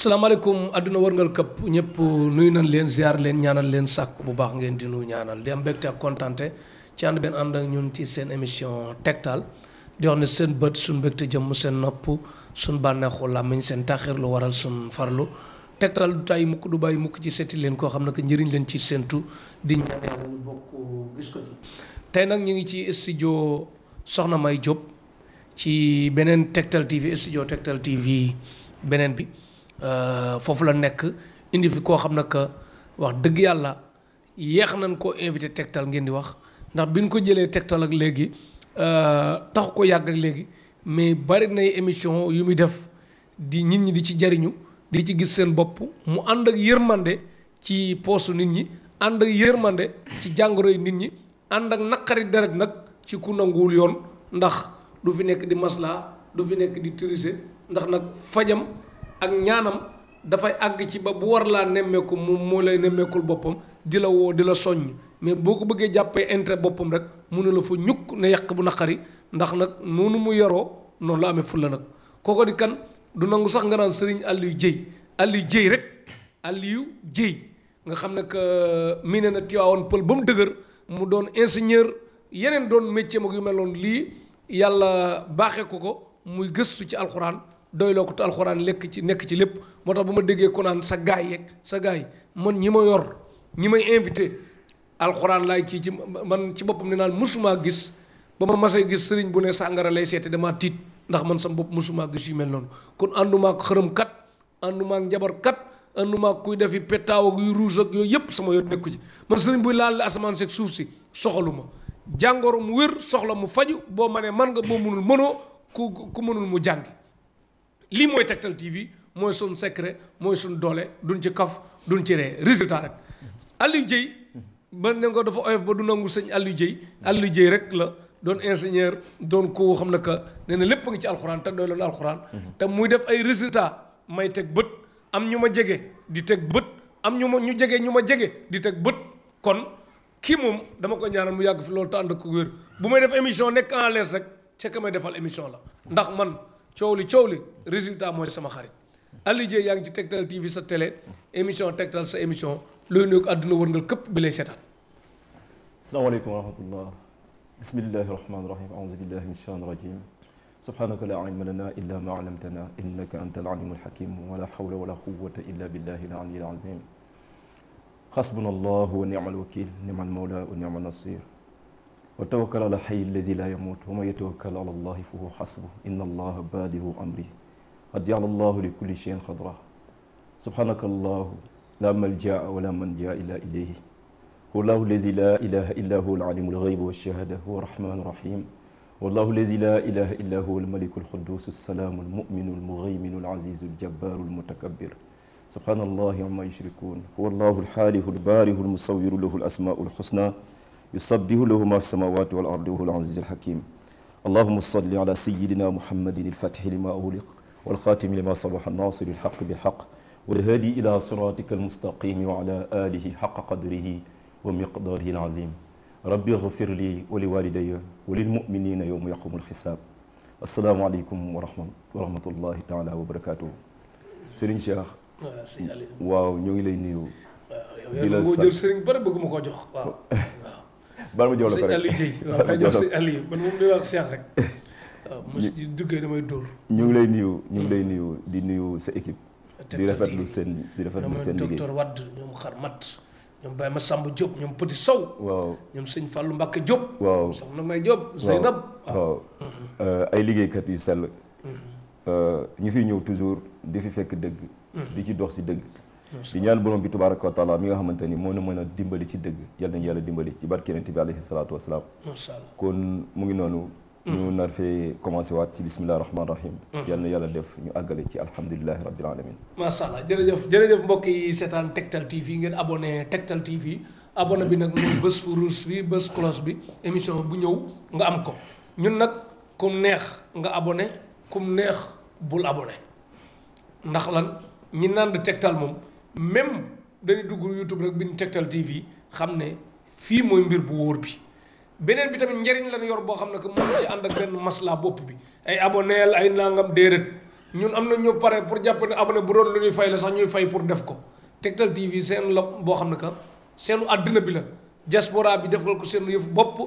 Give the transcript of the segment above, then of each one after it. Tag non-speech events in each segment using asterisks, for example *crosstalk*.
salaamaaleykum àdduna wërngal këpp ñëpp nuyu nañ leen ziar leen ñaanal leen sàkk bu baax ngeen di nu ñaanal di am mbégte ak kontante ci ànd benn ànd ak ñun ci seen émission tegtal di wax ne seen bët suñ mbégte jëmm seen nopp suñ bànneexu làmmiñ seen taxir lu waral suñ farlu tegtal du tàyyi mukk du bàyyi mukk ci seeti leen koo xam ne que njëriñ leen ci séentu di ñaanee ñu bokk gis ko ci tey nag ñu ngi ci studio Soxna May Diop ci beneen tegtal TV studio tegtal beneen bi Euh, foofu la nekk indi fi koo xam ne que wax dëgg yàlla yeex nañ koo invité tegtal ngeen di wax ndax bi ñu ko jëlee tegtal ak léegi euh, taxu ko yàgg ak léegi mais bari nay émission yu muy def di nit ñi di ci jariñu di ci gis seen bopp mu ànd ak yërmande ci poosu nit ñi ànd ak yërmande ci jàngoro yi nit ñi ànd ak naqari deret nag ci ku nanguwul yoon ndax du fi nekk di maslaa du fi nekk di tirise ndax nag fajam ak ñaanam dafay àgg ci ba bu war laa nemmeeku moom moo lay nemmeekul boppam di la woo di la soññ mais boo ko bëggee jàppee intérêt boppam rek mu ne la fa ñukk ne yàq bu naqari ndax nag noonu mu yoroo noonu la amee fulla nag kooko di kan du nangu sax nga naan sëriñ Aliou Dieye Aliou Dieye rek Aliou Dieye nga xam ne que euh, mii ne na Tiwaawoon pël ba mu dëgër mu doon ingénieur yeneen doon métier mag mel noonu lii yàlla baaxee ko ko muy gëstu ci alxuraan doyloo ko te alxuraan lekk ci nekk ci lépp moo tax bu ma déggee konaan sa gaay yeeg sa gaay man ñi ma yor ñi may invité alxuraan laay kii ci man ci boppam ne naan musumaa gis ba ma masee gis sëriñ bu ne sàngara lay seete damaa tiit ndax man sama bopp musumaa gis yu mel noonu kon àndumaa ak xërëm kat àndumaa ak njabar kat àndumaa kuy defi petaaw ak yu ruus ak yooyu yëpp sama yoon nekku ci man sëriñ buy laal la asamaan seeg suuf si soxalu ma jàngoro mu wér soxla mu faju boo ma man nga boo mënul ku ku mënul mu jàngi lii mooy Tektal TV mooy suñ secret mooy suñ doole duñ ci kaf duñ ci ree résultat rek Aliou Dieye ba ne ko dafa oyof ba du nangu sëñ Aliou Dieye Aliou rek la doon ingénieur doon ko xam ne que nee na lépp nga ci alxuraan te doy loon alxuraan mhm. te muy def ay résultat may teg bët am ñu ma jege di teg bët am ñu ma ñu jege ñu ma jege di teg bët kon kii moom dama ko ñaanal mu yàgg fi loolu te ànd ko wér bu may def émission nekk en l'aise rek ca ka may defal émission la ndax man coow li coow li résultat mooy sama xarit Aliou Dieye yaa ngi ci Tektal TV sa télé émission Tektal sa émission looy nuyu àdduna wërngal këpp bi lay seetaan. asalaamaaleykum wa rahmatullah bismillahi rahmaani ma allamtana innaka anta al alimu al hakim wala hawla wala quwwata illa billahi al ali al azim xasbuna allahu wa ni'mal wakil wa tawakkal ala xay alladi laa yamuut wa man yatawakkal ala allahi fa huwa xasbu inna allaha baaligu amri qad jaala allahu li kulli cheyin qadra subhanaka allahu laa maljaa wa laa manjaa illaa ilayhi huwa allahu alladi laa ilaha illa huwa alaalimu alxaybi walshahada huwa arrahmaanu rahim wallahu alladi laa ilaha illa huwa almaliku alquduusu assalaamu almuminu almuhayminu alazizu aljabaaru almutakabbir subhaana allahi amma yushrikuun huwa allahu alxaalihu albaarihu almusawiru lahu alasmaau alxusna yusabbihu lahu ma fi samawati wal ardi wa huwa al aziz al hakim allahuma salli ala sayidina muhammadin alfatixi lima uliq walxaatimi lima sabaxa nasiri alxaq bilxaq walhaadi ila siratika almustaqimi wa ala alihi xaqa qadrihi wa miqdaarihi alazim rabbi gfir li wa liwalidaya wa lilmuminina yowma yaqumu alxisaab assalaamu aleykum wa rahma wa rahmatullahi taala wa barakatuhu sëriñ Cheikh waaw ñoo ngi lay nuyu di la sant waaw yow yaa ngi jël sëriñ bëri bëgg ma koo jox waaw bal ma jox la pare Aliou waaw xëy jox si Aliou man moom day wax Cheikh rek. waaw mos duggee damay dóor. ñu ngi lay nuyu ñu ngi lay hmm. nuyu di nuyu sa équipe. di rafetlu seen di rafetlu seen liggéey docteur Wade ñoom Xarmat ñoom Baye Massamba Diop ñoom Petit Sow. waaw ñoom sëñ Fallou Mbacke Diop. waaw soxna May Diop Zeynab. waaw euh, ay liggéeykat yu sell. Hmm. Euh, ñu fiy ñëw toujours di fi fekk dëgg. Hmm. di ci dox si dëgg. di ñaan borom bi tabaraka wa taala mi nga xamante ni moo na mën a dimbali ci dëgg yal nañu yàlla dimbali ci barke yonent bi alayhi salaatu wasalaam kon mu ngi noonu mm. ñu nar fee commencé waat ci bisimilah rahmaan rahim. Mm. yal na yàlla def ñu àggale ci alhamdulilahi rabbil alamin macha allah jërëjëf jërëjëf mbokk yi seetaan Tektal TV ngeen abonné Tektal TV abonné bi nag mooy bés fu ruus bi bi émission bu ñëw nga am ko ñun nag kum neex nga abonné kum neex bul abonné ndax lan ñi naan Tektal moom. même dañuy dugg YouTube rek bind Tektal TV xam ne fii mooy mbir bu wóor bi beneen bi tamit njariñ lañ yor boo xam ne que moom ci ànd ak benn masla bopp bi ay aboneel ay nangam déedéet ñun am na ñu pare pour jàpp ne abonné bu doon lu ñuy fay la sax ñuy fay pour def ko Tektal TV seen la boo xam ne que seenu àddina bi la diaspora bi defal ko seen yëfu bopp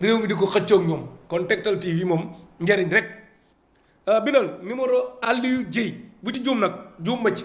réew mi di ko xëccook ñoom kon Tektal TV moom njariñ rek bindal àll yu Dieye bu ci juum nag juum ci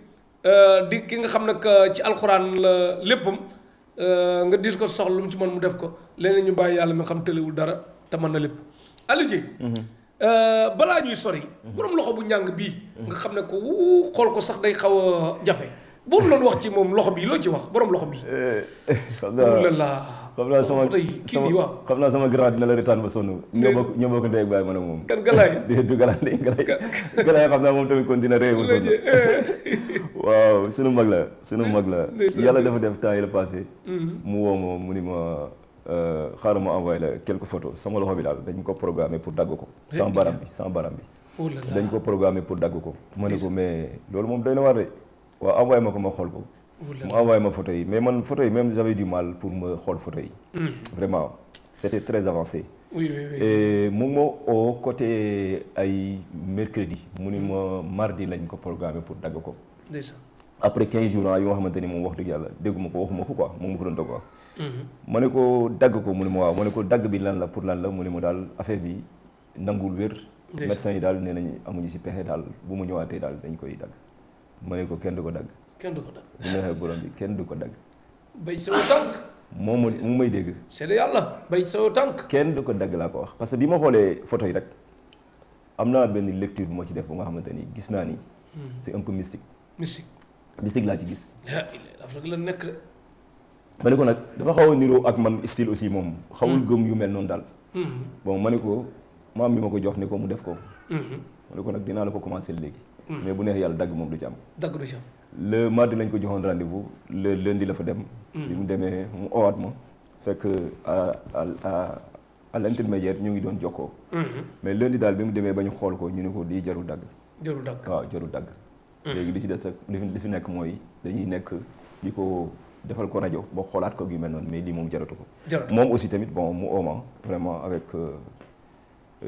Euh, di ki nga xam nag euh, ci alxuraan la léppam euh, nga diis ko soxla lu mu ci mën mu def ko leneen ñu bàyyi yàlla mi xam tëlewul dara te mën na lépp Aliou Dieye mhm. balaa ñuy sori mhm. borom loxo bu njàng bii nga xam ne ko wuu xool ko sax day xaw a jafe boobu loolu wax ci moom loxo bi loo ci wax borom loxo bi. xam naa xam naa sama xam naa sama grand dina la retaan ba sonn. ñoo bokk ñoo bokk ak baay ma ne moom. kan galaay *laughs* di du galaay galaay *laughs* xam naa moom tamit continué réew ma sonn. Eh. *laughs* waaw sunu mag la sunu mag la. yàlla dafa def temps yi la passé. Mm-hmm. mu woo mu ni ma euh, xaaral ma envoyé la quelques photos sama loxo bi daal dañ ko programmé pour dagg ko. sans baram bi sans baram bi. dañ ko programmé pour dagg ko. ma ko mais loolu moom doy na waar waaw envoyé ma ko ma xool ko. mu envoyé ma photo yi mais man photo yi même j'avais du pour ma xool photo yi. Mm. vraiment c'était très avancé. oui oui oui et mu ma oo côté mu ni ma lañ ko programmé pour dagg ko. après 15 jours ah, yi xamante ni moom wax dëgg yàlla dégguma ko waxuma ko quoi moom ma ko doon doog a mm-hmm. ma ne ko dagg ko mu ne ma waaw ma ne ko dagg bi lan la pour lan la mu ne ma daal affaire bi nanguwul wér. médecin yi daal nee nañ amuñu si pexe daal bu mu ñëwaatee daal dañ koy dagg. ma ne ko kenn du ko dagg. kenn du ko dagg bu neexee bi kenn du ko dagg. bay moom mu may dégg. seede yàlla bay ci tànk. kenn du ko dagg laa ko wax parce que bi ma xoolee photo yi rek am naa benn lecture bu ma ci def ba nga xamante ni gis naa ni. Hmm. c'est un peu mystique. mystique laa ci gis. Afrique la nekk de. ma ne ko nag dafa xaw a niroo ak man style aussi moom. xawul hmm. gëm yu mel noonu daal. Hmm. bon ma ne ko maam yu ma ko jox ni ko mu def ko. ma ne ko nag dinaa la ko commencer léegi. Hmm. mais bu neex yàlla dagg moom du ci am. dagg du ci am. lañ ko joxoon rendez-vous leen di la fa dem. Hmm. bi mu demee mu owaat ma fekk à à à l'intermédiaire ñu ngi doon jokkoo. Hmm. mais lundi daal bi mu demee ba ñu xool ko ñu ne ko di jarul dagg. jarul dagg waaw jarul dagg. léegi li ci des ak li fi nekk mooy dañuy nekk di ko defal ko rajo ba xoolaat ko gi mel noonu mais lii moom jaratu ko. moom aussi tamit bon mu ooma vraiment avec euh,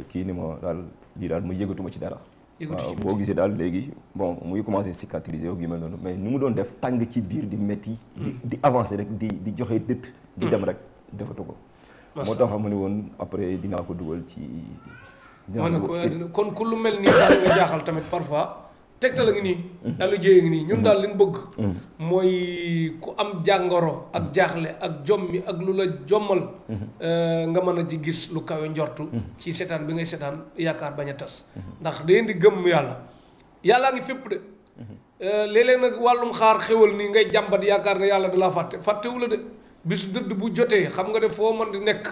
kii ni ma daal lii daal mu yëgatuma ci dara. waaw boo gisee daal léegi bon muy commencé cicatriser yu mel noonu mais nu mu doon def tàng ci biir di metti di hmm. di avancer rek di di joxe dëtt di hmm. dem rek defatu ko moo tax mu ne woon après dinaa ko dugal ci kon ku lu mel nii daal nga jaaxal tamit parfois tegtal a ngi nii dalu jéye ngi nii ñun daal liñ bëgg mm. mooy ku am jàngoro ak jaaxle ak jommi ak lu la jommal mm-hmm. euh, nga mën a ji gis lu kawe njortu mm-hmm. ci seetaan bi ngay seetaan yaakaar bañ a tas mm-hmm. ndax daleen di gëm yàlla yàllaa ngi fépp de euh, léeg-léeg nag wàllum xaar xéwal nii ngay jàmbat yaakaar ne yàlla da laa fàtte fàttewu la de bisu dëdd bu jotee xam nga de foo mën di nekk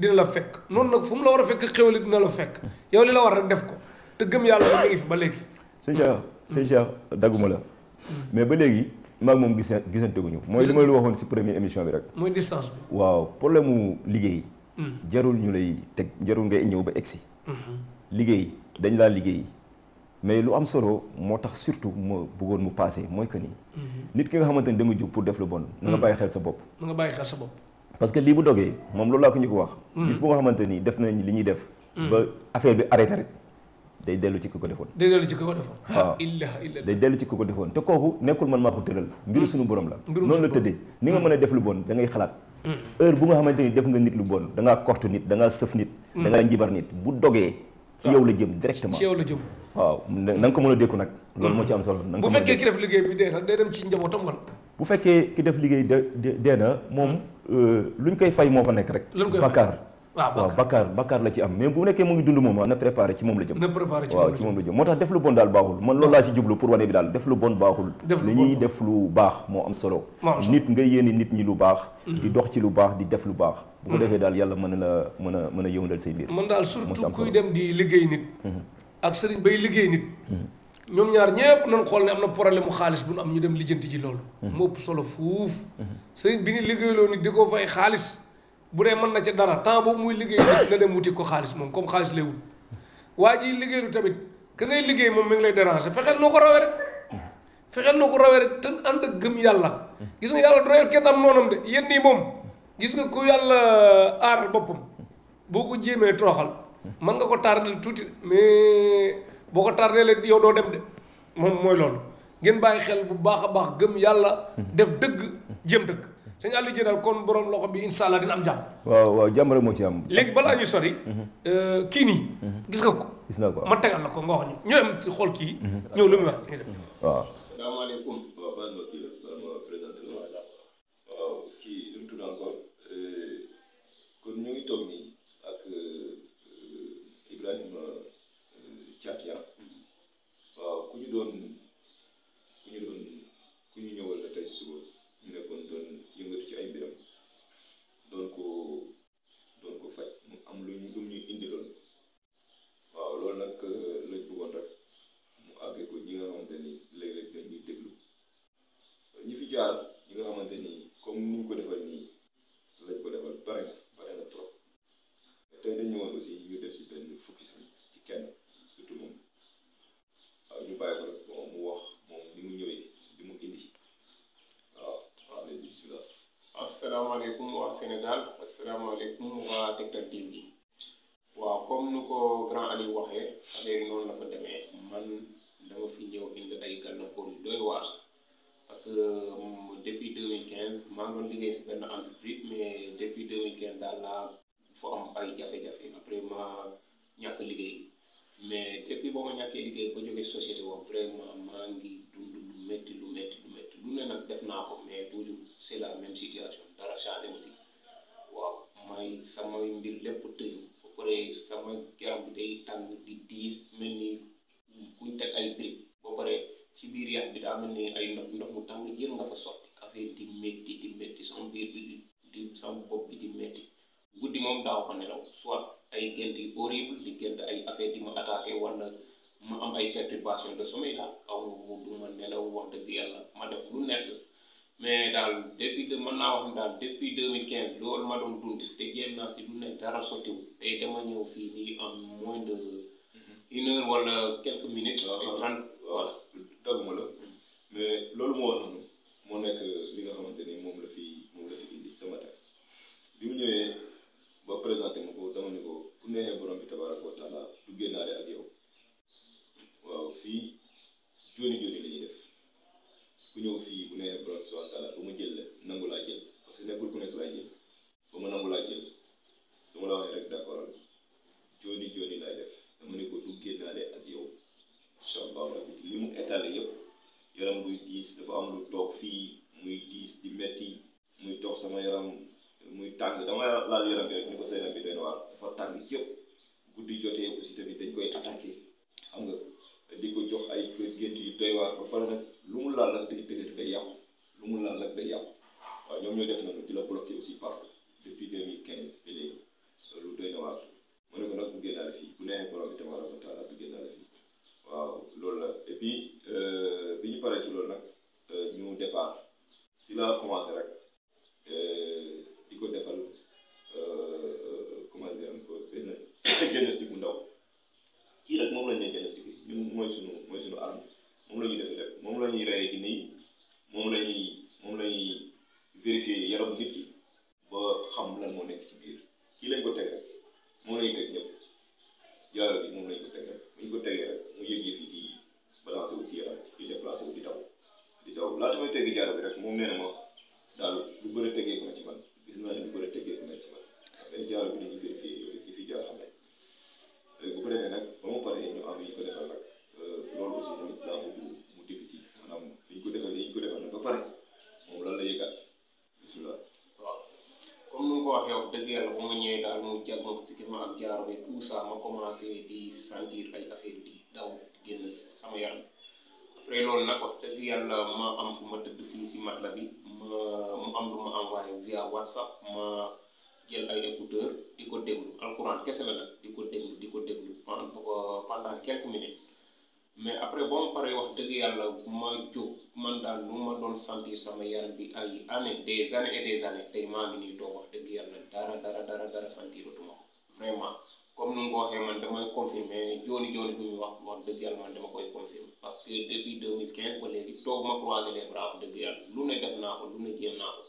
dina la fekk noonu nag fu mu la war a fekk xéwal dina la fekk yow li la war rek def ko te gëm yàlla ba léegi sëñ Cheikh sëñ Cheikh dagguma la mais ba léegi maag moom gis gisante guñu mooy li ma lu waxoon si première émission bi rek mooy distance bi waaw problème mu liggéey hmm. jarul ñu lay teg jarul ngay ñëw ba egsi hmm. liggéey dañ laa liggéey mais lu am solo moo tax surtout ma bëggoon mu passé mooy que ni hmm. nit ki nga xamante ni da nga jóg pour def lu bon na nga bàyyi xel sa bopp na nga bàyyi xel sa bopp parce que lii bu dogee moom loolu laa ko ñu wax gis bu nga xamante def nañ li ñuy def ba affaire bi day dellu ci ki ko defoon day dellu ci ki ko defoon ko defoon te kooku nekkul man maa ko tëral mbiru mm. suñu borom la noonu la tëddee ni nga mën a def lu bon da ngay xalaat mm. heure bu nga xamante ni def nga nit lu bon da ngaa kort nit da ngaa sëf nit mm. da njibar nit bu dogee ci yow la jëm directement ci yow la jëm waaw na nga ko mën a dékku nag loolu moo ci am solo bu fekkee ki def liggéey bi dee na day dem ci bu fekkee ki def liggéey de dee na moom euh, lu ñu koy fay moo fa nekk rek bàkkaar waaw bakkaar bakkaar la ci am mais bu nekkee mu ngi dund moom na préparé ci moom la jëm moo tax def lu bon daal baaxul man loolu laa ci jublu pour wane bi daal def lu bon baaxul def lu baax moo am solo nit nga yéene nit ñi lu baax mm-hmm. di dox ci lu baax di def lu baax bu ko mm-hmm. defee daal yàlla mën na la mën a mën a yëwndal say mbir man daal surtout kuy dem di liggéey nit mm-hmm. ak sëriñ bay liggéey nit ñoom ñaar ñëpp nañ xool ne am na problème mu bu dee mën na ci dara temps boobu muy liggéey na dem wuti ko xaalis moom comme xaalis lay wut waa ji liggéeylu tamit ka ngay liggéey moom mi ngi lay déranger fexeel noo ko rawee rek fexeel ko rawee rek te ànd ak gëm yàlla gis nga yàlla doyal kenn am noonam de yéen nii moom gis nga ko yàlla aaral boppam boo ko jéemee tooxal mën nga ko tardel tuuti mais boo ko tardelee yow doo dem de moom mooy loolu ngeen bàyyi xel bu baax a baax gëm yàlla def dëgg jëm dëgg sëñ Aliou Dieng daal kon borom loxo bi incha allah dina am jàmm. waaw waaw jàmm rek moo ci am. léegi balaa ñuy sori. Mhm. Euh, kii nii. Mhm. gis nga ko. gis naa ko ma tegal la ko nga wax ñu ñoo xool kii. Mhm. ñëw lu mu tudd encore euh, kon ñu ngi toog nii ak euh, doon ku ñu doon ku ñu ñëwal la tey suba. ne daal pendant quelques minutes mais après boo ma paree wax dëgg yàlla ma jóg man daal lu ma doon sentir sama yaram bi ay années des années et des années tey maa ngi nii toog wax dëgg yàlla dara dara dara dara sentiratuma ko vraiment comme ni nga waxee man damay confirmer jooni jooni bi ñu wax wax dëgg yàlla man dama parce que depuis ma croiser dëgg yàlla lu ne def naa ko lu ne jéem naa ko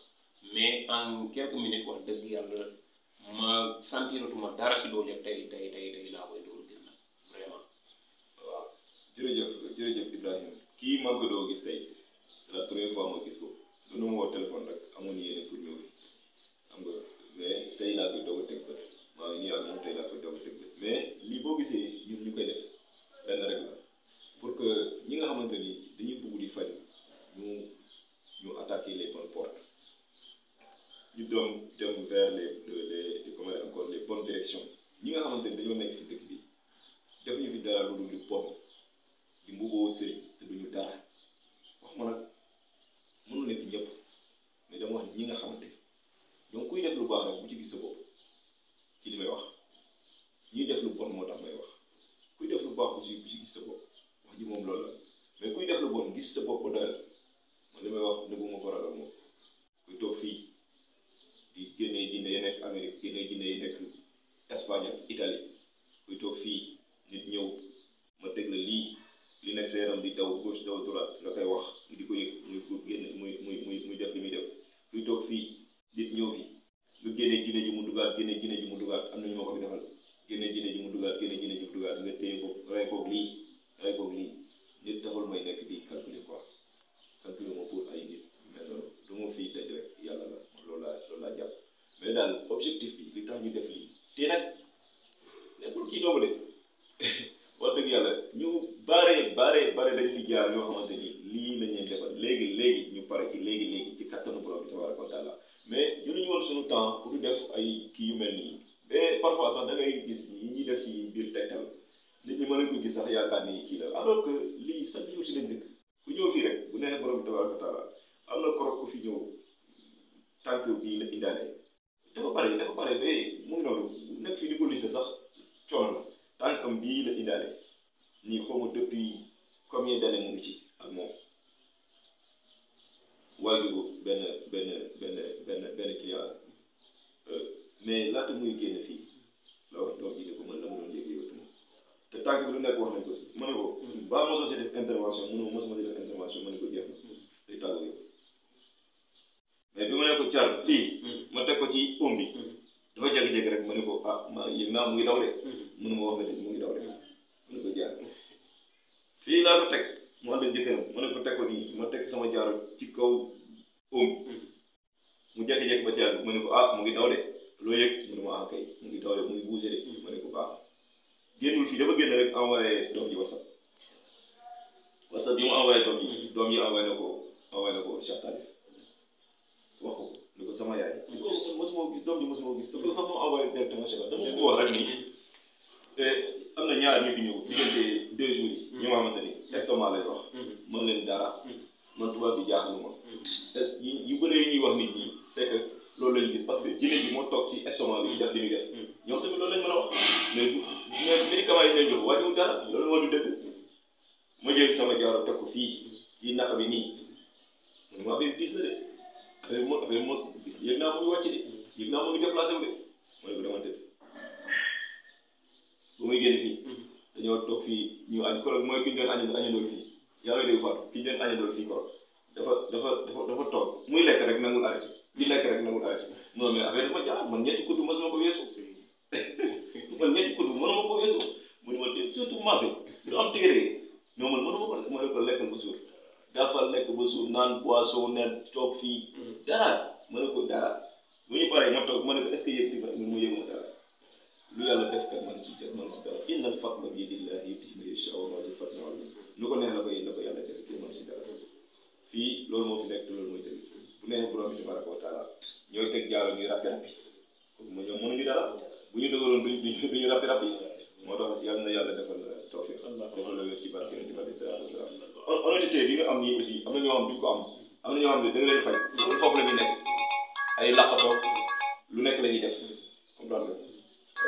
mais en quelques minutes wax dëgg yàlla ma sentiratuma dara ci doole tey tey tey tey laa koy doon. jërëjëf jërëjëf Ibrahima kii maa ngi ko doo gis tey c'est la première fois ma gis ko lu mu woo téléphone rek amoon yéene pour ñëw xam nga mais tey laa koy a teg bët maa ngi nii ak moom tey laa koy a teg bët mais lii boo gisee ñun ñu koy def benn rek la pour que ñi nga xamante ni dañuy bugg di faj ñu ñu attaquer les bonnes portes ñu doon dem vers les les comment dire encore les bonnes directions ñi nga xamante ni dañoo nekk si dëkk bi def ñu fi dara lu lu bon. di mbubboo sëriñ te duñu dara wax ma nag mënu nekk ñëpp mais dama wax ñi nga xamante donc kuy def lu baax nag bu ci gis sa bopp ci li may wax ñuy def lu bon moo tax may wax kuy def lu baax aussi bu ci gis sa bopp wax ji moom loolu la mais kuy def lu bon gis sa bopp doyal man li may wax ne bu ma ko ragal moom kuy toog fii di génnee jinne yi nekk Amérique génnee jinne yi nekk Espagne ak kuy toog fii nit ñëw ma teg lii di nekk sa yaram di daw gauche daw droite la koy wax di ko yëg muy muy muy muy def li muy def luy toog fii nit ñëw fi nga génne jinne ji mu dugaat génne jinne ji mu dugaat am na ñu nga téye ko rey koog lii rey koog lii nit taxul may nekk di calculer quoi calculer moom pour ay nit mel noonu du ma fiy daj rek yàlla la loolu laa loolu laa daal objectif bi li tax ñu def lii te nag nekkul kii doomu de *laughs* wax dëgg yàlla ñu bare bare bare dañ fi jaar ñoo xamante ni lii lañ leen defal léegi léegi ñu pare ci léegi léegi ci kattanu borom bi tabaraka wa taala mais jëluñu woon suñu temps pour def ay kii yu mel nii mais parfois sax da ngay gis yi ñuy def ci biir tegtal nit ñi mën a ko gis sax yaakaar ni kii la alors que lii chaque jour si lañ ku ñëw fii rek bu neexee borom bi tabaraka wa taala am na ku fi jo tànk bii la indaale dafa pare dafa noonu nekk fi di ko liste sax coono tànkam bii la indaale nii xawma depuis combien d'années mu ngi ci ak moom waajuru benn benn benn benn benn client euh, mais laata muy génn fii la wax doom ji ne ko man dama doon jéggee yotuma te tànk bi lu nekk wax nañ ko si ma ne ko hmm. baa mosoo si def intervention mu ne mosuma si def intervention ma ne ko jeex na hmm. day tàggoo ko car fii hmm. ko ci ko ah ma yëg naa mu ngi mënu ma wax mu ngi daw de fii laa ko teg mu ànd ak jëkkëram mu ne ko teg ko nii ma teg sama jaaro ci kaw oom mu jékki-jékki ba si yàgg mu ne ko ah mu ngi daw de loo yëg mu ne ma ah kay mu ngi daw de mu ngi bougé de ma ne ko baax génnul fii dafa ji whatsapp whatsapp bi mu envoyé doom ji doom ji envoyé na ko envoyé na ko Cheikh Talif wax ko ni ko sama yaay. mosuma gis doom ji mosuma gis te loolu sax moom envoyé directement Cheikh dama ko wax rek nii. te am na ñaar ñu fi ñëw diggante deux jours yi. Mm. ñu nga xamante ni estomac lay wax. Mm. mën leen dara. Mm. man tubaab bi jaaxalu ma. est yi yu bëre yi ñuy wax nit ñi c' est que loolu lañ gis parce que jine bi moo toog ci estomac bi def li muy def. ñoom tamit loolu lañ mën a wax mais bu mais médicament yi lay jox wàññiwul dara loolu moo du dëgg ma jël sama jaaro teg ko fii ci naka bi nii man maa ngi gis na de affaire bi moo affaire bi moo yëg naa mu ngi wàcc de yëg naa mu ngi déplacé wu de mooy ko damante. ba muy génn fii mm-hmm. dañoo toog fii ñu añ korog mooy ki ñu doon añ añandool fii yàlla dégg faatu ki ñu doon añandool fii korog dafa dafa dafa dafa toog muy lekk rek nangul arrêté di lekk rek nangul arrêté non mais affaire dafa jaar man ñetti kudd mosuma ko weesu *laughs* man ñetti kudd mënuma ko weesu mu ne ma te surtout maafe du am téere non man mënuma ko ma ne ko lekk ba suur dafa lekk ba suur naan boisson nen toog fii mm-hmm. dara ma ne ko dara bu ñu paree ñoo toog ma ne ko est ce que yëg ti ma mu yëg ma dara lu yàlla def kat man ci man ci dara innal fadla bi yadillah yutihi man yasha wa maa zi fadlin azim nu ko nee na koy na ko yàlla def te man ci dara fii loolu moo fi nekk loolu mooy dëgg bu nee borom bi tabaraka wa taala ñooy teg jaaro ñuy ràppi ràppi kooku ma ñoom mënuñu dara bu ñu dëgëroon duñ duñu ràppi ràppi moo tax yàlla na yàlla defal la tawfiq defal la wér ci barke yonent bi alayhi salaatu wasalaam honnêteté bi nga am nii aussi am na ñoo xam duñ ko am am na ñoo xam ne da nga leen faj loolu foofu la ñu nekk ay laqatoo lu nekk la ñuy def comprendre nga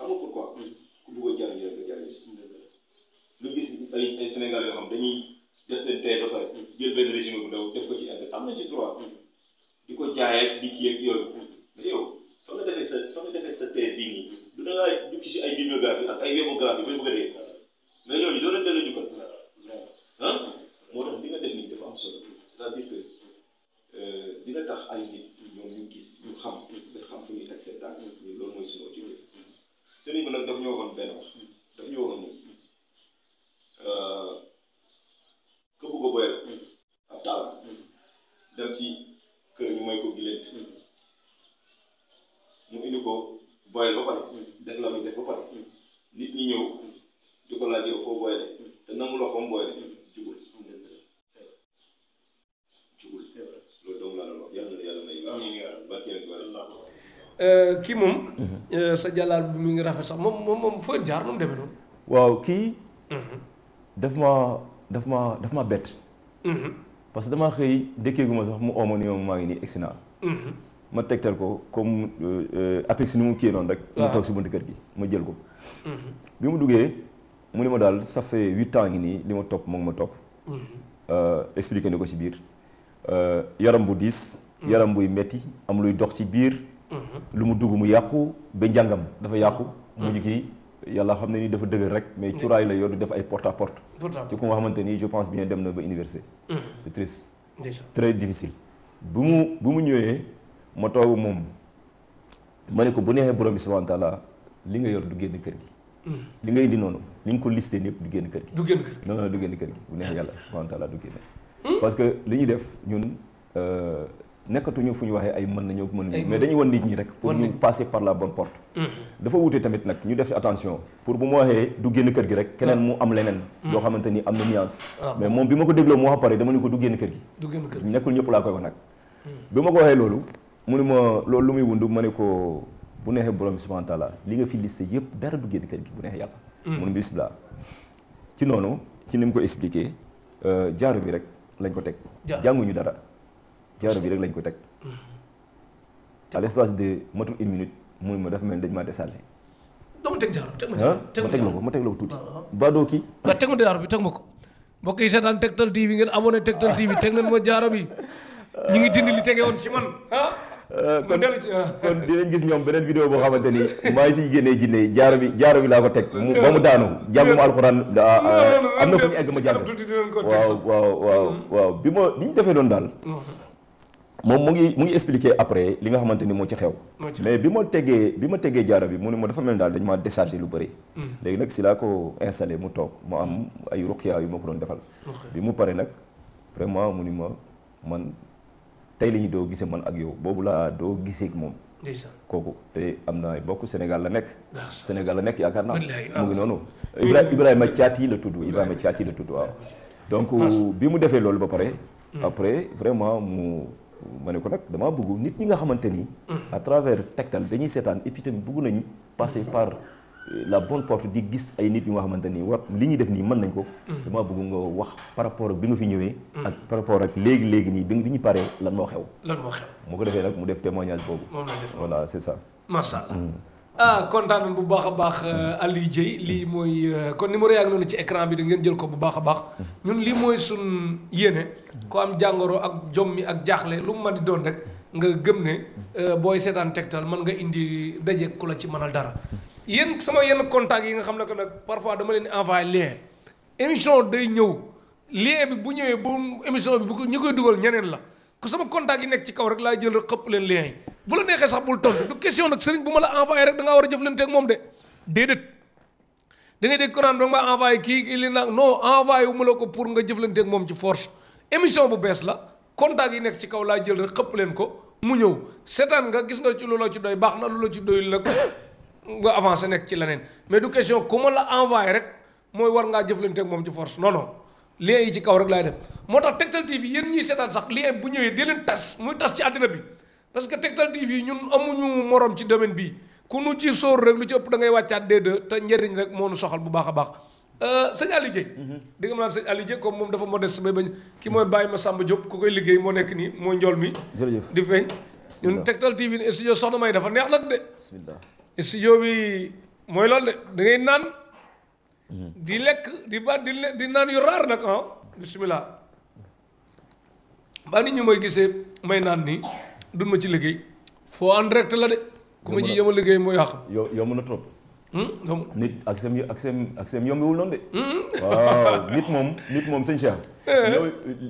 xam nga pourquoi. Hmm. ku bëggoon jariñ rek nga jariñ nga gis ay ay Sénégal yoo xam dañuy def seen tey ba pare. Hmm. jël benn régime bu ndaw def ko ci internet am na ci droit. Hmm. di ko jaayee di kii ak yooyu. mais yow fa nga defee sa fa nga defee sa tey bii nii. du da ngaa dugg ci ay bibliographie ak ay webographie ba bëgg a dee. mais ñooñu doo leen delloo jukkal. ah moo tax li nga def nii dafa am solo c'est-à-dire que euh, dina tax ay nit ñoom ñu gis ñu xam. nga xam fu ñuy teg seen tànk loolu mooy suñu sëriñ bi nag daf ñoo woon benn daf ñoo woon ni euh, ku bëgg a boyal ab taalam dem ci kër ñu may ko gileet mu indi ko boyal ba pare def la muy def ba pare nit ñi ñëw di ko laaj yow foo boyale te nangu loo fam boyale jugul jugul loolu doomu laa la wax yàlla na yàlla may baax barkeel Euh, kii moom. Mhm. Euh, sa jàllaal bi mu ngi rafet sax moom moom moom foo jaar nu mu noonu. waaw kii. Mhm. daf ma daf ma daf ma bett. Mhm. parce que damaa xëy dëkkee gu ma sax mu oomo ni maa ngi nii egsi ma tegtal ko comme euh, apex ni mu kii noonu rek. mu toog kër gi ma jël ko. bi duggee mu ne ma daal ça fait huit ngi nii li ma topp moom ma topp. expliqué na ko si biir yaram bu diis. yaram buy metti am luy dox ci biir. lu mu dugg mu yàqu ba njàngam dafa yàqu. Mm-hmm. mujj kii yàlla xam ne ni dafa dëgër rek mais mm-hmm. cuuraay la yor du def ay porte à porte. ci ku nga xamante ni je pense bien dem na ba université. Mm-hmm. c'est triste. très difficile. bu mu bu mu ñëwee ma toog moom ma ne ko bu neexee borom bi subhanahu wa li nga yor du génn kër gi. li nga indi noonu li nga ko listé yëpp du génn kër gi. du génn du génn kër gi bu neexee yàlla subhanahu wa taala du génn. parce que li ñuy def ñun. Euh, nekkatuñu fu ñu waxee ay mën na mën nañu mais dañuy wan nit ñi rek pour ñu passer par la bonne porte dafa wuute tamit nag ñu def attention pour bu ma waxee du génn kër gi rek ah. keneen mu am leneen loo xamante ni am na nuance ah, mais moom bi ma ko dégloo mu wax pare dama ne ko du génn kër gi nekkul ñëpp laa koy wax nag bi ma ko waxee loolu mu ma loolu lu muy wundu ma ne ko bu neexee borom bi subhanahu wa li nga fi listé yëpp dara du génn kër gi bu neexee noonu ci ni mu ko expliqué euh, jaaru bi rek lañ ko teg jànguñu dara jaaro bi rek lañ ko teg mm-hmm. à l'espace de matul une minute mu ma daf mel dañ maa déchargé. doo ma teg jaaro teg ma jaaro ma teg ko ma teg ko tuuti. baadoo kii. waaw teg ma jaaro bi teg ma ko mbokk yi seetaan Tektal TV ngeen abonné Tektal TV teg leen ma jaaro bi ñu ngi dindi li tege woon ci man euh, kon kon dinañ gis ñoom beneen vidéo boo xamante ni maa ngi siy génnee jinne jaaro bi jaaro bi laa ko teg mu ba mu daanu jàng ma alxuraan *laughs* am na fu ñu egg ma jàng waaw waaw waaw waaw bi ma li ñu defee doon daal moom mu ngi mu ngi expliquer après li nga xamante ni moo ci xew mais bi ma tegee bi ma tegee jaara bi mu ne ma dafa mel daal dañ maa déchargé lu bëri hmm. léegi nag si laa ko installé mu toog mu am ay ruqya yu ma ko doon defal bi mu pare nag vraiment mu ni ma man tey la ñu doo gisee man ak yow boobu laa doo gisee moom kooku te am na bokk Sénégal la nekk Sénégal la nekk yaakaar naa mu ngi noonu Ibrahima Thiati la tudd Ibrahima Thiati la tudd waaw donc bi mu defee loolu ba pare hmm. après vraiment mu ma ne ko nag damaa bëgg nit ñi nga xamante ni. Mm. à travers Tektal dañuy seetaan et puis tamit bëgg nañu passer par euh, la bonne porte di gis ay nit ñu nga xamante ni war li ñuy def nii man nañ ko. Mm. damaa bëgg nga wax par rapport ak bi nga fi ñëwee. Mm. ak par rapport ak léegi léegi nii bi bi ñu paree lan moo xew. lan moo ko defee nag mu def témoignage boobu. moom la def voilà c'est ça. ah kontaan bu baax a baax euh, Aliou Dieye lii mooy euh, kon numéro yaa ngi noonu ci ecran bi da ngeen jël ko bu baax a baax ñun lii mooy suñ yéene ko am jàngoro ak jommi ak jaaxle lu mu mën di doon rek nga gëm ne euh, booy seetaan tegtal mën nga indi daje ku la ci mënal dara yéen sama yenn contacts yi nga xam ne que nag parfois dama leen envoyé lien émission day ñëw lien bi bu ñëwee bu émission bi bu ko ñu koy dugal ñeneen la ku sama contact yi nekk ci kaw rek laay jël rek xëpp leen lien yi bu la neexee sax bul tontu du question nag sëriñ bu ma la envoyé rek da war a jëflante ak moom de da ngay dégg ko envoyé kii li nag non envoyé wu ko pour nga jëflante moom ci force émission bu bees la contact yi nekk ci kaw laay jël rek xëpp leen ko mu ñëw seetaan nga gis nga ci lu la ci doy baax na lu la ci doyul nag *coughs* nga avance nekk ci leneen mais du question ku ma la envoyé rek mooy war ngaa jëflante ak moom ci force non lien yi ci kaw rek laay def moo tax Tektal TV yéen ñuy seetaan sax lien bu ñëwee di leen tas muy tas ci àddina bi parce que Tektal TV ñun amuñu morom ci domaine bii ku nu ci sóor rek lu ci ëpp da ngay wàccaat déedéet te njëriñ rek moo nu soxal bu baax a baax euh, sëñ Aliou Dieng. Mm-hmm. di nga maanaam sëñ moom dafa modeste bay bañ ki mooy Baye Massamba Diop ko koy liggéey moo nekk nii mooy njool mi. jërëjëf di feeñ. ñun Tektal TV studio soxna May dafa neex nag de. bismillah studio bi mooy loolu de da ngay naan. Mm-hmm. di lekk di ba di di naan yu raar nag ah bisimilah ba nit ñu may gisee may naan nii dun ma ci liggéey foo en direct la de ku ma ci yema liggéey mooy yàq yow yow mën a trop Hmm? nit ak seen ak seen ak seen yombewul noonu de. Hmm? waaw nit moom nit moom sëñ Cheikh. Eh. yow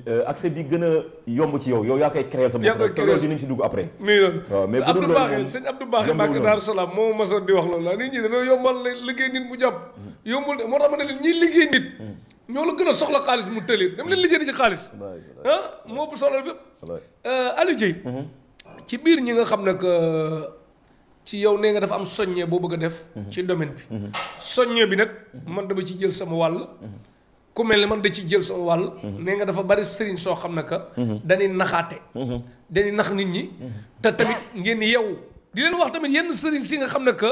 euh, accès bi gën a yomb ci yow yow yaa koy créer sa bopp. te loolu dinañ ci dugg après. waaw mais bu dul moom sëñ Abdou Baaxe di wax loolu la nit ñi dañoo yombal liggéey nit mu jàpp. Hmm. yombul de moo tax ma ne leen ñiy liggéey nit. ñoo la gën a soxla xaalis mu tëli dem leen liggéey ci xaalis. ah moo bu soxla fépp. Euh, Aliou ci biir ñi nga xam ne que. ci yow nee nga dafa am soññee boo bëgg a def. ci domaine bi. Mhm. soññee bi nag man dama ci jël sama wàll. ku mel ni man da ci jël sama wàll. Mhm. nee nga dafa bari sëriñ soo xam ne que. Mhm. dañuy naxaate. dañuy nax nit ñi. te tamit ngeen yeewu. di leen wax tamit yenn sëriñ si nga xam ne que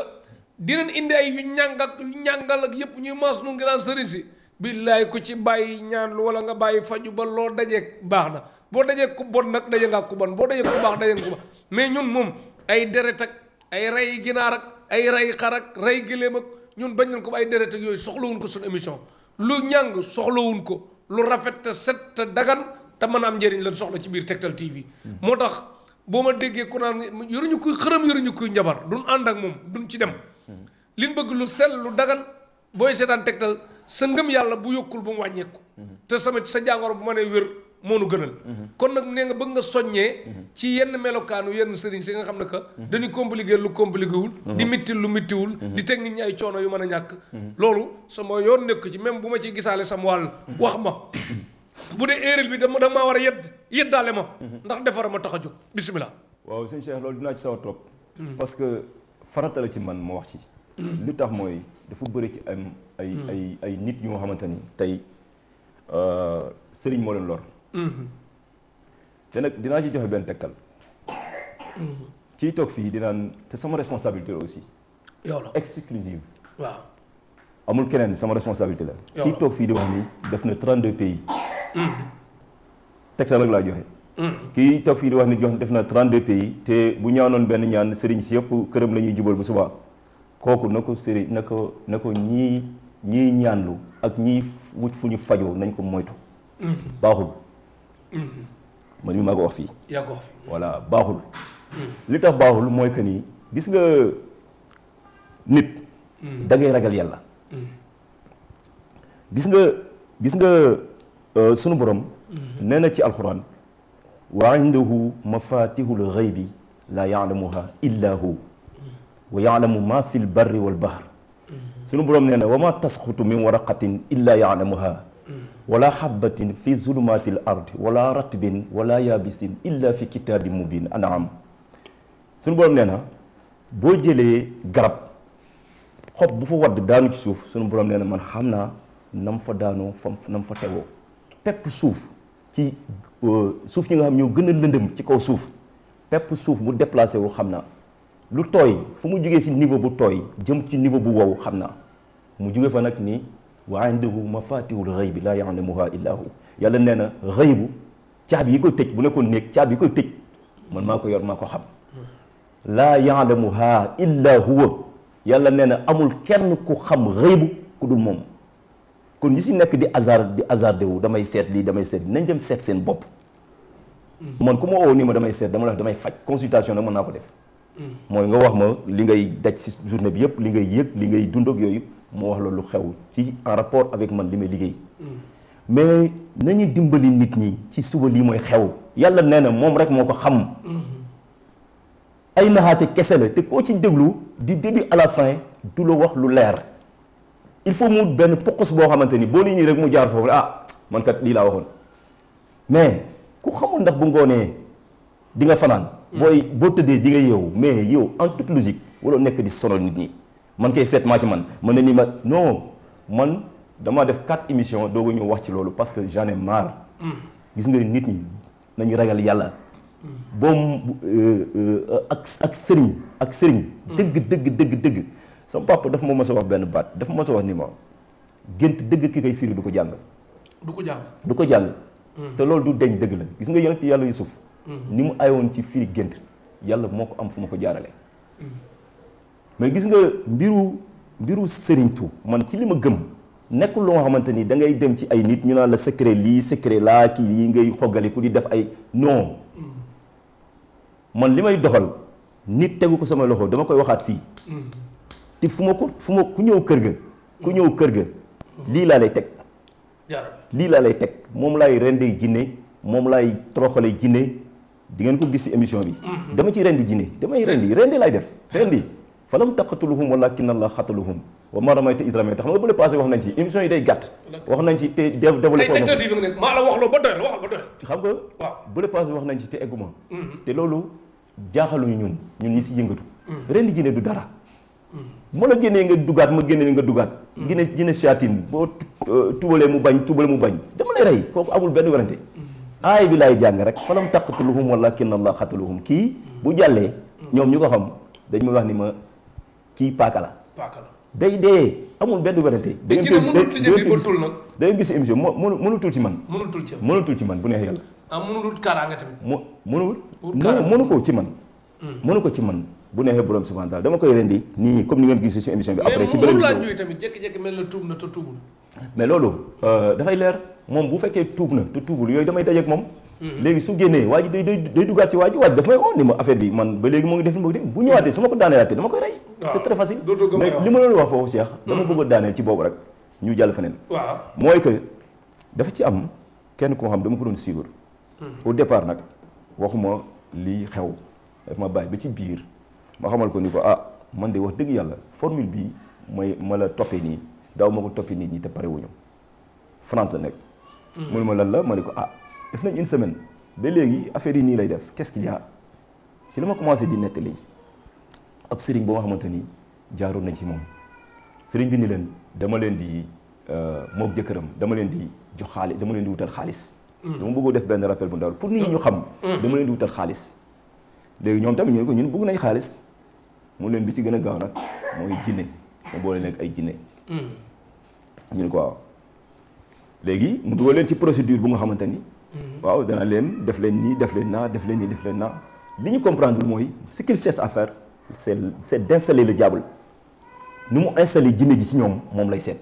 leen indi ay yu ñàng ak yu ñàngal ak yëpp ñuy maas nu ngi naan sëriñ si. billaay ku ci bàyyi ñaan lu wala nga bàyyi faju ba loo dajee baax na boo dajee ku bon nag daje ngaa ku bon boo dajee ku baax daje nga mais ñun moom ay deret ay rey ginaar ak ay rey xar ak rey gëléem ak ñun bañ nañ ko ay deret ak yooyu soxlawuñ ko suñu émission lu ñàng soxlawuñ ko lu rafet te set te dagan te mën a am njëriñ lan soxla ci biir Tektal TV. moo tax boo ma déggee ku naan yoruñu koy xërëm yoruñu koy njabar duñ ànd ak moom duñ ci dem. liñ bëgg lu sel lu dagan booy seetaan Tektal sa ngëm yàlla bu yokkul ba mu wàññeeku. te sama sa jàngoro bu ma nee wér. moo nu gënal. Mhm. kon nag nee nga bëgg nga soññee. Mhm. ci yenn melokaanu yenn sëriñ si nga xam ne que. Mhm. dañuy compliqué lu compliqué wul. di mitti lu mittiwul. di teg nit ñi ay coono yu mën a ñàkk. loolu sama yoon nekk ci même bu ma ci gisaale sama wàll. wax ma bu dee erreur bi dama maa war a yedd yeddaale ma. ndax defar ma tax a jóg bisimilah. waaw sëñ Cheikh loolu dinaa ci sawar trop. parce que farata la ci man ma wax ci. li tax mooy dafa bëri ci am ay ay ay nit yu nga xamante ni tey euh, sëriñ moo te nag dinaa ci joxe benn tekkal. ciy toog fii dinaan te sama responsabilité la aussi. yow la amul keneen sama responsabilité la. Mm-hmm. Mm-hmm. kii toog fii di wax ni def na 32 pays. tegtal rek laa joxe. kii toog fii di wax def na 32 pays te bu ñaanoon benn ñaan sëriñ si yëpp këram la ñuy jubal bu subaa kooku na ko sëriñ na ko na ko ñii ñii ñaanlu ak ñii wut fu ñu fajoo nañ ko moytu. Mm-hmm. baaxul. man mi maa ko yaa ko wax fii voilà hmm. baaxul. mooy que ni gis nga nit. Hmm. da ngay ragal yàlla. Hmm. gis nga gis nga euh, sunu borom. nee na ci alxuraan. wa indahu mafatihul ghaybi laa yaalamuha illa hu wa yaalamu ma fi lbarri walbahr sunu borom nee wa ma tasqutu min waraqatin illa yaalamuha wala xabbatin fi zulumati l ard wala ratbin wala yaabisin illa fi kitaabi mubin anaam suñu borom nee na boo jëlee garab xob bu fa wadd daanu ci suuf sunu borom nee na man xam naa nam fa daanoo fam nam fa tegoo pepp suuf ci euh, suuf ñi nga xam ñoo gën a lëndëm ci kaw suuf pepp suuf bu déplacé wu xam naa lu tooy fu mu jugee si niveau bu tooy jëm ci niveau bu wow xam naa mu jugee fa nag nii wa indahu mafatihul ghaybi laa ya'lamuha illa hu yàlla nee na ghaybu caabi yi koy tëj bu nekkoon néeg caabi yi koy tëj man maa ko yor maa ko xam laa ya'lamuha illa huwa yàlla nee na amul kenn ku xam ghaybu ku dul moom kon ñi si nekk di hasard di hasardé wu damay seet lii damay seet nañ dem seet seen bopp man ku ma woo nii ma damay seet dama damay faj consultation nag mën naa ko def mm. mooy nga wax ma li ngay daj si journée bi yëpp li ngay yëg li ngay dund yooyu mu wax la lu xew ci en rapport avec man li may liggéey mm. mais nañu dimbali nit ñi ci suba lii mooy xew yàlla nee na moom rek moo ko xam mm-hmm. ay naxaate kese la te koo ci déglu di début à la fin du la wax lu leer il faut mu benn poqus boo xamante ni boo nii nii rek mu jaar foofu ah man kat lii laa waxoon mais ku xamul ndax bu ngoonee di nga fanaan mm. booy boo tëddee di nga yeewu mais yow en toute logique wala nekk di sonal nit ñi man kay seet maa ci man man na nii ma non man damaa def quatre émissions dooga ñëw wax ci loolu parce que j'en ai mm. gis nga nit ñi nañu ragal yàlla mm. boom euh, euh, ak ak sëriñ ak sëriñ mm. dëgg dëgg dëgg dëgg sa papa dafa ma mos a wax benn baat dafa mos a wax ni ma gént dëgg ki koy firi du ko jàng du ko jàng du ko jàng te loolu du deñ dëgg la gis nga yonent yàlla Yusuf ni mu ay woon ci firi gént yàlla moo ko am fu ma ko jaarale mais gis nga mbiru mbiru sëriñtu man ci li ma gëm nekkul lu nga xamante ni da ngay dem ci ay nit ñu naan la secret lii secret laa kii lii ngay ku di def ay non man li may doxal nit tegu ko sama loxo dama koy waxaat fii te fu ma ko fu ma ku ñëw kër ga ku ñëw kër ga lii laa lay teg lii laa lay teg moom laay rendee jinne moom laay toroxale jinne di ngeen ko gis ci émission bi mm-hmm. dama ci rendi jinne damay rendi rendi laay def rendi fa lam taqatuluhum walakin allah ma ramayta id ramayta xam nga bële passé wax nañ ci émission yi day gàtt wax nañ ci te développé ko maa la wax loo ba doyal wax ba doyal xam ma la génnee nga dugaat ma génnee nga mm-hmm. euh, mu bañ tubale mu bañ dama lay rey kooku amul benn werante mm-hmm. aay bi laay jàng rek falam taqatuluhum walakin allah xataluhum kii bu jàllee mm-hmm. ñoom ñu ko xam dañ may wax ni ma kii paaka la. paaka la day dee amul benn werante. da ngeen gis émission mënu mënu tul ci man. mënu tul ci man mënu tul ci man bu neex yàlla. ah mënul kaaraange tamit. mu mënul. mënu ko ci man. mënu hmm. ko ci man. bu neexee borom subhanahu wa taala dama koy rendi nii comme ni ngeen gis ci émission bi. après ci beneen bi mais moom tamit jékki-jékki mel na tuub na te tuubul. mais loolu euh, dafay leer moom bu fekkee tuub na te tuubul yooyu damay dajeeg moom Mm-hmm. léegi su génnee waa ji day day duggaat ci waa ji waa ji daf may oo ni ma affaire bi man ba léegi moo ngi def ni ma ko def bu ñëwaatee su ma ko daaneelaatee dama koy rey c'est très facile mais li ma doon wax foofu Cheikh dama mm-hmm. bëgg a daaneel ci boobu rek ñu jàll feneen waaw mooy que dafa ci am kenn koo xam dama ko doon suivre mm-hmm. au départ nag waxuma lii xew daf ma bàyyi ba ci biir ma xamal ko ni ko ah man de wax dëgg yàlla formule bii mooy ma la toppee nii daaw ma ko toppee nit ñi te pare wuñu France la nekk mënu ma lan la ma ne ko ah def nañ une semaine ba léegi affaire yi nii lay def qu'est-ce qu'il si la ma commencé di nettali ab sëriñ boo nga xamante ni jaaroon nañ ci moom sëriñ bi ni leen dama leen di euh, moog jëkkëram dama leen di jox xaalis dama leen di wutal xaalis. Mm. dama def benn rappel bu ndaw pour nit xam. Mm. Mm. dama leen di wutal xaalis. léegi ñoom tamit ñu ne ko ñun bugg nañ xaalis mu leen bi ci gën a gaaw nag mooy jinne mu boole leen ay jinne. ñu ne ko waaw léegi mu dugal leen ci procédure bu nga xamante ni. Mhm. waaw dana leen def leen nii def leen naa def leen nii def leen naa li ñu comprendre mooy ce qu'il cherche à faire c'est d'installer le diable ni mu installé jinne ji ci ñoom moom lay seet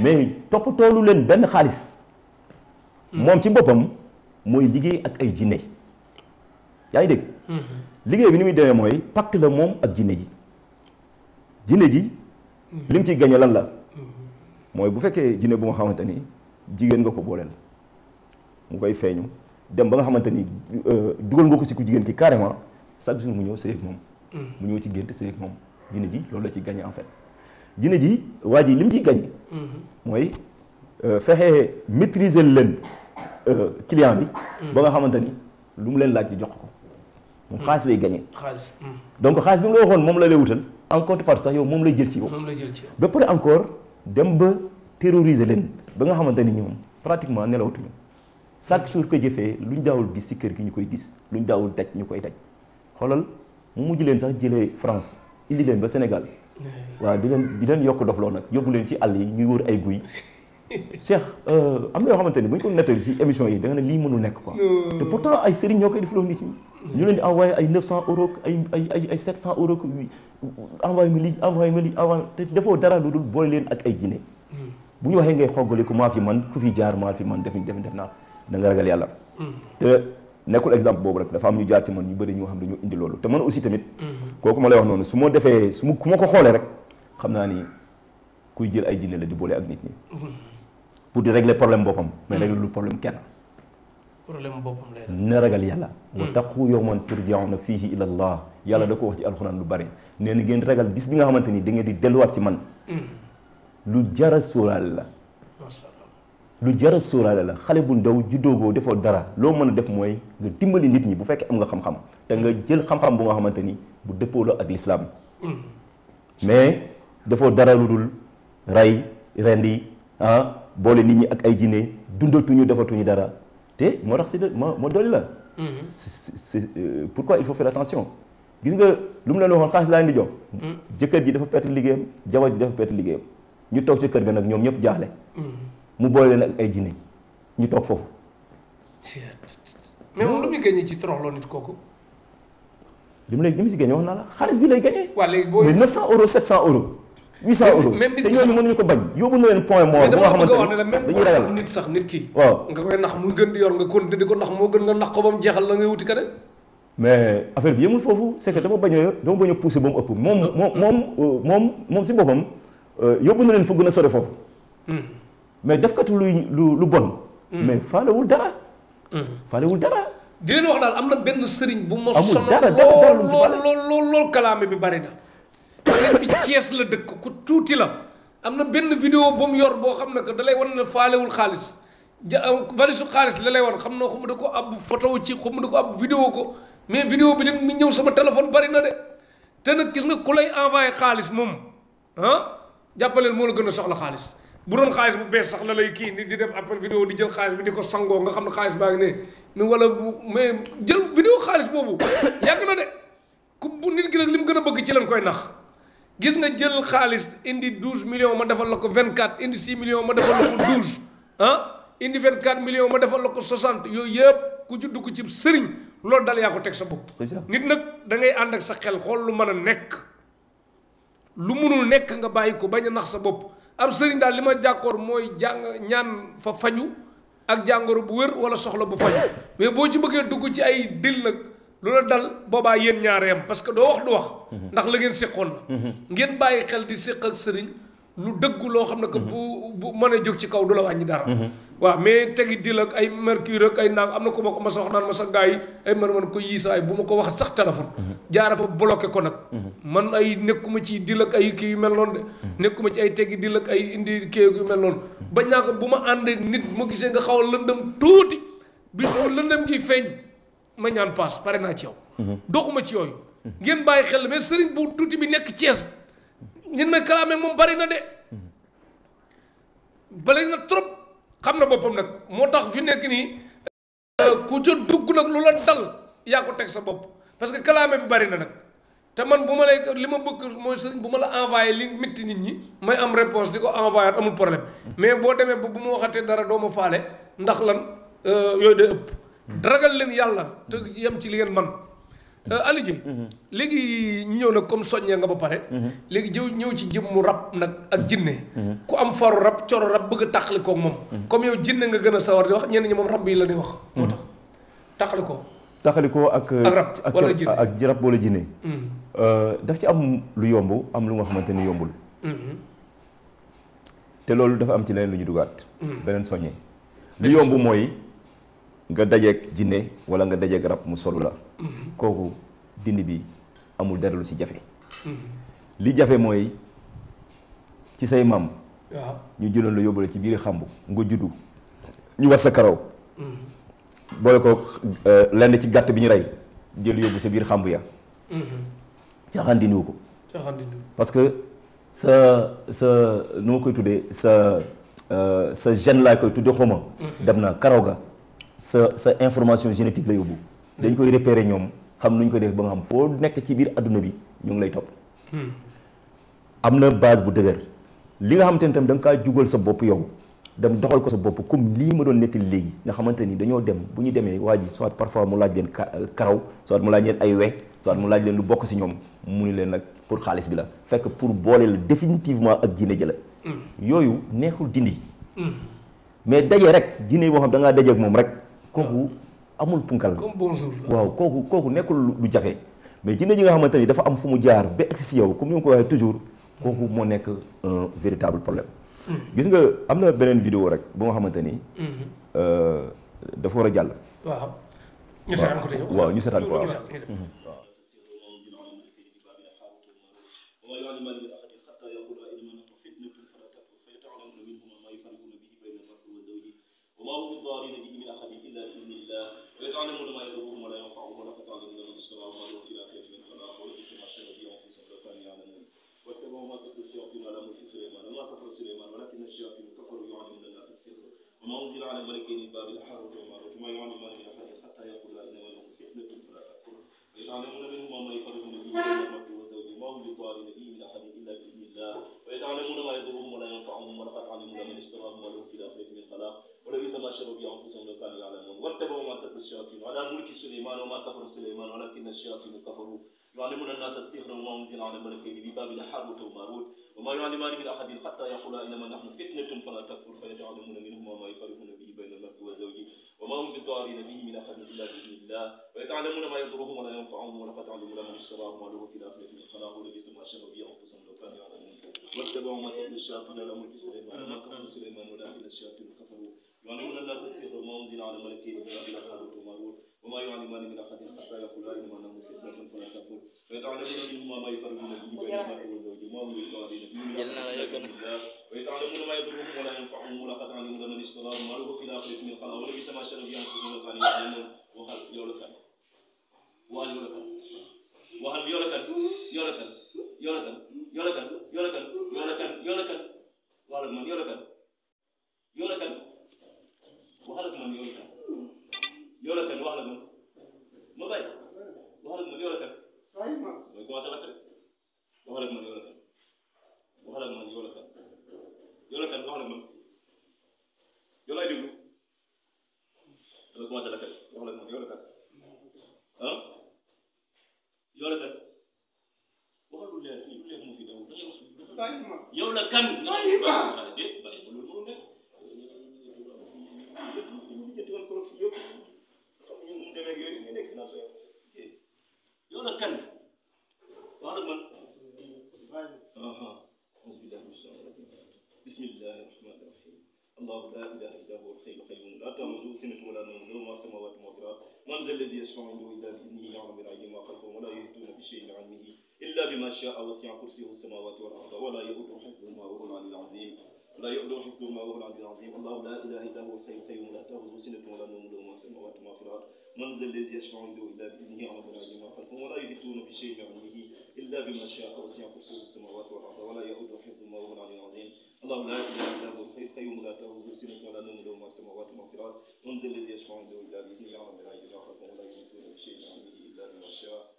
mais toppatoolu leen benn xaalis mhm. moom ci boppam mooy liggéey ak ay jinne yaa ngi dégg mhm. liggéey bi ni muy demee mooy pacte la moom ak jinne ji jinne ji li mu ciy gañe lan la mooy bu fekkee jinne bu ma xamante ni jigéen nga ko booleel mu koy feeñu dem ba nga xamante ni euh, dugal nga ko si ku jigéen ci carrément chaque jour mu ñëw sëy ak moom. Mm. mu ñëw ci gént sëy ak moom jinne ji loolu la ci gagné en fait jinne ji waa ji li mu ci gagné. Mm-hmm. mooy euh, fexe maîtriser leen euh, client bi. Mm. ba nga xamante ni lu mu leen laaj di jox ko. moom mm. xaalis lay gagné. xaalis donc xaalis bi nga waxoon moom la lay wutal. en contrepartie sax yow moom lay jël ci yow. moom lay ci yow ba pare encore dem ba terroriser leen ba nga xamante ni ñoom pratiquement nelawatuñu. chaque jour que jëfee luñ daawul gis ci kër gi ñu koy gis lu ñu daawul daj ñu koy daj xoolal mu mujj leen sax jëlee France indi leen ba Sénégal waaw di leen di leen yokk dofloo nag yóbbu leen ci àll yi ñuy wër ay guy Cheikh euh, am na yoo xamante ni bu ñu ko nettali ci émission yi da nga ne lii mënul nekk ko te pourtant ay sëriñ ñoo koy defloo nit ñi ñu leen di envoyé ay 900 euros ay ay ay ay 700 euros envoyé ma lii envoyé ma defoo dara lu dul boole leen ak ay jin mm. bu ñu waxee ngay xoggale ko maa fi man ku fi jaar maa fi man def def def naa da nga ragal yàlla mm-hmm. te nekkul exemple boobu rek dafa am ñu jaar ci man ñu bëri ñoo xam dañoo indi loolu te man aussi tamit mm-hmm. kooku ma lay wax noonu su ma defee su ma ku ma ko xoolee rek xam naa ni kuy jël ay jinne la di boole ak nit ñi mm-hmm. pour di régler problème boppam mais régler lu problème kenn na ragal yàlla wa taqu yawman turjauna fiihi ila allah yàlla da ko wax ci alxuraan lu bari nee na ngeen ragal bis bi nga xamante ni da ngeen di delluwaat si man lu jara lu jar a sóoraale la xale bu ndaw juddoogoo defoo dara loo mën a def mooy nga dimbali nit ñi bu fekkee am nga xam-xam te nga jël xam-xam bu nga xamante ni bu la ak lislaam mm. mais defoo dara lu dul rey rendi ah boole nit ñi ak ay jinne dundatuñu defatuñu dara te moo tax si moo moo dolli la mm-hmm. c'est euh, pourquoi il faut faire attention gis nga lu mu leen waxoon xaalis laa leen di jox mm. jëkkër ji dafa perte liggéeyam jabar ji dafa perte liggéeyam ñu toog ci kër ga nag ñoom ñëpp jaaxle mm-hmm. mu boole leen ak ay jinne ñu toog foofu. mais moom lu muy gagné ci toroxloo nit kooku. li mu lay li mu si gagné wax naa la xaalis bi lay gagné. waaw léegi boo mais 900 euros 700 euros. 800 euros te ñooñu mënuñu ko bañ. yóbbu na leen point mort ba nga xamante nit sax nit kii. waaw nga koy ko nax moo gën nga nax ko ba mu jeexal la ngay wuti keneen. mais affaire bi yemul foofu c'est que dama bañ a a poussé ba mu ëpp moom moom moom euh, moom si boppam euh, yóbbu na leen fa gën a sore foofu. Hmm. mais defkatu luy lu lu bon. Mm. mais faalewul dara. Mm. faalewul dara. di leen wax daal am na benn sëriñ bu ma. amul dara dara lool lool lool lool kalaame bi bari na. sëriñ bi Cees la dëkk ku tuuti la. am na benn vidéo ba mu yor boo xam ne que dalay lay wan ne faalewul xaalis ja euh, valisu xaalis la lay wan xam noo xamu ko ab photo ci xamu da ko ab vidéo ko mais vidéo bi lim mi ñëw sama téléphone bari na de te nag gis nga ku lay envoyé xaalis moom ah jàppaleel moo la gën a soxla xaalis. bu doon xaalis bu bees sax la lay kii di def appel vidéo di jël xaalis bi di ko sangoo nga xam ne xaalis baa ngi ne mais wala bu mais jël vidéo xaalis boobu *coughs* yàgg na de ku bu nit ki nag li mu gën a bëgg ci leen koy nax gis nga jël xaalis indi 12 million ma defal la ko 24 indi 6 millions ma defal la ko 12 ah indi 24 million ma defal la ko 60 ah? yooyu yëpp ku ci dugg ci sëriñ loolu dal yaa ko teg sa bopp. nit nag da ànd ak sa xel xool lu mën a nekk lu munul nekk nga bàyyi ko bañ nax sa bopp. am sëriñ daal li ma jàkkoor mooy jàng ñaan fa faju ak jàngoro bu wér wala soxla bu faju mais boo ci bëggee dugg ci ay dil nag lu la dal boobaa yéen ñaaree am parce que doo wax du wax mhm. ndax la ngeen séqoon la mhm. ngeen bàyyi xel di séq ak sëriñ lu dëggu loo xam ne que bu mhm. bu mënee jóg ci kaw du la wàññi dara. Mhm. waaw mais tegi dil ak ay mercure ak ay naam am na ku ma ko ma a wax naan ma sa gaa yi ay man man ko yii saay bu ma ko wax sax téléphone. Mhm. jaara fa bloqué ko nag. man ay nekkuma ci dil ak ay kii yu mel noonu de. nekkuma ci ay tegi dil ak ay indi kii yu mel noonu. ba naa bu ma ànd nit mu gisee nga xaw a lëndëm tuuti bi mu lëndëm gi feeñ ma ñaan paas pare naa ci yow. doxuma ci yooyu. ngeen bàyyi xel mais sëriñ bu tuuti bi nekk Thiès. ñun may kalaame moom bari na de bari na trop xam na boppam nag moo tax fi nekk nii euh, ku ca dugg nag lu la dal yaa ko teg sa bopp parce que kalaame bi bari na nag te man bu ma lay li ma bëgg mooy sëriñ bu ma la envoyé li métti nit ñi may am réponse di ko envoyé amul problème mais boo demee ba bu ma waxatee dara doo ma faale ndax lan euh, yooyu day ëpp. ragal leen yàlla te yem ci li ngeen man Euh, Aliou Dieng mhm. léegi ñu ñëw nag comme soññee nga ba pare mhm. léegi jëw ñëw ci jëmmu rab nag ak mhm. jinne ku am faru rab coro rab bëgg a tàqali moom comme yow jinne nga gën a sawar di wax ñenn ñi moom rab yi la ñuy wax moo tax tàqali ko tàqali ko ak ak ak rab wala jinne euh, daf ci am lu yomb am lu nga xamante ni yombul te loolu dafa am ci leneen lu ñu dugaat beneen soññee lu yomb mooy nga dajeeg jinne wala nga dajeeg rab mu solu la kooku dindi bi amul dara lu jafe li jafe mooy ci say maam ñu jëloon la yóbbu la ci biir xàmbu nga juddu ñu war sa karaw boole ko euh, lenn ci gàtt bi ñu rey jël yóbbu sa biir xàmbu ya caaxaan dindiwu ko parce que sa sa nu ma koy tuddee sa euh, sa gene laa koy tuddee xoma mm-hmm. dem na karaw ga sa sa information génétique la yóbbu. dañ koy repérer ñoom xam nuñ koy def ba nga xam foo nekk ci biir adduna bi ñu ngi lay topp. Hmm. am na base bu dëgër. li nga xamante ni tam da nga kaa jugal sa bopp yow ko sa bopp comme lii ma doon nettali léegi nga xamante ni dañoo dem bu ñu demee waa ji soit parfois mu laaj leen karaw soit mu laaj leen ay we soit mu laaj leen lu bokk si ñoom mu ni leen nag pour xaalis bi la fekk pour boole la définitivement ak jinne jëla hmm. yooyu neexul dindi hmm. mais daje rek jinne boo xam da ngaa daje ak moom rek kooku ah. amul punkal comme bonjour waaw kooku kooku nekkul lu jafe mais jinne ji nga xamante ni dafa am fu mu jaar ba egsi si yow comme ni nga ko waxee toujours kooku moo nekk un véritable problème hmm. gis nga am na beneen vidéo rek bu nga xamante ni hmm. euh, dafa war a jàll waaw ñu seetaan ko waaw سليمان ولكن الشياطين كفروا يعلمون الناس السحر وما أنزل على ملكين من بابل الحارة وماروت وما يعلمان من أحد حتى يقولا إنما لهم فتنة فلا تكفر ويتعلمون منهما ما يفرقون به بين المرء والزوج وما هم بضارين به من أحد إلا بإذن الله ويتعلمون ما يضرهم ولا ينفعهم ولقد علموا من اشتراه وله في الآخرة من خلاق ولبئس ما شروا به انفسهم لو كانوا يعلمون واتبعوا ما تتلو الشياطين على ملك سليمان وما كفر سليمان ولكن الشياطين كفروا يعلمون الناس السحر وما انزل على الملكين ببابل حاروت وماروت وما يعلمان من احد حتى يقولا انما نحن فتنه فلا تكفر فيتعلمون منهما ما يفرقون به بين المرء وزوجه وما هم بضارين به من احد الا باذن الله ويتعلمون ما يضرهم ولا ينفعهم ولقد علموا لهم الشرار ما له في الاخره من خلاق ولبئس ما شروا به انفسهم لو كانوا يعلمون واتبعوا ما تتلو الشياطين على ملك سليمان وما كفر سليمان ولكن الشياطين كفروا ونقول لا تستطيعوا منزل على ملكين فلا تقربوا تمارون وما يعلمان من احد حتى يقولا انما نحن فتنه فلا تكفر فيتعلمون منهما ما يفرقون به بين المرء والزوج وما هم بالقادرين ويتعلمون ما يضرهم ولا ينفعهم ولقد علموا لمن اشتراه ما له في الاخره من خلاق ولبئس ما شروا به انفسهم لو كانوا يعلمون وهل يولكن وهل يولكن وهل يولكن يولكن يولكن يولكن يولكن يولكن يولكن وهل من يولكن يولكن waxal ak man yow tam yow la kan wax la man ma bàyyi waxal ak man yow la kan mooy commencé lakk rek waxal ak man yow la kan waxal ak man yow la kan yow la kan waxal ak man yow laay déglu dama commencé lakk rek waxal ak man yow la kan ah yow la kan waxal lu leer fii lu leer moo fi daw da ngay wax yow la kan digal ko fi yëpp xam ñu mu demee yooyu ñu nekk financé yow nag kan wax nag man بسم الله الرحمن الرحيم الله لا اله الا هو الحي القيوم لا تاخذه سنه ولا نوم له ما السماوات وما في الارض من ذا الذي يشفع عنده الا باذنه يعلم الغيب ما خلفهم ولا يحيطون بشيء من علمه الا بما شاء وسع كرسيه السماوات والارض ولا يؤوده حفظهما وهو العلي العظيم ولا يؤلم حفظهما وهو العلي العظيم الله لا اله الا هو الحي القيوم لا تاخذه سنه ولا نوم له ما في السماوات وما في الارض من ذا الذي يشفع عنده الا باذنه وما بين عليه ما خلفهم ولا يحيطون بشيء من علمه الا بما شاء وسع كرسيه السماوات والارض ولا يؤلم حفظهما وهو العلي العظيم الله لا اله الا هو الحي القيوم لا تاخذه سنه ولا نوم له ما في السماوات وما في الارض من ذا الذي يشفع عنده الا باذنه وما بين عليه ما خلفهم ولا يحيطون بشيء من علمه الا بما شاء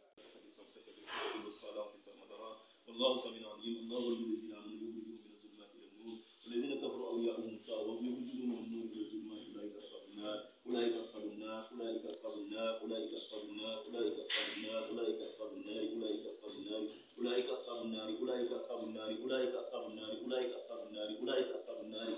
والله سميع عليم الله الذي علم الذين امنوا الذين كفروا أولياءهم الطاغوت يعبدون النور يدخلون أولئك أصحاب النار أولئك أصحاب النار أولئك أصحاب النار أولئك أصحاب النار أولئك أصحاب النار أولئك أصحاب النار أولئك أصحاب النار أولئك أصحاب النار أولئك أصحاب النار أولئك أصحاب النار أولئك أصحاب النار أولئك أصحاب النار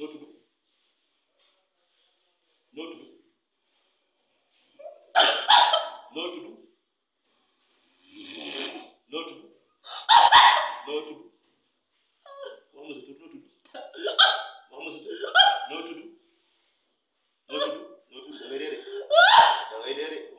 noo tudd noo tudd noo tudd noo tudd noo tudd wax ma sa tur noo tudd wax ma sa tur noo tudd noo tudd noo tudd da ngay dee de da ngay dee de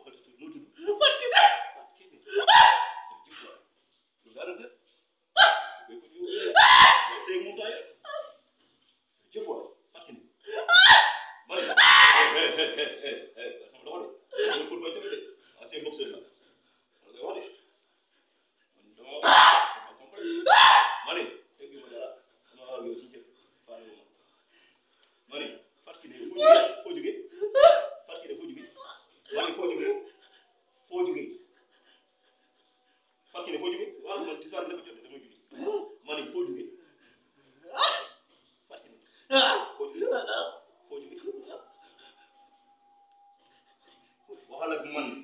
foo jógee wàllu man ci dara dama jot dama jógee ma ne foo jógee waxal ak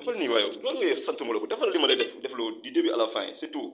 defal nii waaye loolu ngay sant ma la ko defal li ma lay def def à la fin c'est tout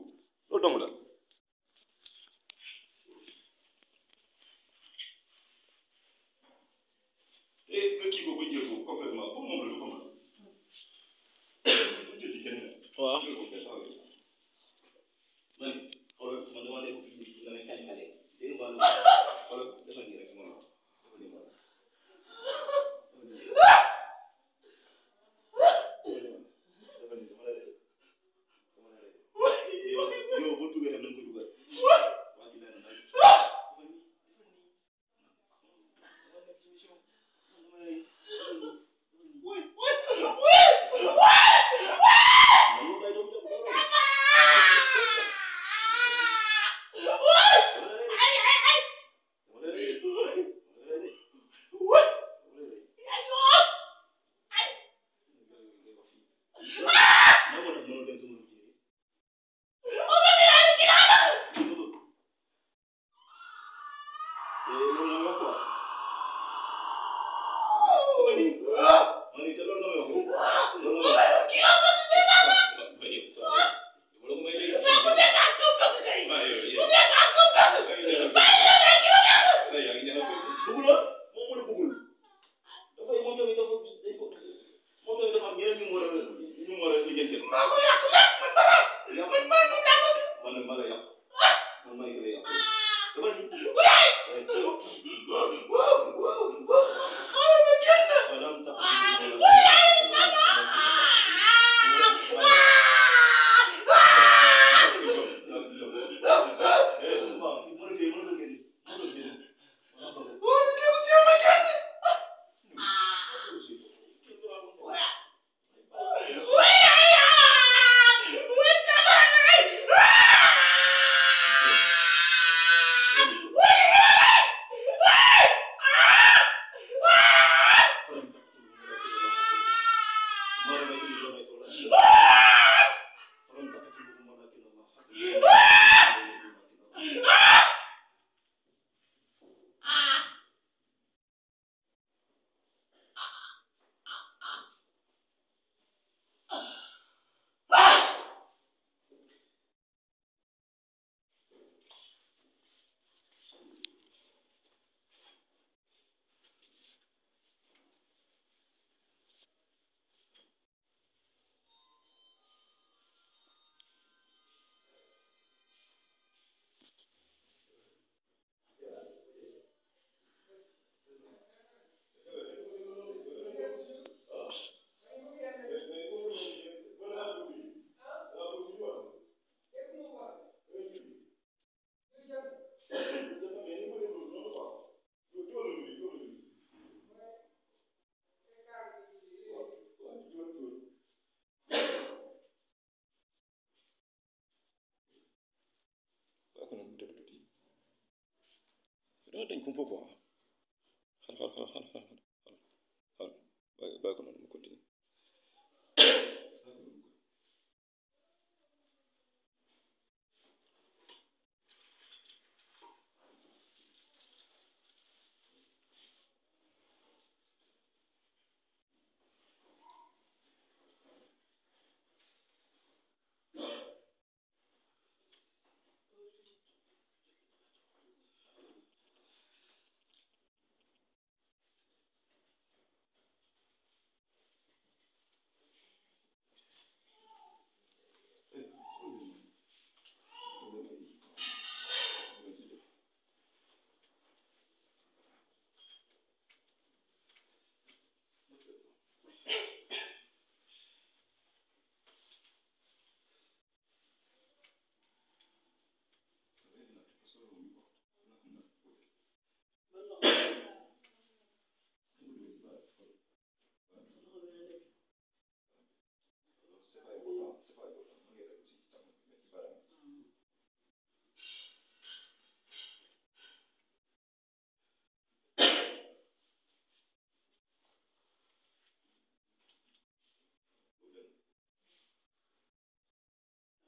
compo på.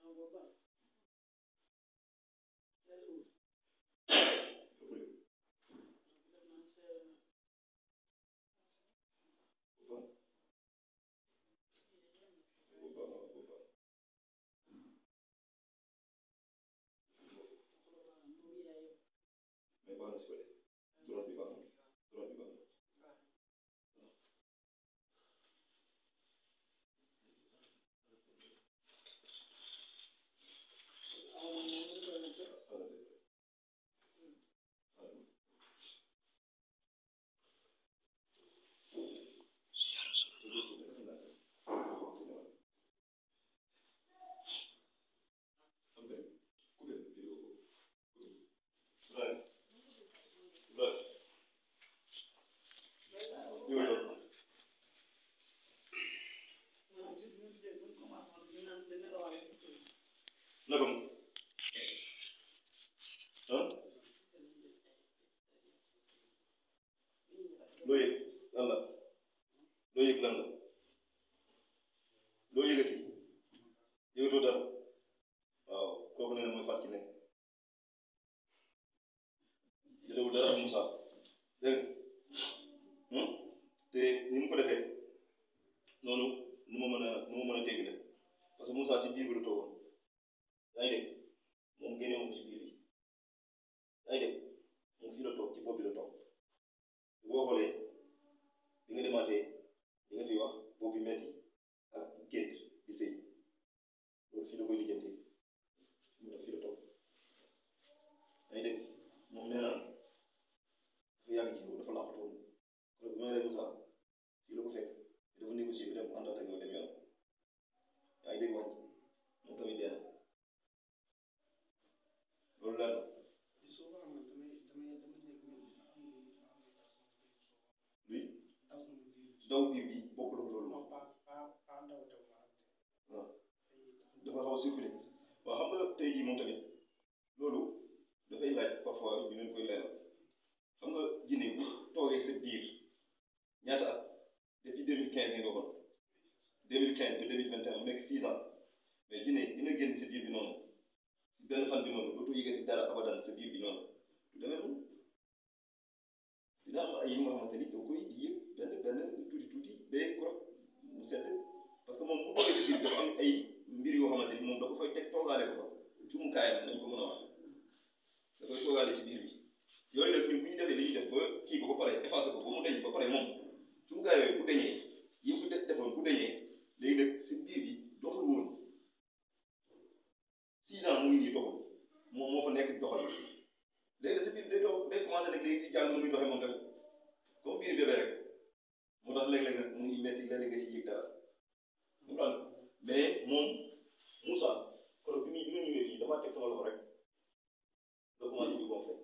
xam nga pare Thank you. nagam ah loo yëg lan la loo yëg lan la loo yëgati yëgatoo dara waaw na mooy fàtt ci ne jotewul dara te ni mu ko defee noonu nu ma mën a nu ma mën si biir bi la yaa ngi dégg moom génnewu ko ci biir yi yaa ngi dégg moom fii la toog ci bopp bi la toog boo xoolee bi nga demaatee li nga fi wax bopp bi metti ak gént di sëy loolu fii la koy lijjante mu def fii la toog yaa ngi dégg moom nee na dafa yàgg ci loolu dafa laaxutoon kon bu may rek sax fii la ko fekk dafa négocier bi dem àndaat ak yow dem yoon yaa ngi dégg wax loolu la oui daw bi bi bokkul ak loolu moom dafa xaw a circulé waaw xam nga tey jii moom tamit loolu dafay laaj parfois ñu leen koy leeral xam nga jinne bu toogee sa biir ñaata at depuis deux mille quinze nga ko kon deux mille quinze ba deux mille vingt et un nekk six ans mais jinne dina génn sa biir bi noonu benn fan bi noonu dootu yëgati dara abadan sa biir bi noonu du demee noonu dina am ay yi nga xamante ni da koy yëg benn benn tuuti tuuti mu sedd parce que moom bu bëggee ko ko fa cumukaayam nañ ko mën a wax da koy toogaale ci biir bi yooyu nag ñun bu ñu defee li ñuy def ba kii ba ba pare mu deñ ba pare moom cumukaay yi muy yi doxul moom moo fa nekk doxal léegi sa biir day dox day commencé nag léegi di jàng nu muy doxee moom tamit comme biir bébé rek moo tax léeg-léeg nag mu ngi métti léeg-léeg nga si yëg dara mu daan mais moom Moussa kon bi muy bi nga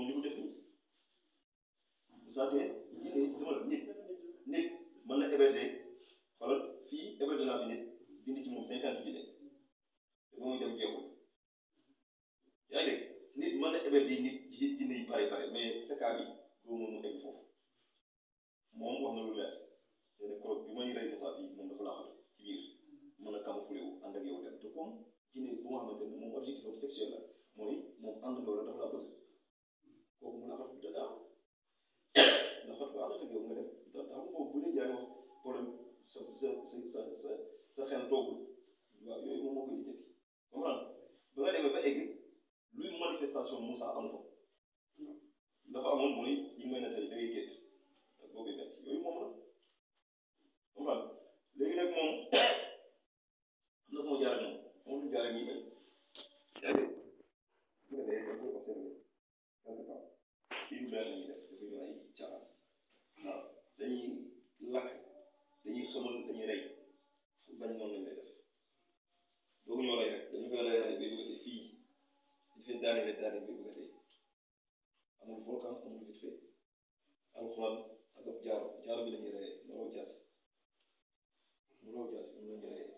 moom li mu def nii bu santee jiite jox la nit nit mën na héberger xoolal fii héberger naa fi nit dindi ci moom cinquante jiite te ba muy dem jeexul yaa ngi nit mën na héberger nit jigéen jinne yi pare pare mais sa cas bi doo moom foofu moom wax na lu leer te ne koroog bi may rey Moussa bi moom dafa laaxatu ci biir mën a camoufler wu ànd ak yow dem te comme jinne bu nga xamante ne moom objectif am sexuel la mooy moom ànd loolu dafa laa bëgg o mën a xas bi dadaa ndax xas ba ànd ak yow nga dem ndax xam nga boobu bu dee jaay wax problème sa sa sa sa sa xel toogul waaw yooyu moom moo koy jëkk comprendre ba nga demee ba egg luy manifestation Moussa am fa dafa amoon mooy yi may nettali da ngay gétt ak boobu nekk yooyu moom la comprendre léegi nag moom loolu moo jaar ak moom moom lu jaar ak ñi bay yaa ngi dégg nga day def ko observé une benn ñu def dañuy ay caaxaan waaw dañuy lakk dañuy xamal dañuy rey bañ noonu lañ lay def doo ko ñoo rey rek dañu koy rey rey bay bëgg fii dañu fee daaneel daaneel bay bëgg amul volcan amul vite fait alxuraan ak ab jaaro jaaro bi la ñuy reyee mu raw jaas mu raw jaas mu la ñuy reyee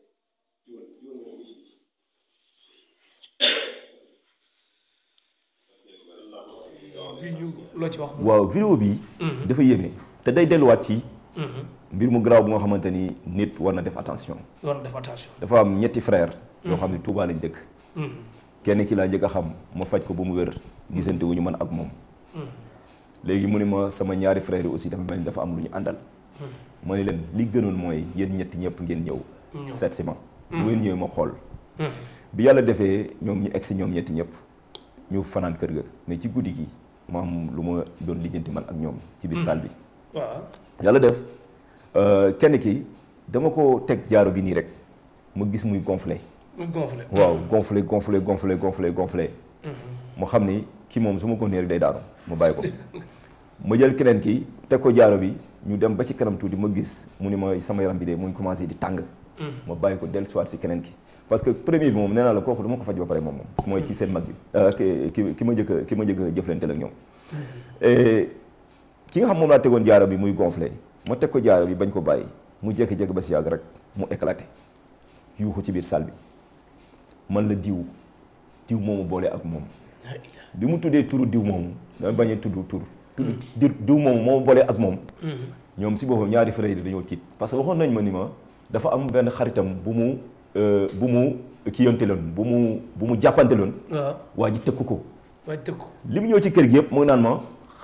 jiwal jiwal nga ne ko bi ñu loo ci wax. waaw vidéo bi. Mm-hmm. dafa yéeme te day delluwaat ci. Mm-hmm. mbir mu garaaw bu nga xamante ni nit war na def attention. war na dafa am ñetti frère. yoo xam ne mm-hmm. Touba lañ kenn ki laa njëkk xam ma faj ko ba mu wér gisante wuñu man ak moom. léegi mu ne ma sama ñaari frère yi aussi dafa mel ni dafa am lu ñu àndal. ma ne leen li gënoon mooy yéen ñetti ñëpp ngeen ñëw. seet si ma. bu ngeen ñëwee ma xool. bi yàlla defee ñoom ñu egg si ñoom ñetti ñëpp ñu fanaan kër ga mais ci guddi gi mu am lu ma doon lijjanti man ak ñoom. ci biir hmm. salle bi. waaw yàlla def euh, kenn ki dama ko teg jaaro bi nii rek ma gis muy gonflé. muy gonflé waaw gonflé gonflé gonflé gonflé gonflé. Hmm. mu xam ni kii moom su ma ko nee rek day daanu ma bàyyi ko. *laughs* ma jël keneen ki teg ko jaaro bi ñu dem ba ci kanam tuuti ma gis mu ne ma sama yaram bi de mu ngi commencé di tàng. Hmm. ma bàyyi ko dellusiwaat si keneen ki. parce que premier bi moom nee naa la kooku dama ko faj ba pare moom moom mooy ci seen mag bi euh, ki ki ma njëkk ki ma njëkk a jëflante la mm-hmm. ki nga xam moom laa tegoon jaaro bi muy gonflé ma teg ko jaaro bi bañ ko bàyyi mu jékki-jékki ba si yàgg rek mu éclaté yuuxu ci biir salle bi man la diw diw moomu boole ak moom mu tuddee turu diw moomu bañ a tudd tur tudd mm-hmm. diw moomu moomu boole ak moom mm-hmm. ñoom si boppam ñaari frère yi dañoo tiit parce que waxoon nañ ma ni ma dafa am benn xaritam bu mu Euh, bu mu ki yonte loon bu mu bu mu jàppante loon waa ji tëkk ko waa ji ko li mu ñëw ci kër gi yëpp mu naan ma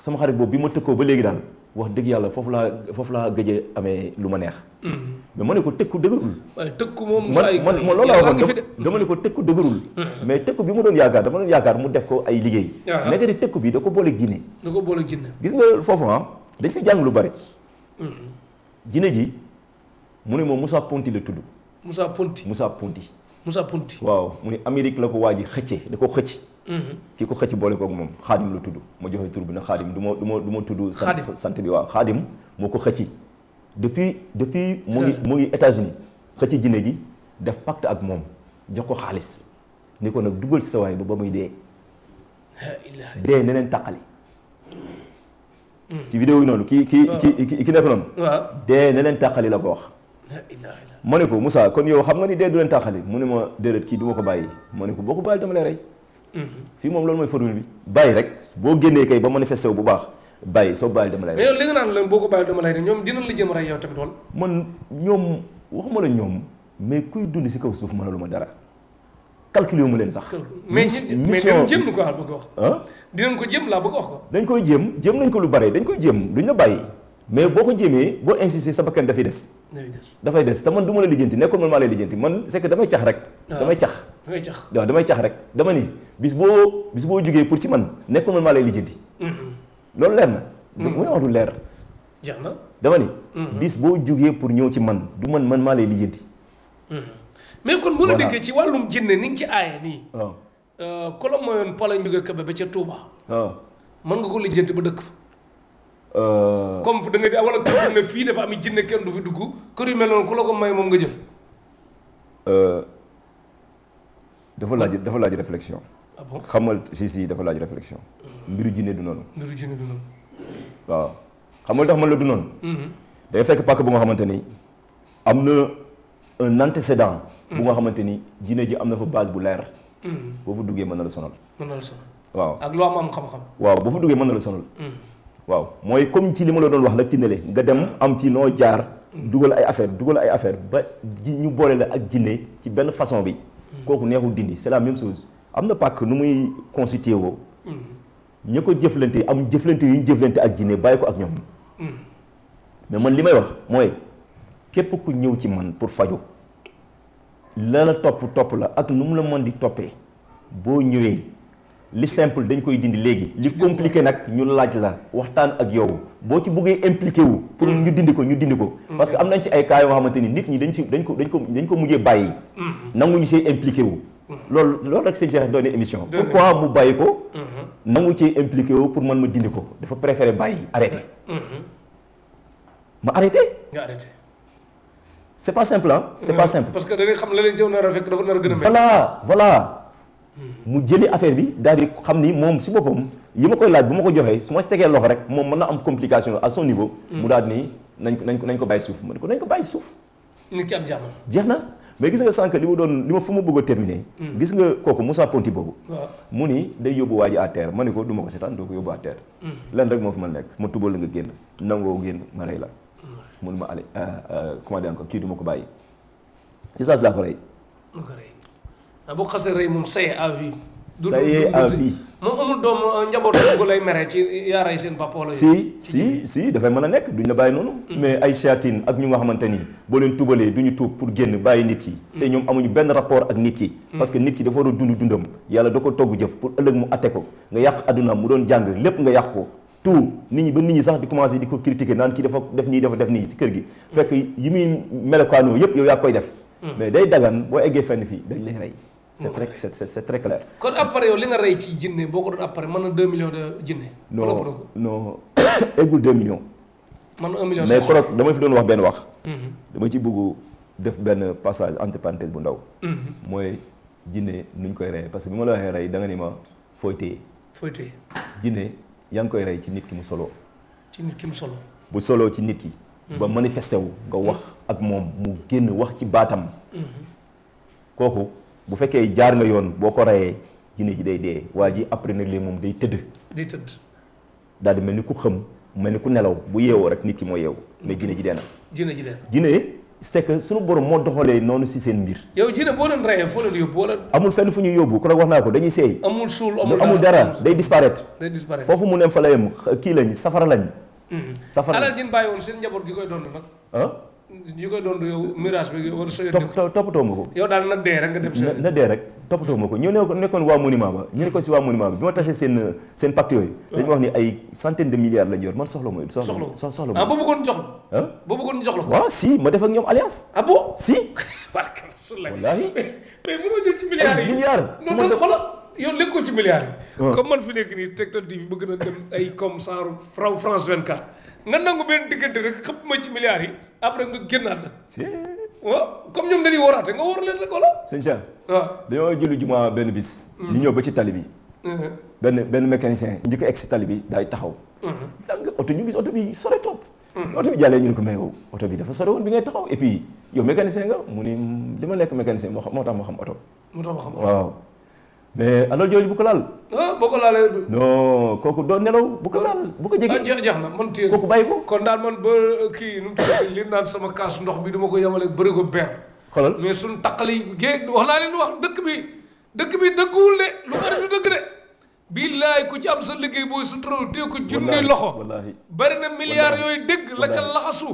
sama xarit boobu bi ma tëkkoo ba léegi daal wax dëgg yàlla foofu laa foofu laa gëjee amee lu ma neex mm-hmm. mais ma ne ko tëkku dëgërul tëkku moom man man loolu laa waxoon dama ne ko tëkku dëgërul mm-hmm. mais tëkku bi mu doon yaakaar dama doon yaakaar mu def ko ay liggéey ah. mais di tëkku bi da ko booleeg jinne da ko booleeg jinne gis nga foofu ah dañ fi jàng lu bari mm-hmm. jinne ji mu ne moom Moussa Ponti la Moussa Ponti Moussa Ponti. Moussa Ponti waaw mu ni la ko waaj xëcce da ko xëcc. Mm-hmm. ki ko xëcc boole koog moom xaadim la tudd ma joxe tur bi nag xaadim du ma du ma sant bi waaw xaadim moo ko xëcc. depuis depuis mu ngi mu ngi États-Unis xëcc jinne ji def pacte ak moom jox ko xaalis ni ko nag dugal ci sa waay ba ba muy dee. dee ne leen tàqali. Mm. ci vidéo yi noonu ki ki ki ki nekk noonu. dee ne leen la ko wax. ma ne ko Moussa kon yow xam nga ni dee du leen taaxali mu ne ma déedéet kii du ma ko bàyyi ma ne ko boo ko bàyyi dama lay rey mm-hmm. fii moom loolu mooy formule bi bàyyi rek boo génnee kay ba manifesté wu bu baax bàyyi soo bàyyi dama lay rey mais boo ko bàyyi dama lay rey ñoom dinañ la jëm rey yow tamit wala man ñoom waxuma la ñoom mais kuy dund si kaw suuf lu ma dara calculé wu ma leen sax. mais mais dinañ jéem lu ko wax bëgg wax. ko jéem laa bëgg wax ko. dañ koy jéem jëm nañ ko lu bare dañ koy jéem duñ la bàyyi. mais boo ko jéemee boo insisté sa bakkan dafay des. dafay des te man du ma la lijjanti nekkul man maa lay lijjanti man c'est que damay cax rek. damay cax. damay damay cax rek dama ni bis boo bis boo jugee pour ci man nekkul man maa lay lijjanti. loolu leer na. du muy wax lu leer. jeex na dama ni. bis boo jugee pour ñëw ci man du man man maa lay lijjanti. mais kon bu la déggee ci wàllum jinne ni nga ci aaye nii. waaw euh, ku la mayoon Pala Ndiouga Kébé ba ca Touba. waaw mën nga ko lijjanti ba dëkk fa. Euh, comme da nga di wala kër ne fii dafa am jinne kenn du fi dugg kër yu mel noonu ku la ko may moom nga jël. Euh, dafa laaj dafa laaj réflexion. ah bon xamal si si dafa laaj réflexion. Hmm. mbiru jinne du noonu. mbiru jinne du noonu. waaw xamal tax man la du noonu. Hmm. day fekk pàkk bu nga xamante ni am na un antécédent. bu nga hmm. xamante ni jinne ji am na fa base bu leer. boo fa duggee mën na la sonal. mën na la waaw ak loo am am xam-xam. waaw boo fa duggee mën na la sonal. waaw mooy comme ci li ma la doon wax rek ci nele nga dem am ci noo jaar dugal ay affaire dugal ay affaire ba ji ñu boole la ak jinne ci benn façon bi kooku neexul dindi c'est la même chose am na pàkk nu muy constitué woo mm-hmm. ña ko jëflante am jëflante yu ñu jëflante ak jinne bàyyi ko ak ñoom mm-hmm. ma man li may wax mooy képp ku ñëw ci man pour fajo la la topp topp la ak nu mu la mën di toppee boo ñëwee li simple dañ koy dindi léegi li compliqué nag ñu laaj la waxtaan ak yow boo ci buggee impliqué wu pour ñu dindi ko ñu dindi ko parce que am nañ ci ay cas yoo xamante ni nit ñi dañ ci dañ ko dañ ko dañ ko mujjee bàyyi nanguñu see impliqué wu loolu loolu rek seen Cheikh doon émission pourquoi mu bàyyi ko mhm. nangu cee impliqué wu pour man ma dindi ko dafa préféré bàyyi arrêté mhm. ma arrêté c'est pas simple c'est mhm. pas simple parce que da ngay xam la leen jëw nar a fekk dafa a a voilà voilà mu jëli affaire bi daal di xam ni moom si boppam yi ma koy laaj bu ma ko joxee su ma tegee loxo rek moom mën na am complication à son niveau. mu daal ni nañ ko nañ ko nañ ko bàyyi suuf ko nañ ko bàyyi suuf. nit jeex na mais gis nga sànq li ma doon li ma fu ma bëgg a terminer. Hmm. gis nga kooku sa Ponti boobu. mu ni day yóbbu waa ji ma ne ko duma ko seetaan doo ko yóbbu à terre. Hmm. rek moo fi ma nekk ma tubal la nga génn nangoo génn ma rey la. Hmm. mun ma ale euh, euh, comment dire encore kii du ma ko bàyyi. isaas laa ko rey. Ah, bu xasee rëy moom saye à vie. saye à vie moom amul euh, lay mere ci yaaray la. si si si dafay man a nekk duñ la bàyyi noonu. Mm-hmm. mais ay shayatin ak ñu nga xamante ni boo leen tubalee du ñu tuub pour génn bàyyi nit yi mm-hmm. te ñoom amuñu benn rapport ak nit ki. Mm-hmm. parce que nit ki dafa war dund dundam yàlla da ko togg jëf pour ëllëg mu atte ko nga yàq addunaam mu doon jàng lépp nga yàq ko. tout nit ñi ba nit ñi sax di commencé di ko critiquer naan kii dafa def nii dafa def nii ci kër gi. fekk yi muy melokaanoo yëpp yow yaa koy def. mais day dagan boo eggee fii dañ lay rey. c'est très c'est c'est très clair. kon appareil yow li nga rey ci jinne boo ko doon appareil mën na 2 millions de jinne. non *coughs* million mais korok dama fi doon wax benn wax. Mhm. dama ci bëgg def benn passage entre bu ndaw. Mhm. mooy jinne nuñ koy rey parce que bi ma la waxee rey da nga ni ma fooy téye. jinne yaa ngi koy rey ci nit ki mu solo. ci ki mu solo. bu solo ci nit ki. ba mhm. manifesté wu nga wax ak moom mu génn wax ci baatam. kooku. bu fekkee jaar nga yoon boo ko rayee jinne ji day dee waa ji après nag lii moom day tëdd. day tëdd. daal di mel ni ku xëm mel ni ku nelaw bu yeewoo rek nit ki mooy yeewu mais jinne ji dee na. jinne ji dee na jinne c'est que moo doxalee noonu si seen mbir. yow jinne boo leen rayee amul ñuy yóbbu ku wax naa ko dañuy seey. amul suul amul amul dara day disparaître. day disparaître foofu mu ne fa la yem kii lañ safara lañ. Mm-hmm. safara lañ alal jin bàyyi woon seen njaboot gi koy doon nag. ñi koy doon yow mirage bi war sa toppatoo ma ko yow daal na dee rek nga dem sa na dee rek toppatoo ma ko ñoo ne nekkoon waa monument ba ñu nekkoon si waa monument ba bi ma tasee seen seen pacte yooyu dañu wax ni ay centaine de milliards lañu yor man soxla ma soxla ma ah ba bëggoon jox la la waaw si ma def ak ñoom alliance ah bon si *laughs* wallaahi *laughs* mais mënoo jël ci milliards yi milliards non xoolal yow lekkoo ci milliards yi comme man fi nekk nii Tektal TV na dem ay comme genre France 24 nga nangu benn diggante rek xëpp ma ci milliards yi après nga génnaat nag. waaw comme ñoom dañuy waraate nga war leen rek wala. sëñ hmm. ñëw ba ci tali bi. Hmm. benn benn mécanicien. njëkk a egg si tali bi daay taxaw. Hmm. danga oto ñu gis oto bi sore trop. oto bi jàllee ñu ne ko mais oto bi dafa sore woon bi ngay taxaw et puis yow mécanicien nga mu ni li ma nekk mécanicien moo xam moo tax ma xam oto. moo tax ma xam oto waaw. mais alal jooju bu ko laal. ah boo ko laalee. non kooku doo nelaw bu ko laal bu ko jege. ah jeex jeex na man téye kooku bàyyi ko. kon daal man ba euh, kii nu mu li naan sama kaas ndox bi du ko yemale bëri ko beer. xoolal mais suñu taqali géeg wax laa leen wax dëkk bi dëkk bi dëkkuwul de lu bari du dëkk de. billaay ku ci am sa liggéey booy sutura téye ko junni loxo bari na milliards yooyu dëgg la ca laxasu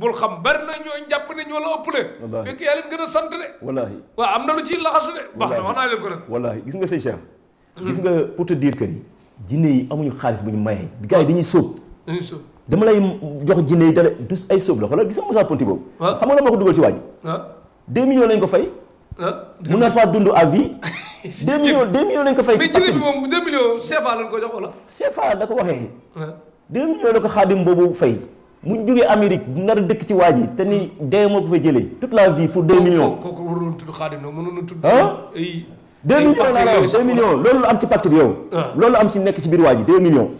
bul xam bari na ñoo jàpp ne ñoo la ëppale fekk yaa leen gën a sant de wallaahi waaw am na ko nag wallaahi gis nga sëñ Cheikh hmm. gis nga pour te dire que ni jinne yi amuñu xaalis bu ñu mayee gars yi dañuy sóob dañuy sóob dama lay jox jinne yi dara du ay sóob la xoolal gis nga Moussa Ponti boobu xam nga la moo ko dugal ci waaji deux millions lañ ko fay mun na faa dund à vie. *laughs* deux millions deux millions lañ ko fay. mais jigéen bi moom deux millions CFA lañ ko jox da ko waxee. deux millions la ko xaadim boobu fay. mu jógee Amérique nar a dëkk ci waa ji te ni dee moo ko fa jëlee toute la vie pour deux millions. kooku waroon tudd xaadim nag deux millions la la deux millions am ci pacte bi yow. loolu am ci nekk ci biir waa ji deux millions.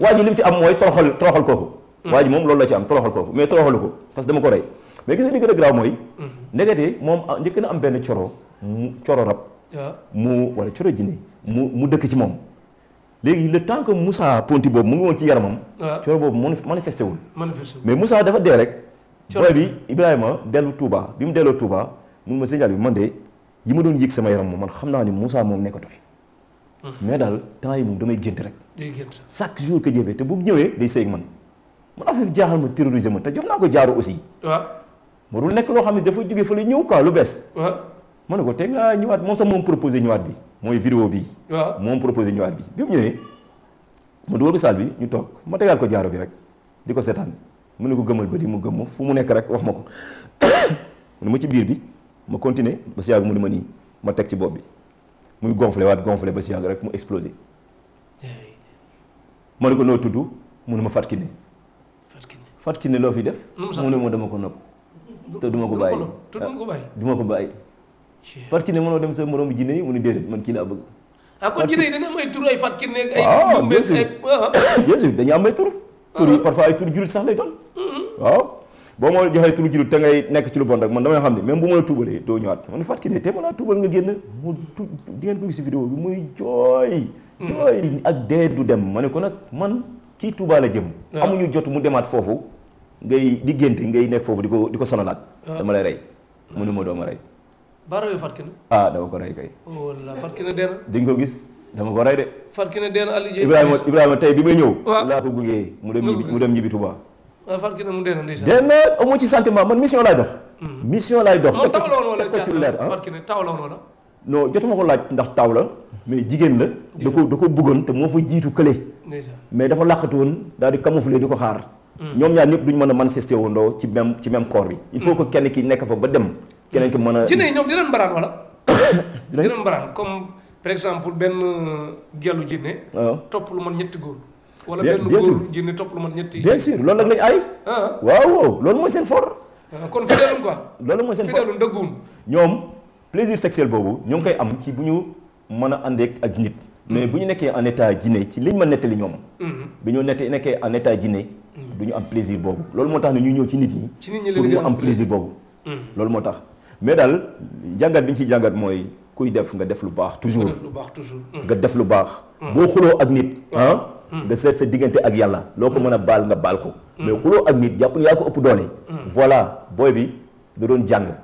waa ji li mu ci am mooy toroxal toroxal kooku. waa moom loolu la ci am toroxal kooku mais toroxalu ko parce que dama ko rey. mais gis nga li gën a mooy. Mhm. ndekete moom njëkk na am benn coro mu coro rab. mu wala coro jinne mu mu dëkk ci moom. léegi la temps que Moussa Ponti boobu mu ngi woon ci yaramam. coro boobu manifesté wul. manifesté mais Moussa dafa dee rek. coro bi Ibrahima dellu Touba bi mu delloo Touba mun ma signal bi man de yi ma doon yëg sama yaram moom man xam naa ni musaa moom nekkatu fi. Mhm. mais daal temps yi moom damay gént rek. day jour que jëfee te bu ñëwee day seeg man man affaire jaaxal ma terroriser ma te jox naa ko jaaru aussi. mu dul nekk loo xam ne dafa jóge fa la ñëw quoi lu bees. waaw ma ne ko te nga ñëwaat moom sax moom proposé ñëwaat bi mooy vidéo bi. waaw moom proposé ñëwaat bi bi mu ñëwee mu dugal saal bi ñu toog ma tegaat ko jaaro bi rek di ko seetaan mu ne ko gëmal ba di mu gëmm fu mu nekk rek wax ma ko *coughs* mu ne ma ci biir bi ma continuer ba si yàgg mu ne ma nii ma teg ci bopp bi muy gonflé waat gonflé ba si yàgg rek mu explosé. ma ne ko noo tudd mu ne ma Fatkine. Fatkine Fatkine loo fi def. mu ne ma dama ko te duma ko bàyyi te duma ko bàyyi duma ko bàyyi fat ne mënoo dem sa moroomu jinne yi mu ne déedéet man kii laa bëgg ah kon jinne yi dana am ay tur waaw bien sûr ah, ah. *coughs* bien sûr dañu am ay tur tur yi ah. parfois ay tur julit sax lay doon mm-hmm. waaw boo ma joxee tur julit te ngay nekk ci lu bon rek man damay xam ne même bu ma la tuubalee doo ñëwaat man fat ki te mën naa tuubal nga génn mu tu di ngeen ko gis vidéo bi muy jooy mm. jooy ak dee du dem ma ne ko nag man kii tuubaal la jëm amuñu jot mu demaat foofu ngay di gént ngay nekk foofu di ko di ko sonalaat. Ah. dama lay rey mu ne ma doo ma rey. baaraaw yu Fatkine. ah dama ko rey kay. wallaahi oh Fatkine dee nga ko gis dama ko rey de. Fatkine dee na Ibrahima Ibrahima bi may ñëw. Ah. laa ko gungee mu dem ñibbi mu dem ñibbi Touba. waaw ah, Fatkine mu dee na ci sentiment man mission laay dox. Hmm. mission laay dox. moom taw la woon wala caa la Fatkine la woon wala. non jotuma ko laaj ndax taw la mais jigéen la da ko da ko bëggoon te moo fa jiitu kële mais dafa làqatu woon daal di camoufler di ko xaar Mm. ñoom ñaar ñëpp duñ mën a manifester wandoo ci même ci même corps bi. il faut mm. que kenn ki nekk fa ba dem. keneen ki mën a ci ne ñoom dinañ mbaraan wala. *coughs* dinañ mbaraan comme par exemple benn gelu jinne waaw ah. topp lu man ñetti góor. wala benn góor lu man ñetti. bien sûr loolu nag lañ ay. Ah. waaw loolu mooy seen fort. Ah, kon fidelum quoi. *coughs* loolu mooy ñoom plaisir sexuel boobu ñoo ngi koy am ci bu ñu man a àndeek ak nit. mais mm. bu ñu nekkee en état jinne ci liñ ma nettali ñoom. Mm-hmm. bi ñu nekkee en état jinne du ñu am plaisir boobu loolu moo tax ne ñu ñëw ci nit ñi. pour ñu am plaisir boobu. Hmm. loolu moo tax mais daal jàngat bi ñu ci jàngat mooy kuy def nga def lu baax toujours. def lu baax toujours. Hmm. nga def lu baax. Hmm. boo xuloo ak nit. ah nga seet sa diggante ak yàlla. loo ko mën a baal nga baal ko. mais xuloo ak nit jàpp ne yaa ko ëpp doole. voilà booy bi da doon jàng.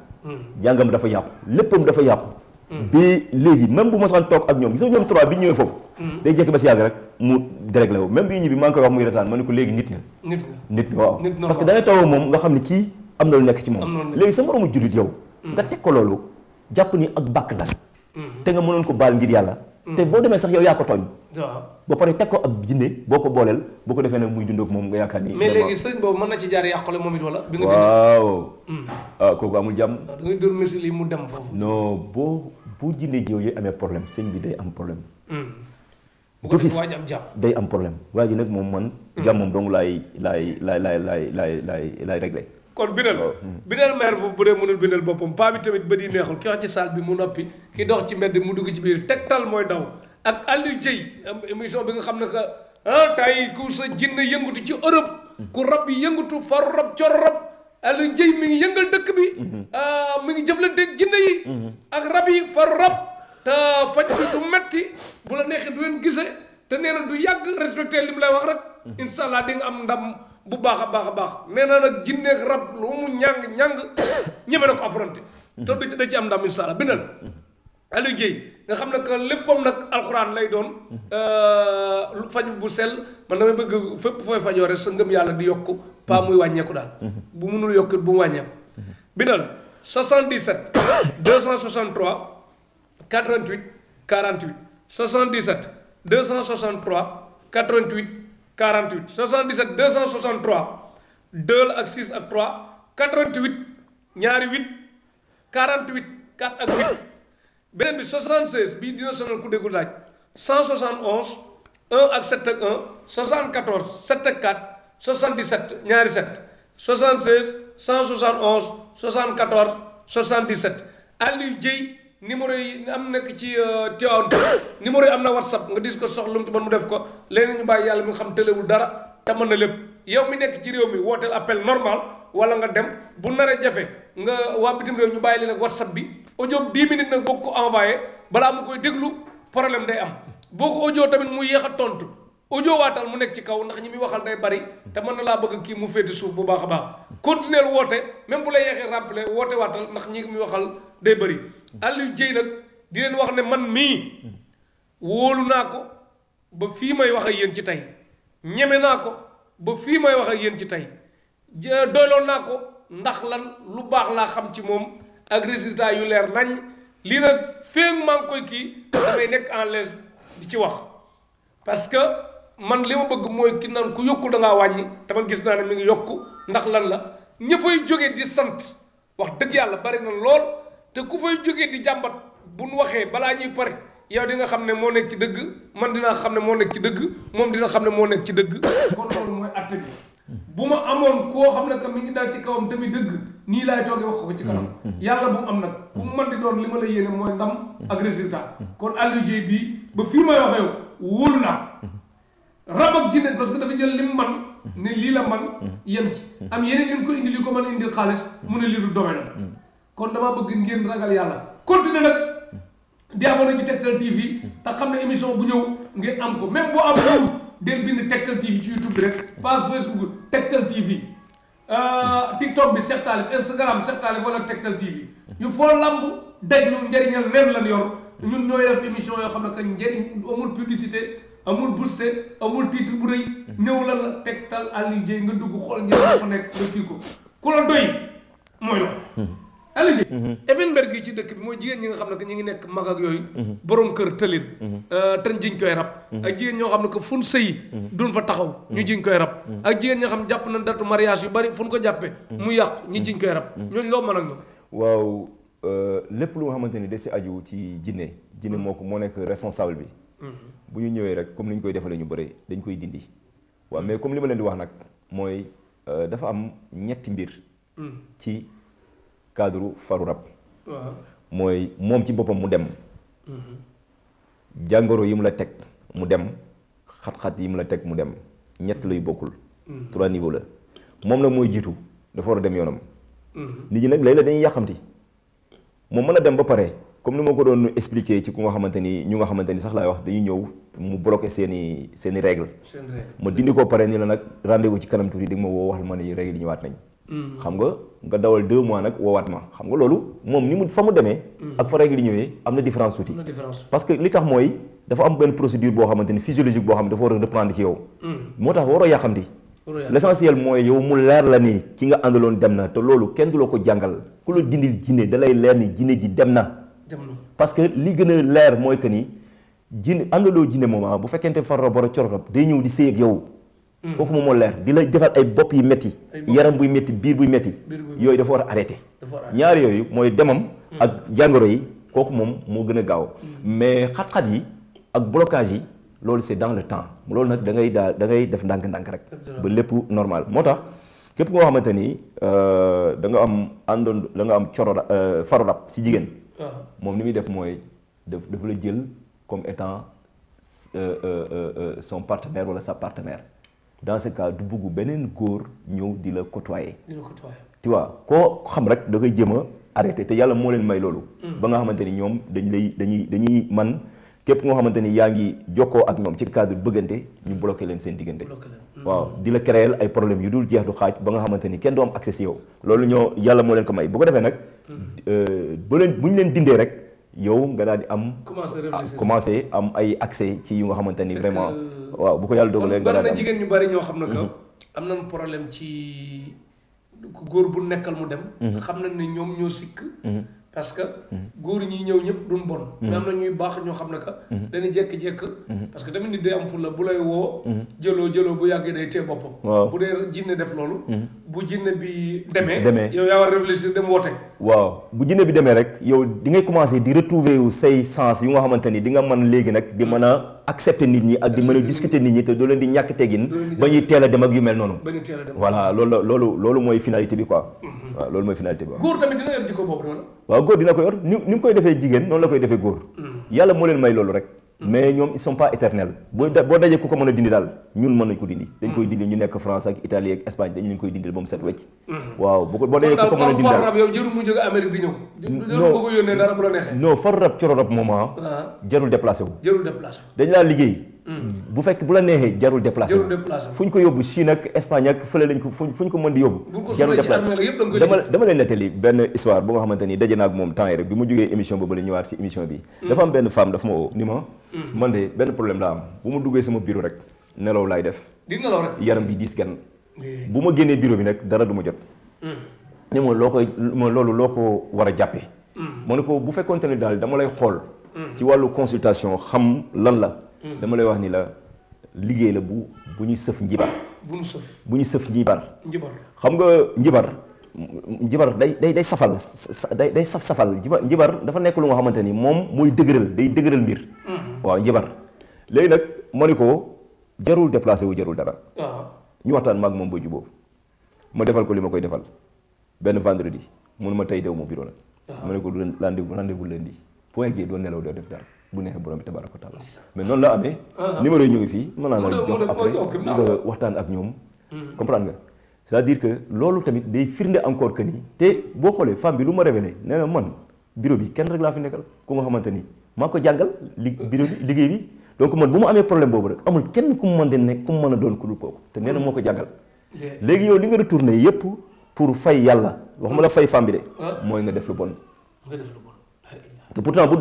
jàngam dafa yàqu léppam dafa yàqu. bi léegi même bu ma soxla toog ak ñoom gis nga ñoom trois bi ñëwee foofu day jekki ba si yàgg rek mu déréglé wu même bii ñibbi maa ngi koy wax muy retaan ma ne ko léegi nit nga nit nga nit nga waaw parce que da toog moom nga xam ne kii am na lu nekk ci moom léegi sa moromu jullit yow mm. nga teg ko loolu jàpp ni ak bàkk la mm. te nga mënoon ko baal ngir yàlla mm. te boo demee sax yow yaa ko tooñ ba pare teg ko ab jinne boo ko booleel boo ko defee nag muy dund ak moom nga yaakaar ah, mu bu jinde jiw yi amee problème sëñ bi day am problème. Hmm. d'office day am problème waa ji nag moom man. Hmm. jàmmam dong laay laay laay laay laay laay laay laay réglé. kon bindal hmm. bindal maire foofu bu dee mënul bindal boppam paa bi tamit ba di neexul ki wax ci salle bi mu noppi ki dox ci mbedd mu dugg ci biir teg tegtal mooy daw ak Aliou Dieye émission bi nga xam ne que ah tay ku sa jinn yëngatu ci Europe. ku rab yi yëngatu faru rab cor rab. Aliou Dieye mi ngi yëngal dëkk bi. Mhm. Ah, mi ngi jëflanteeg jinne yi. Mhm. ak rab yi faru rab. te faj bi du metti bu la neexee du leen gisee te nee na du yàgg respecté li mu lay wax rek. Mhm. incha allah di nga am ndam bu baax a baax a baax nee na nag jinneeg rab lu mu ñàng ñàng *coughs* ñeme na ko affronté. te da ci am ndam incha allah bindal. Aliou Dieye nga xam ne que léppam nag alxuraan lay doon mhm. euh, lu faju bu sell man damay bëgg fépp fooy fajoore rek sa ngëm yàlla di yokk pas mhm. muy wàññeeku daal mhm. bu mënul yokkit bu mu wàññeeku bindal 77 263 88 48 77 263 88 48 77 263 2 ak 6 ak 3 88 ñaari 8 48 4 ak 8 beneen bi 76 bii dina sonal ku déggul laaj 171 1 ak 7 ak 1 74 7 ak 4 77 ñaari 7 76 171 74 77 Aliou Dieye numéro yi am nekk ci euh, Tivaouane *coughs* numéro yi am na WhatsApp nga dis ko soxla mu ci mu def ko léegi ñu bàyyi yàlla mi nga xam tëlewul dara te mën na lépp yow mi nekk ci réew mi wooteel appel normal wala nga dem bu naree jafe nga waa bitim réew ñu bàyyi leen ak WhatsApp bi. audio 10 minutes nag boo ko envoyé balaa mu koy déglu problème day am boo ko audio tamit mu yéex a tontu audio waatal mu nekk ci kaw ndax ñi muy waxal day bari te mën na laa bëgg kii mu féete suuf bu baax a baax continuer woote même bu la yeexee rappelé woote waatal ndax ñi muy waxal day bari Aliou Dieye nag di leen wax ne man mii wóolu naa ko ba fii may wax ak yéen ci tey ñeme naa ko ba fii may wax ak yéen ci tey doyloon naa ko ndax lan lu baax laa xam ci moom ak résultat yu leer nañ lii nag féeg maa ngi koy kii damay nekk en l'aise di ci wax parce que man li ma bëgg mooy ki naan ku yokkul da ngaa wàññi te man gis naa ne mi ngi yokku ndax lan la ña jóge di sant wax dëgg yàlla bari na lool te ku fay jógee di jàmbat bu nu waxee balaa ñuy pare yow di nga xam ne moo nekk ci dëgg man dinaa xam ne moo nekk ci dëgg moom dina xam ne moo nekk ci dëgg kon loolu mooy atte bi bu ma amoon koo xam ne que mi ngi dal ci kawam tamit dëgg nii laay toogee wax ko ci kanam. Mm, mm, mm. yàlla bu mu am nag bu mu mën di doon li ma la yéene mooy ndam ak résultat. kon Aliou Dieye bii ba fii may waxee wóolu naa ko rab ak jinne parce que dafa jël lim man ne lii la man yem ci am yeneen yéen ko indi li ko mën a indil xaalis mu ne lii du domaine am kon damaa bëgg ngeen ragal yàlla continuer nag di abonné ci Tektal TV te xam ne émission bu ñëw ngeen am ko même boo am del bind Tektal TV ci YouTube bi rek page Facebook Tektal TV euh, TikTok bi Cheikh Talif Instagram Cheikh Talif wala Tektal TV ñu foo lamb daj ñu njëriñal ren lan yor ñun ñooy def émission yoo xam ne que njëriñ amul publicité amul bourse amul titre bu rëy ñëw la la Tektal Aliou Dieye nga dugg xool njëriñ fa nekk nga kii ko ku la doy mooy loolu hmm. alëji mhm. Effenberg yi ci dëkk bi mooy jigéen ñi nga xam ne que ñu ngi nekk mag ak yooyu mhm. borom kër tëlin mhm. euh, ten jiñ koy rab ak jigéen ñoo xam ne que fun sëyi duñ fa taxaw ñu jiñ koy rab ak jigéen ñoo xam ne jàpp na datu mariage yu bari fun ko jàppee mu yàqu ñu jiñ koy rab ñooñu loo mën ak ñoom waaw euh, lépp lu nga xamante ni da si aju ci jinne jinne moo ko moo nekk responsable bi bu ñu ñëwee rek comme ni ñu koy defalee ñu bëri dañ koy dindi waaw mais comme li ma leen di wax nag mooy euh, dafa am ñetti mbir ci cadre faru rab mooy moom ci boppam mu dem mm-hmm. jàngoro yi mu la teg mu dem xat-xat yi mu la teg mu dem ñett lay bokkul mm-hmm. trois niveau la moom nag mooy jiitu dafa war a dem yoonam mm-hmm. nit ñi nag léeg-léeg dañuy yàqamti moom mën a dem ba pare comme ni ma ko doon expliquer ci ku nga xamante ni ñu nga xamante ni sax laay wax dañuy ñëw mu bloqué seen i seen i règle ma dindi ko pare ni la nag rendez-vous ci kanam tuuti di nga ma woo waxal ma ne règle yi ñëwaat nañ xam nga nga dawal deux mois nag woowaat ma xam nga loolu moom ni mu fa mu demee. ak fa règle di ñëwee am na différence tuuti. parce que li tax mooy dafa am benn procédure boo xamante ni physiologique boo xam ne dafa war a reprendre ci yow. Mm. moo tax waroo yàqamti. l' essentiel mooy yow mu leer la ni ki nga àndaloon dem na te loolu kenn du la ko jàngal ku la dindil jinne da leer ni jinne ji dem na. parce que li gën a leer mooy que ni àndaloo jinne ah, bu fekkente ne faroo boro corop di Mm. kooku moom moo leer di la defal ay bopp yi métti yaram buy métti biir buy métti yooyu dafa war a arrêté ñaar yooyu mooy demam mm. ak jàngoro yi kooku moom moo gën a gaaw mm. mais xat-xat yi ak blocage yi loolu c'est dans le temps loolu nag da ngay daa da def ndànk-ndànk rek ba lépp normal moo tax képp koo xamante ni euh, da nga am àndoon da nga am coro euh, faro rab si jigéen ah. moom ni muy def mooy daf dafa la jël comme étant euh, son partenaire wala sa partenaire dans ce cas du bugg beneen góor ñëw di la côtoyer. di la koo xam rek da koy jéem a arrêté te yàlla moo leen may loolu. Mm. ba nga xamante ni ñoom dañ lay dañuy dañuy man képp nga xamante ni yaa ngi jokkoo ak ñoom ci cadre bëggante ñu bloqué leen seen diggante. Mm. waaw di la créer ay problèmes yu dul jeex du xaaj ba nga xamante ni kenn du am accès si yow. loolu ñoo yàlla moo leen ko may bu ko defee nag. Mm. Euh, bu leen bu ñu leen dindee rek yow nga daal di am. commencé am ay ci yu xamante ni vraiment. waaw bu ko yàlla dogalee. nga daan am jigéen ñu bari ñoo xam na que. Mhm. am nañu problème ci góor bu nekkal mu dem. Mhm. xam nañ ne ñoom ñoo sikk. Mhm. parce que góor ñi ñëw ñëpp duñ bon. mais ñuy baax ñoo xam ne que. dañuy jékki-jékki. parce que tamit nit day am bu lay woo. jëloo jëloo bu yàggee day tee boppam. waaw bu dee jinne def loolu. bu jinne bi demee. demee yow yaa war réfléchir dem woote. waaw bu jinne bi demee rek yow di ngay commencer di retrouver wu say sens yu nga xamante ni di nga mën léegi nag di mën accepter nit ñi ak di mën a discuter nit ñi te doo leen di ñàkk tegin ba ñuy teel a yu mel noonu voilà loolu loolu loolu mooy finalité bi quoi mhm. waaw loolu mooy finalité bi góor góor dina ko yor ni ni mu koy defee jigéen noonu la koy defee góor mhm. yàlla moo leen may loolu rek mais ñoom ils sont pas éternels boo da boo dajee ku ko mën a dindi daal ñun mën nañ ko dindi. dañ koy dindi ñu nekk France ak Italie ak Espagne dañ leen koy dindil ba mu set wecc. Mm-hmm. waaw boo dajee ku ko mën a dindi daal kon daal yow jarul mu jóge Amérique di rab coro rab moom ah. jarul déplacé wu. jarul déplacé dañ laa liggéey. Hmm. bu fekk bu la neexee jarul déplacé fu ñu ko yóbbu Chine ak Espagne ak fële lañ ko fu ñu ko mën di yóbbu jarul déplacé dama dama leen nettali benn histoire bu nga xamante ni daje naa ak moom temps yi bi mu jógee émission si émission bi hmm. dafa am benn femme dafa ma woo ni ma hmm. man de benn problème laa am bu ma duggee sama bureau rek nelaw laay def di yaram bi diis gan eh. bu ma génnee bureau bi nag dara du ma jot ni ma loo koy ma loolu loo ko war a jàppee ma ne ko bu fekkonte ne daal dama lay xool ci wàllu consultation xam lan la dama lay wax ni la liggéey la bu bu ñu sëf njibar. bu ñu sëf bu ñu sëf njibar. njibar xam nga njibar. njibar day day day safal day day saf safal njibar njibar dafa nekk lu nga xamante ni moom mooy dëgëral day dëgëral mbir. Mhm. waaw njibar léegi nag ma ni ko jarul déplacé wu jarul dara. ñu waxtaan maag moom ba jubóo ma defal ko li ma koy defal benn vendredi mënu ma tey dew ma bureau la. ma ne ko rendez-vous rendez-vous lundi boo eggee doo nelaw doo def dara. bu neexee borom bi tabaaraka taala mais noonu la amee. Ah. numéro yi ñu ngi fii mën naa la jox après nga waxtaan ak ñoom. Hmm. comprendre nga c'est-à-dire que loolu tamit day firnde encore que ni te boo xoolee femme bi lu ma révélé nee na man bureau bi kenn rek laa fi nekkal ku nga xamante ni maa ko jàngal bi liggéey bi donc man bu mu amee problème boobu rek amul kenn ku mu mën di nekk ku mu mën a doon ku dul kooku te nee na moo ko jàngal. léegi yow li nga retourné yépp pour fay yàlla wax ma la fay femme bi ah. mooy nga def lu bon. nga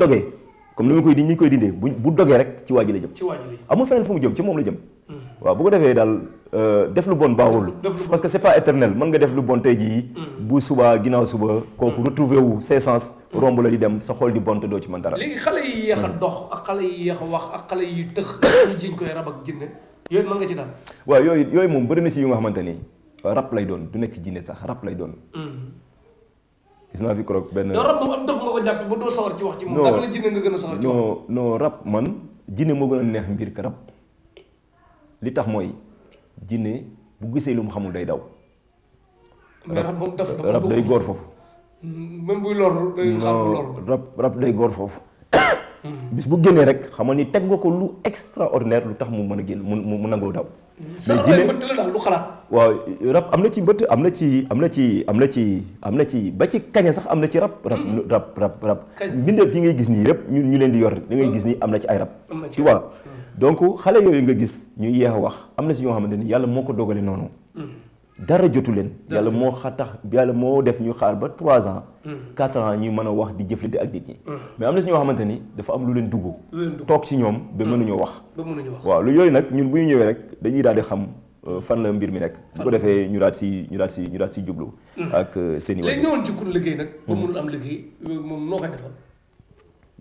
def comme ni ma koy koy dindee bu bu dogee rek ci waa ji la jëm. ci waa ji la jëm amul feneen fu jëm ci moom la jëm. Hmm. waaw euh, def lu bon baaxul. parce que c'est pas éternel mën nga def lu bon tey jii. Hmm. bu subaa ginnaaw suba. kooku hmm. retrouver wu ses sens. romb la di dem sa di bon doo ci mën dara. léegi xale yi dox ak xale yéex a wax ak xale yi tëx *coughs* ñu jiñ koy rab ak jinne yooyu nga ci daal. waaw yooyu yooyu moom bëri na si yu nga xamante ni rab lay doon du nekk jinne sax rab lay doon. gis naa fi korog benn. yow rab moom dof doo sawar ci wax ci moom. a sawar ci rab man jinne moo gën a neex mbir ka rab li tax mooy jinne bu gisee lu mu xamul day daw. mais rab moom dof day góor foofu. même rab day góor foofu. Hmm. bis bu génnee rek xamal ni teg nga ko lu extraordinaire lu tax mu mën a génn mu mu nangoo daw. mais jinne mbëtt waaw rab am na ci mbëtt am na ci am na ci am na ci am na ci ba ci kaña sax am na ci rab rab hmm. rab rab rab mbindeef yi ngay gis nii yëpp ñu ñu leen di yor da ngay hmm. gis ni am na ci ay rab ci vois hmm. donc xale yooyu nga gis ñu yeex a wax am na si ñoo xamante ni yàlla moo ko dogale noonu dara jotu leen. yàlla moo xa tax yàlla moo def ñu xaar ba trois ans. Hmm. quatre ans ñuy mën a wax di jëflante ak nit ñi. Hmm. mais am na si ñoo xamante ni dafa am lu leen dugg. toog si ñoom ba hmm. mënuñoo wax. ba mënuñoo wax waaw lu yooyu nag ñun bu ñu ñëwee rek dañuy daal di xam euh, fan la mbir mi nekk. bu ko defee ñu daal si ñu daal si ñu daal si jublu. ak euh, seen i wàll. léegi ñëwoon ci kuréel liggéey nag. ba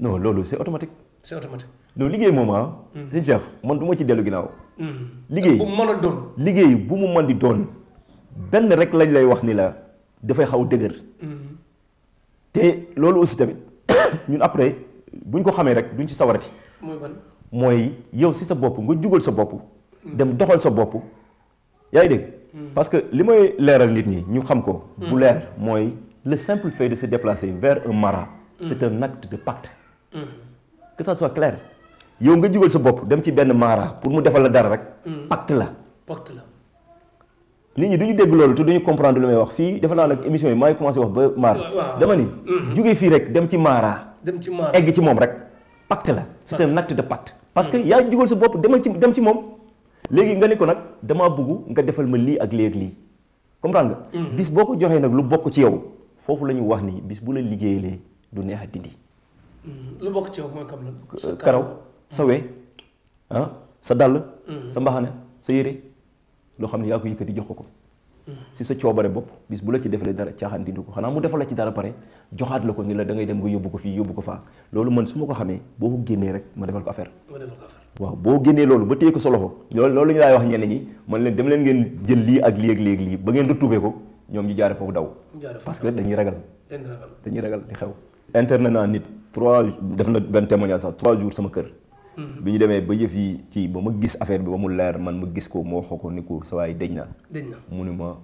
mënul loolu c' est automatique. c' est automatique. liggéey moom ah. sëñ Cheikh man du ci dellu ginnaaw. liggéey bu mu mën bu mu mën di doon benn rek lañ lay wax ni la dafay xaw dëgër mm-hmm. te loolu aussi tamit *coughs* ñun après buñ ko xamee rek duñ ci sawarati mooy yow si sa bopp nga jugal sa bopp mm-hmm. dem doxal sa bopp yaa ngi dégg mm-hmm. parce que li may leeral nit ñi ñu xam ko bu leer mooy le simple fait de se déplacer vers un mara c'est un acte de pacte que ça soit clair yow nga jugal sa bopp dem ci benn mara pour mu defal la dara rek pacte la pacte la nit ñi duñu dégg loolu te duñu comprendre lu may wax fii defe naa nag émission yi maa ngi wax ba maar dama ni mm-hmm. jóge fii rek dem ci maaraa dem ci maaraa egg ci moom rek pacte la c'est un acte de pacte parce que mm-hmm. yaa jugal sa bopp demal ci dem ci moom léegi nga ni ko nag damaa bëgg nga defal ma lii ak lii ak lii comprendre nga mm-hmm. bis boo ko joxee nag lu bokk ci yow foofu la ñu wax ni bis bu la liggéeyalee du neex a dindi lu bokk ci yow mooy kam la karaw sa we ah, sa dàll sa mbaxane sa yére loo xam ne yaa ko yëkkati jox ko ko si sa coobare bopp bis bu la ci defalee dara caaxaan dindi ko xanaa mu defal la ci dara pare joxaat la ko ni la da ngay dem nga yóbbu ko fii yóbbu ko faa loolu man su ma ko xamee boo ko génnee rek ma defal ko affaire waaw boo génnee loolu ba téye ko sa loxo loolu loolu ñu wax ñenn ñi man leen dem leen ngeen jël lii ak lii ak lii ak lii ba ngeen retrouver ko ñoom ñu jaare foofu daw parce que dañuy ragal dañuy ragal di xew na benn témoignage sax trois sama kër Mm-hmm. bi ñu demee ba yëf yi ci ba ma gis affaire bi ba mu leer man ma gis ko moo xoo ko ni ko sa waay dëj na. dëj mu ni ma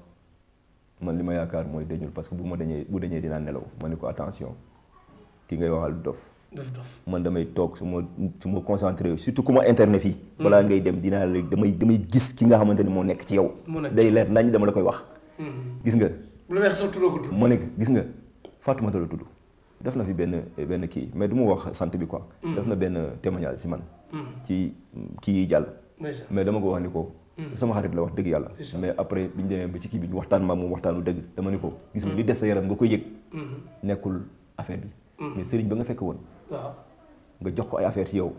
man li ma yaakaar mooy dëñul parce que bu ma dañee bu dañee dinaa nelaw ma ne ko attention ki ngay waxal dof. dof dof man damay toog su ma su ma concentré surtout ku ma internet fii. Mm-hmm. balaa ngay dem dinaa la damay damay gis ki nga xamante ni moo nekk ci yow. day leer nañ dama la koy wax. Mm-hmm. gis nga. bu ma ne gis nga Fatoumata la tudd. def na fi benn benn kii mais du mu wax sant bi ko mm. def na benn témoignage si man. Mm. ci kii yi jàll. mais dama ko wax ni ko. Mm. sama xarit la wax dëgg yàlla. mais après bi ñu demee ci kii bi ñu waxtaan ma moom waxtaanu dëgg dama ni ko. gis nga li des sa koy yëg. Mm-hmm. nekkul affaire sëriñ ba nga fekk woon. nga jox ko ay affaire si yow.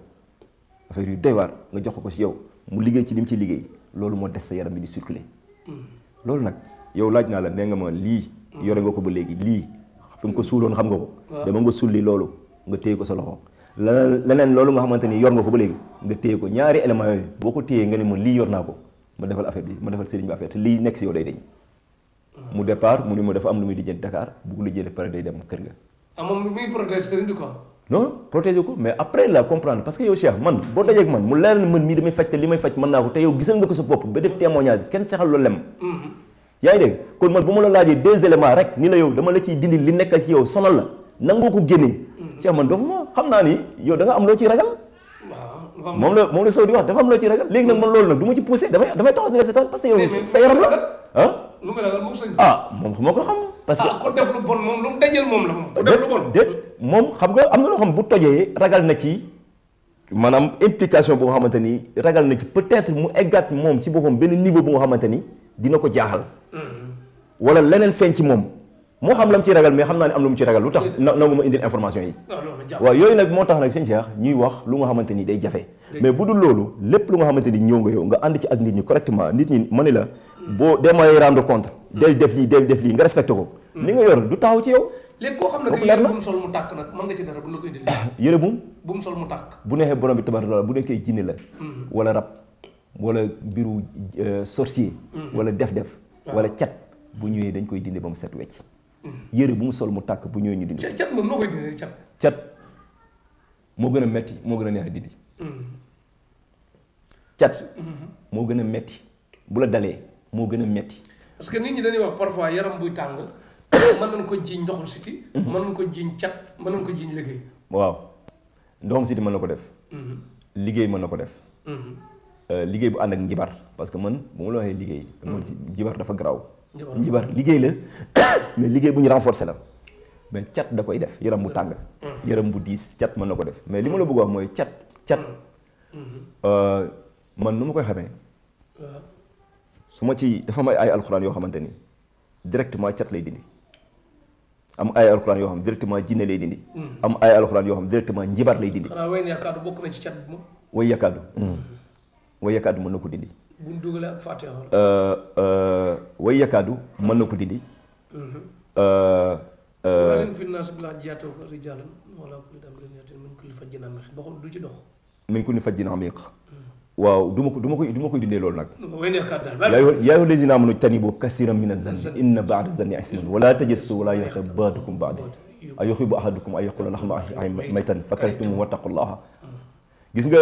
affaire yu doy waar nga jox ko ko si yow mu liggéey ci li mu ci liggéey loolu moo des sa yaram bi di circuler. loolu nag yow laaj naa la nee nga ma lii. yore nga ko ba léegi lii. fi nga ko suuloon xam nga ko dama nga sulli loolu nga téye ko sa loxo leneen loolu nga xamante ni yor nga ko ba léegi nga téye ko ñaari éléments yooyu boo ko téyee nga ne ma lii yor naa ko ma defal mu ah. départ mu dafa am lu muy lijjanti Dakar bu ko lijjanti pare day dem kër ga ah muy protéger sëriñ bi quoi non protéger ko mais après la comprendre parce que yow Cheikh man boo dajee man mu leer man mii damay faj te li may faj mën naa ko te yow gisal yaa ngi dégg kon man bu ma la laajee deux éléments rek ni la yow dama la ciy dindi li nekk ci yow sonal la nangoo ko génnee. Mm-hmm. Cheikh man doofu ma xam naa ni yow da am loo ciy ragal. moom la moom la Sow wax dafa am loo ciy ragal léegi nag man loolu nag du ci poussé damay damay taxaw di la seetaan parce que yow la ah. lu nga ragal moom ah, ko xam. parce que ah ko def moom lu nga am na loo xam bu tojee ragal na ci maanaam implication boo xamante ni ragal na ci peut-être mu eggaat moom ci boppam benn niveau bu nga xamante ni dina ko jaaxal. wala leneen feeñ ci moom moo xam la mu ci ragal mais xam naa ne am lu mu ci ragal lu tax nangu ma indil information yi. waaw yooyu nag moo tax nag seen Cheikh ñuy wax lu nga xamante ni day jafe. mais bu dul loolu lépp lu nga xamante ni ñëw nga yow nga ànd ci ak nit ñi correctement nit ñi ma ne la boo demee rendre compte. del def lii del def lii nga respecté ko. Mm. li nga yor du taxaw ci yow. léegi koo xam yére bu sol mu tàkk nag mën nga ci dara bu la ko *coughs* bu mu sol bu neexee borom bi tabax la bu nekkee jinne la mm. wala rab wala mbiru euh, sorcier mm-hmm. wala def-def wala cat bu ñëwee dañ koy dindi ba mu set wecc mm-hmm. yëre bu mu sol mu tàkk bu ñëwee ñu dindi cat moom noo moo gën a metti moo gën a neex a dindi mm-hmm. cat moo gën a metti bu la dalee moo gën a metti parce que nit ñi dañuy wax parfois yaram buy tàng *coughs* mën nañ ko jiiñ ndoxum siti mën nañ ko jiiñ cat mën nañ ko jiiñ liggéey waaw ndoxum siti mën na ko def liggéey mën na ko def Euh, liggéey bu ànd ak njibar parce que man bu ma la waxee liggéey. dama hmm. ci dafa garaaw. njibar liggéey la *coughs* mais liggéey bu ñu renforcer la mais cat da koy def yaram bu hmm. tàng. Hmm. yaram bu diis cat man na ko mais li ma mooy cat cat. Euh, man nu ma koy xamee. su ma ci dafa am ay alxuraan yoo xamante ni directement cat lay dindi. am ay alxuraan yoo xam directement jinne lay dindi. am njibar lay dindi. way yaakaar bokk na ci cat bi moom. way yaakaar. way yakaadu mën na ko dindi. bu ñu dugalee ak fatiha. Euh, euh, way yakaadu mën na ko dindi. min kulli fajjin amiq waaw du ma ko du ma koy du ma koy dindee loolu nag. yaa ayyuha llazina amanu jtanibu kasiran mina zanni inna ba'da zanni ismun wala tajassasu wala yaghtab ba'dukum ba'dan ayuhibbu ahadukum an yaqula nahnu ahiya maytan fakarhtum wattaqullaha mm-hmm. gis nga.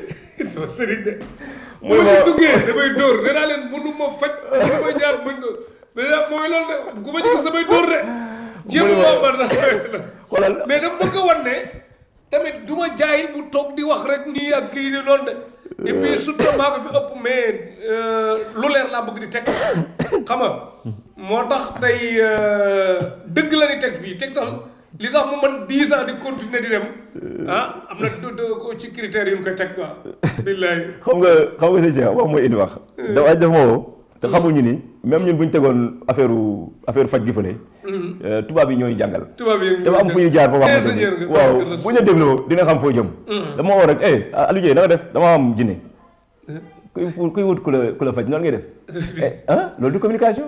sama sëriñ de. mu ne ma duggee damay dóor nee naa leen mënu ma faj. mënu ma jaar mënu ma mooy loolu de ku ma gis samay dóor de. jéem a ma xoolal mais dama bëgg a tamit du ma jaayil bu toog di wax rek nii ak kii nii de. et puis euh. surtout maa ko fi ëpp mais euh, lu leer laa bëgg di teg xam nga moo tax tey euh, dëgg la ni teg fii tegtal. li tax mu man dix di continuer di dem ah, koy teg xam nga xam nga sëñ wax mooy indi wax. Hmm. dafa ay def moo te xamuñu ni même ñun bu ñu tegoon affaire affaire faj gifale hmm. euh, tubaab yi ñooy jàngal. tubaab yi te am fu ñu jaar foofu xamante ni waaw bu ñu dégloo dina xam foo jëm. Hmm. dama woo rek eh Aliou Dieye na def dama am jinne kuy wut ku la ku la faj noonu ngay def *laughs* eh, ah loolu du communication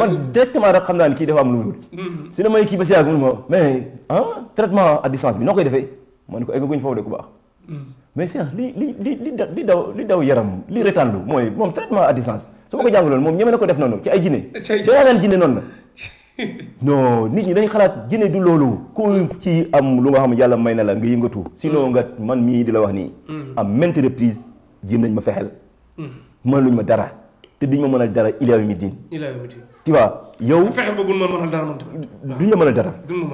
man directement rek xam naa ni kii dafa am lu muy mm-hmm. kii ba mais ah traitement à distance bi noo koy defee ma ne ko eggaguñ foofu de ku baax mm-hmm. mais Cheikh li li li li da li daw li daw yaram li retandu mooy moom traitement à distance su ma ko jàngaloon moom ñeme na ko def noonu ci ay jinne dayaa *laughs* naan jinne noonu la *laughs* non nit ñi dañ xalaat jinne du loolu ku ci am lu nga xam yàlla may na la nga yëngatu sinon mm. nga man mii di la wax nii mm. à maintes reprises jin nañ ma fexeel mënuñ ma dara te duñ ma mënal dara ilaa yawmi diin. ilaa yawmi yow. fexe ba buñ ma mënal dara moom tamit.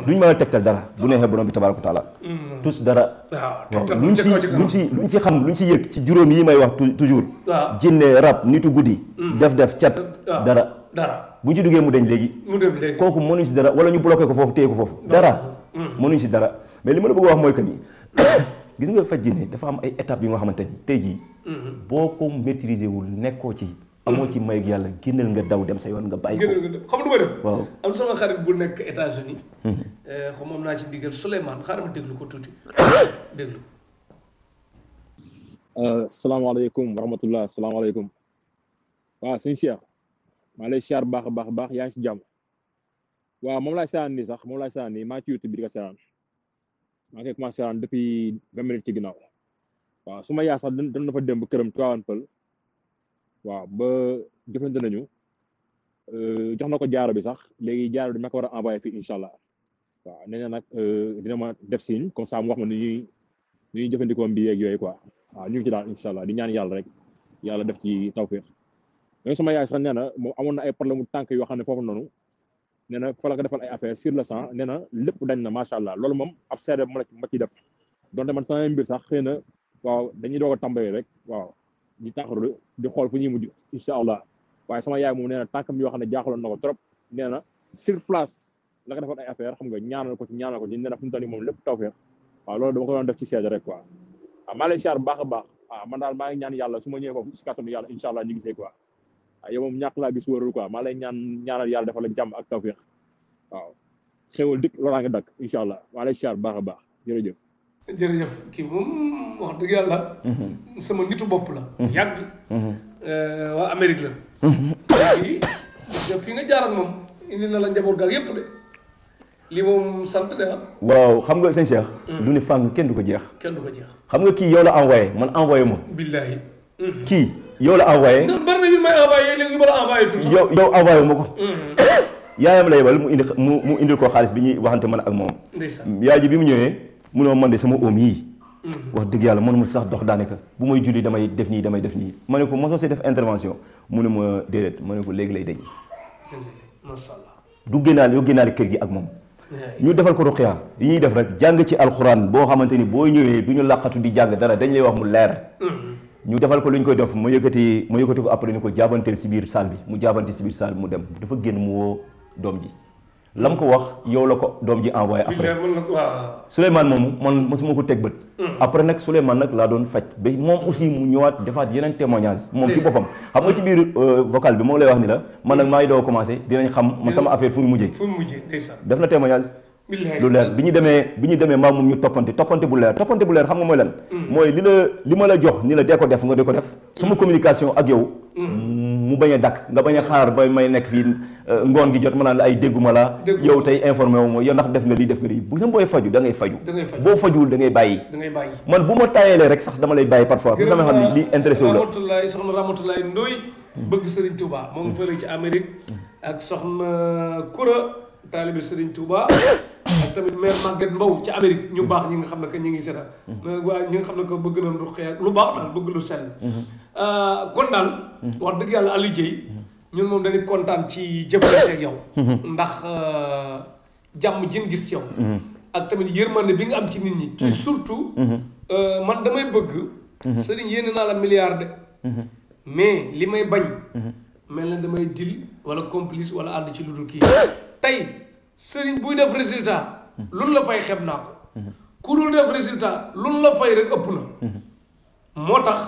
duñ ma mën a tegtal dara. bu neexee borom bi tabaaraka taala. Mm. tous dara. Ah, waaw luñ ci luñ ci luñ ci xam luñ si yëg ci juróom yi may wax toujours. waaw ah. jinne rab nitu guddi. def-def mm. cat ah, dara. dara bu ñu ci duggee mu dañ léegi. kooku mënuñ si dara wala ñu bloqué ko foofu téye ko foofu. dara mm. mënuñ si dara mais li ma la bëgg wax mooy que ni *coughs* gis nga faj jinne dafa am ay étapes yu nga xamante ni tey jii boo ko maîtriser wul nekkoo ci. amoo ci may yàlla génneel nga daw dem sa yoon nga bàyyi ko. xam nga lu def. waaw am sama xarit bu nekk États-Unis hmm. eh, xam moom naa ci digal Souleymane xaaral déglu ko tuuti *coughs* déglu. Euh, salaamaaleykum wa waaw sëñ maa lay siyaar baax a baax a baax yaa ngi si jàmm waaw moom laay seetaan nii sax moom laay seetaan nii maa ci YouTube bi di ko seetaan maa ngi koy commencé depuis minutes ci ginnaaw. waaw su ma yaa sax dem na fa démb këram Tivaouane waaw ba jëfante nañu euh, jox na ko jaaro bi sax léegi jaaro bi ma ko war a envoyé fii incha allah waaw nee na nag euh, dina ma def signe comme ça mu ni ñuy ni ñuy jëfandikoo mbi yeeg yooyu quoi waaw ñu ngi ci daal incha di ñaan yàlla rek yàlla def ci tawféex même sama yaay sax nee na moom amoon ay problème tànk yoo xam ne foofu noonu nee na fa ay affaire sur le sang nee na lépp dañ na macha allah loolu moom ab seede ma ci def donte man sama mbir sax waaw dañuy doog a tàmbali rek waaw di taxarlu di xool fu ñuy mujj incha allah waaye sama yaay moom nee na tànkam yoo xam ne jaaxaloon na ko trop nee na sur place la ay affaire xam nga ñaanal ko ci ñaanal ko ci nee na fu moom lépp tawfeex waaw loolu dama ko doon def ci seede rek a baax waaw man ñaan yàlla su ma ñëwee foofu si kàttanu yàlla incha allah gisee quoi waaw yow moom laa gis wóorul quoi maa lay ñaan ñaanal yàlla defal a jàmm ak tawfeex waaw xéwal dikk loolaa nga dakk incha allah maa lay siyaar baax a baax jërëjëf jërëjëf kii moom wax dëgg yàlla. Mhm. sama nitu bopp la. Mhm. yàgg. Mhm. Euh, waa Amérique la. léegi nga jaar ak moom indi na la njaboot gaal yëpp de lii moom sant de ah. waaw xam nga sëñ Cheikh. lu ne fàng kenn du ko jeex. kenn du ko jeex. xam nga kii yow la envoyé man envoyé moom. billahi. kii yow la envoyé. non bari na yu may envoyé léegi la envoyé tout yow yow *coughs* yaayam la yebal mu indi mu indil ko xaalis bi ñuy waxante man ak moom. yaay ji bi mu ñëwee. mu ma man de sama oom yii wax dëgg yàlla mënuma sax dox daanaka bu may julli damay def nii damay def nii ma ne ko mosoo si def intervention mu ne ma déedéet ma ne ko léegi lay deñ macha allah du génnaal yoo génnaale kër gi ak moom ñu defal ko ruqya yi ñuy def rek jàng ci alxuraan boo xamante ni boo ñëwee du ñu làqatu di jàng dara dañ lay wax mu leer mm-hmm. ñu defal ko lu ñu koy def mu yëkkati mu yëkkati ko après ni ko jaabanteel si biir saal bi mu jaabante si biir salle bi mu dem dafa génn mu woo doom ji la lam ko wax yow la ko doom ji envoyé après Souleymane moomu man mosuma ko teg bët mm. après nag Souleymane nag laa doon faj ba moom aussi mu ñëwaat defaat yeneen témoignage moom ci boppam xam nga ci biir euh, vocal bi moom lay wax ni la man nag mm. maa ngi doo commencé dinañ xam man sama mm. affaire fu mu mujjee def na témoignage lu leer bi ñu demee bi ñu demee maa moom ñu toppante toppante bu leer toppante bu leer xam nga mooy lan hmm. mooy li la li ma la jox ni la dee ko def nga dee ko def hmm. sama communication ak yow hmm. mu bañ a dakk nga bañ a xaar ba may nekk fii euh, ngoon gi jot ma naan la ay dégguma la yow tey informé wu ma yow def nga lii def nga lii bu sam booy faju da ngay faju boo fajuwul da ngay bàyyi man bu ma tayelee rek sax dama lay bàyyi parfois parce que dama xam ni li intéressé la taalibe Serigne Touba *coughs* ak tamit maire Maguette Mbow ci Amérique ñu baax ñi nga xam ne que ñu ngi seetaan mm-hmm. euh, waaye ñi nga xam ne que bëgg na ruqe ak lu baax daal bëgg lu sell mm-hmm. euh, kon daal mm-hmm. wax dëgg yàlla Aliou Dieye moom dañuy kontaan ci jëflante ak yow ndax euh, jàmm jin gis ci yow ak tamit yërmande bi nga am ci nit ñi ci surtout man damay bëgg sëriñ yéene naa la milliard mais li may bañ mel na damay dil wala complice wala ànd ci lu dul kii *coughs* tey sëriñ buy def résultat lun la fay xeb naa ko ku dul def résultat lun la fay rek ëpp na moo tax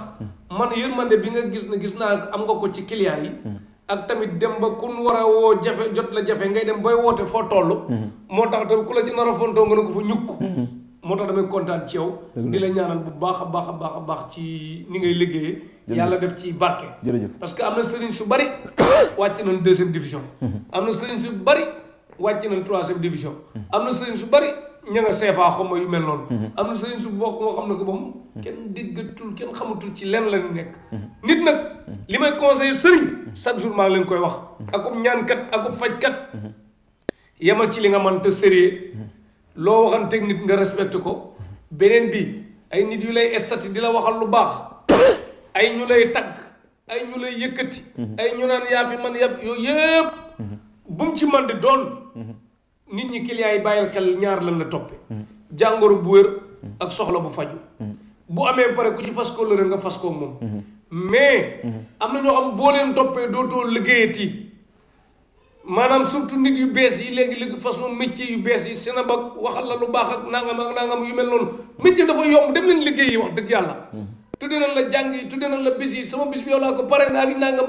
man yërmande bi nga gis ne gis naa am nga ko ci client yi ak tamit dem ba kun war a woo jafe jot la jafe ngay dem bay woote foo toll mm-hmm. moo tax te ku la ci nar a nga ne ko fa ñukk moo tax damay kontaan ci yow. di la ñaanal bu baax a baax a baax a baax ci ni ngay liggéeyee. yàlla def ci barke. jërëjëf parce que am na sëriñ su bari *coughs* wàcc nañ deuxième division. Mm-hmm. am na sëriñ su bari wàcc nañ troisième division. Mm-hmm. am na sëriñ su bari ña nga seefaa xoma yu mel noonu. Mm-hmm. am na sëriñ su bokk moo xam ne ko moom. kenn déggatul kenn xamatul ci lenn la ñu nekk. nit nag li may conseillé sëriñ chaque jour maa ngi koy wax. akum ñaankat akum fajkat. yemal ci li nga mën te sérieux loo waxanteeg nit nga respecté ko beneen bi ay nit yu lay estati di la waxal lu baax *coughs* ay ñu lay tagg ay ñu lay yëkkati mhm. ay ñu naan yaa fi man yab yooyu yëpp mhm. bu mu ci man di doon mhm. nit ñi clients yi bàyyil xel ñaar lan la toppe jàngoro bu wér ak soxla bu faju bu amee pare ku ci fas ko lëre nga fas ko moom mais am na ñoo xam boo leen toppee dootoo liggéeyati maanaam surtout nit yu bees yi léegi léegi façon métier yu bees yi seen bag waxal la lu baax ak nangam ak nangam yu mel noonu métier dafa yomb dem leen liggéey wax dëgg yàlla. Hmm. tudde nañ la jàng yi la bis yi sama bis bi yow laa ko pare naa ngi nangam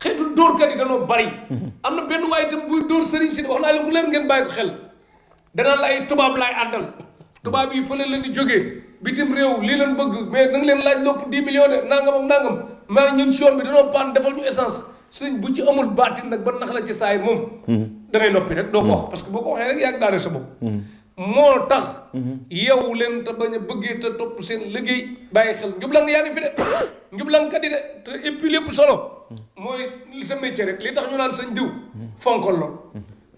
xeetu dóorkat yi danoo bari. Hmm. am na benn waaye itam buy dóor sëriñ si wax naa leen ku leen ngeen bàyyi ko xel. danaa la ay tubaab laay àndal tubaab yi fële leen di jóge bitim réew lii leen bëgg mais na leen laaj lépp 10 millions de nangam nangam maa ngi ñun si yoon bi danoo paan defal ñu essence sëñ bu ci amul baatin nag ba nax la ci saayir moom mhm. da ngay noppi rek doo ko mhm. wax parce que boo ko waxee rek yaa ngi daaneel sa bopp mhm. moo tax yow leen te bañ a bëggee te topp seen liggéey bàyyi xel njublang yaa ngi fi de *coughs* njublankat yi de te et puis lépp solo mooy li sa métier rek li tax ñu naan sañ diw fonkol lool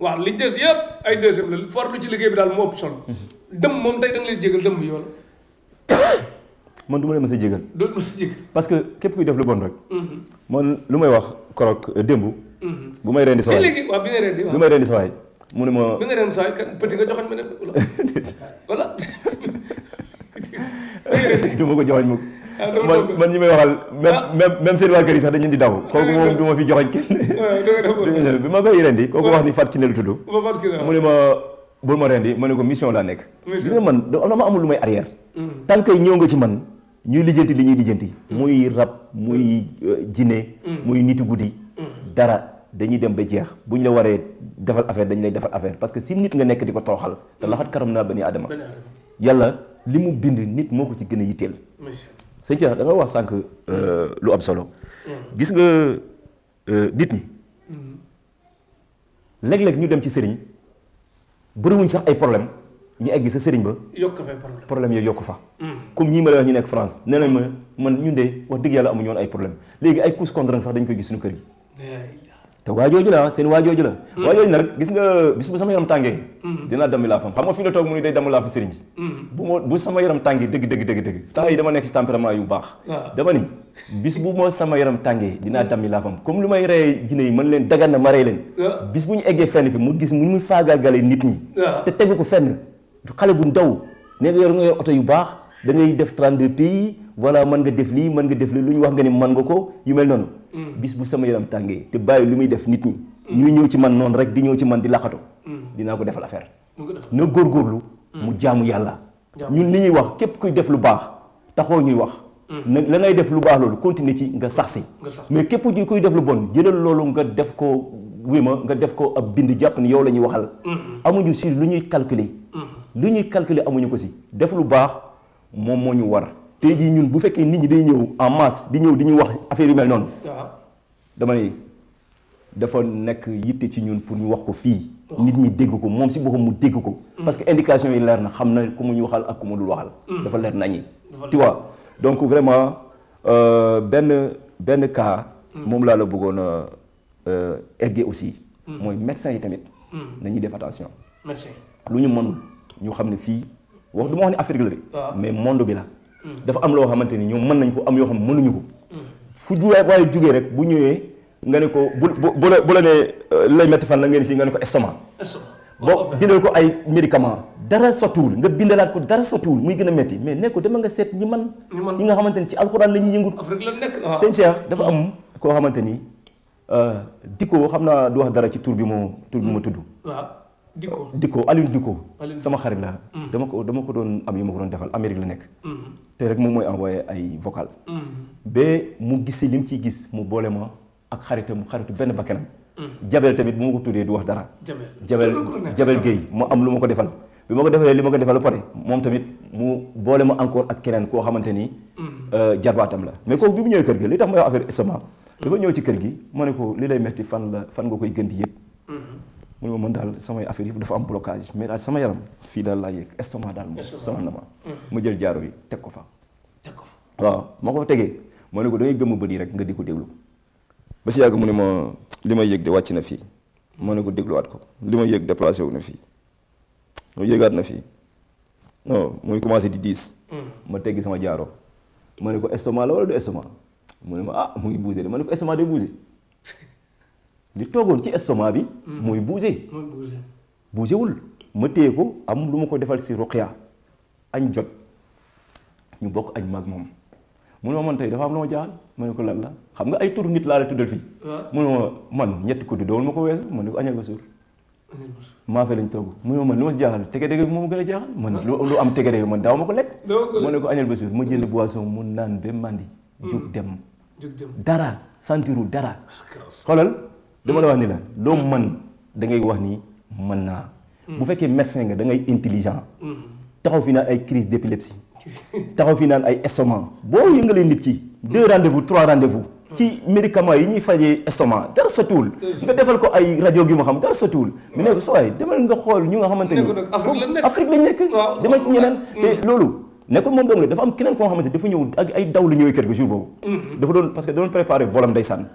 waaw li des yëpp ay deuxième la for lu ci liggéey bi daal moo ëpp solo dëmm moom tey da nga leen jégal dëmm yoon man du ma leen mës a jégal. doo mës parce que képp ku def lu bon rek. Mhm. man lu may wax korok euh, démb. Mhm. bu may rendi sa waay léegi waaw may rendi sa mu ne ma. sa waay kat petit nga joxoon ma ne voilà. *laughs* *laughs* du ma ko joxoon ah, ma. man man ñi may waxal ah. même même seen waa kër yi sax dañu di daw ah, kooku moom du ma fi joxoñ kenn *laughs* bi ma koy rendi kooku wax ni fat ci ne lu tudd mu ne ma bul ma rendi ma ne ko mission laa nekk gis nga man am na ma amul lu may arrière mhm. tant que ñëw nga ci man ñuy lijjanti li ñuy lijjanti. Mm. muy rab muy mm. euh, jinne mm. muy niti guddi. dara dañuy dem ba jeex bu ñu la waree defal affaire dañu lay defal affaire parce que si nit nga nekk di ko toroxal. te laxat karam naa bani adama yàlla li mu bind nit moo ko ci gën a yitteel. sëñ Cheikh da nga wax sànq euh, lu am solo. gis nga euh, nit ñi. léeg-léeg ñu dem ci sëriñ bëriwuñ sax ay problème ñu egg sa sëriñ ba. yokk fa problème problème yooyu yokk fa. Mm. comme ñii ma ñu nekk France nee nañ ma man ñun de wax dëgg dañ koy gis suñu kër gi. te waajooju la seen waajooju la. Mm. waajooju gis nga bis bu sama yaram tàngee. Mm. dinaa damm laa fam xam nga fii la toog mu ne day damm nekk ci tempérament yu baax. dama ni bis bu ma sama yaram dinaa dammi laa comme lu may rey jinne yi mën leen dagan na ma rey leen. bis bu ñu eggee fenn fi mu gis mu muy faagaagalee nit ñi. te tegu ko fenn. xale bu ndaw nee nga yor nga yor oto yu baax da ngay def 32 pays voilà mën nga def lii mën nga def lii lu ñu wax nga ni mën nga ko yu mel noonu. Mm. bis bu sama yaram tàngee te bàyyi lu muy def nit ñi. ñuy ñëw ci man noonu rek di ñëw ci man di laxatu. Mm. dinaa ko defal affaire. na góorgóorlu. Mm. mu jaamu yàlla. ñun li ñuy wax képp kuy def lu baax taxoo ñuy wax. na la ngay def lu baax loolu continuer ci nga sax mais képp kuy def lu bon jëlal loolu nga def ko. wuy ma nga def ko ab bind jàpp ni yow la ñuy waxal. Mm-hmm. amuñu si lu ñuy calculer. Mm-hmm. lu ñuy calculer amuñu ko si def lu baax moom moo ñu war tey jii ñun bu fekkee nit ñi day ñëw en masse di ñëw di ñu wax affaire yu mel noonu. dama ne dafa nekk yitte ci ñun pour ñu wax ko fii. Oh. nit ñi dégg ko moom si boppam mu dégg ko. Mm. parce que indication yi leer na xam na ku mu ñu waxal ak ku mu dul waxal. Mm. dafa leer nañi. tu vois donc vraiment euh, benn benn cas. Mm. moom laa la bëggoon ergué euh, aussi. Mm. mooy médecin yi tamit. Mm. nañuy def attention. médecin lu ñu mënul ñu xam ne fii wax du ma wax ne Afrique la de. mais monde bi la. Mm. dafa am loo xamante ni ñoom mën nañ ko am yoo xam ne mënuñu ko. fu juwee waaye jugee rek bu ñëwee nga ne ko bu bu bu la bu la nee euh, lay métti fan la ngeen fii nga ne ko estomac. boo bindal ko ay médicament dara sottiwul nga bindalaat ko dara sottiwul muy gën a métti mais ne ko dama nga seet ñi man ñi nga xamante ni ci alxuraan la ñuy yëngut. Afrique nekk seen Cheikh koo xamante ni. Euh, Dicko xam naa du wax dara ci tur bi mu tur bi ma tudd. waaw Dicko Dicko Alioune Dicko. sama xarit la mm. dama ko dama ko doon am yu ma ko doon defal Amérique la nekk. Mm. te rek moom mooy envoyé ay vocal. Mm. ba mu gis li mu ciy gis mu boole ma ak xarit mu xaritu benn bakkanam. Jabel tamit bu ma ko tuddee du wax dara. Jabel Jabel Guèye ma am lu ma ko defal. bi ma ko defee li ma ko defal pare moom tamit mu boole ma encore ak keneen koo xamante ni. Mm-hmm. Euh, jarbaatam la mais kooku bi mu ñëwee kër gi li tax ma wax affaire estomac. Mm-hmm. dafa ñëw ci kër gi ma ne ko li lay metti fan la fan koy gën di yëg. Mm-hmm. mu ma mën daal samay affaire yëpp dafa am blocage mais daal sama yaram fii daal laa yëg daal moom. na ma. ma jël jaaro bi teg ko fa. teg ko fa ma ko tegee ma ne ko da ngay gëmm bët yi rek nga di ko déglu. ba si ne ma li may yëg de wàcc na fii. ma ne ko dégluwaat ko li ma yëg déplacé wu na fii mu yéegaat na fii non muy commencé di diis. Hmm. ma teggi sama jaaro ma ne ko estomac la wala du estomac mu ne ma ah muy ngi bougé ma ne ko estomac day bougé li toogoon ci estomac bi. muy bougé. muy wul ma téye ko am lu ma ko defal si ruqya añ jot ñu bokk añ maag moom mu ne man tey dafa am lu ma jaaxal ma ne ko lan la xam nga ay tur nit laa la tuddal fii. mu ne ma man ñetti kuddu doon ma ko weesu ma ne ko añal ba suur maa fee lañ togg mu ne ma lu ma si jaaxal tegedege bi moom gën a jaaxal man lu am tegedege man daaw ma ko lekk ma ne ko añal bés bi ma jënd boisson mu naan ba mandi hmm. jug dem dara santiru dara xoolal dama la hmm. wax ni la loo man da ngay wax ni mën naa hmm. bu fekkee médecin nga dangay ngay intelligent taxaw fi naan ay crise d'épilepsie *laughs* taxaw fi naan ay estomac boo yëngalee nit ci deux rendez-vous trois rendez-vous ci méricament yi ñuy fajee estomac dara sotuwul nga defal ko ay rajo gi ma xam dara sotuwul mu ne ko sa demal nga xool ñu nga xamante ni Afrique lañ nekk demal ci ñeneen te mm. loolu nekkul moom dong la dafa am keneen koo xamante dafa ñëw ak ay daw la ñëwee kër ga jour boobu mm-hmm. dafa doon parce que doon préparé volam ndeysaan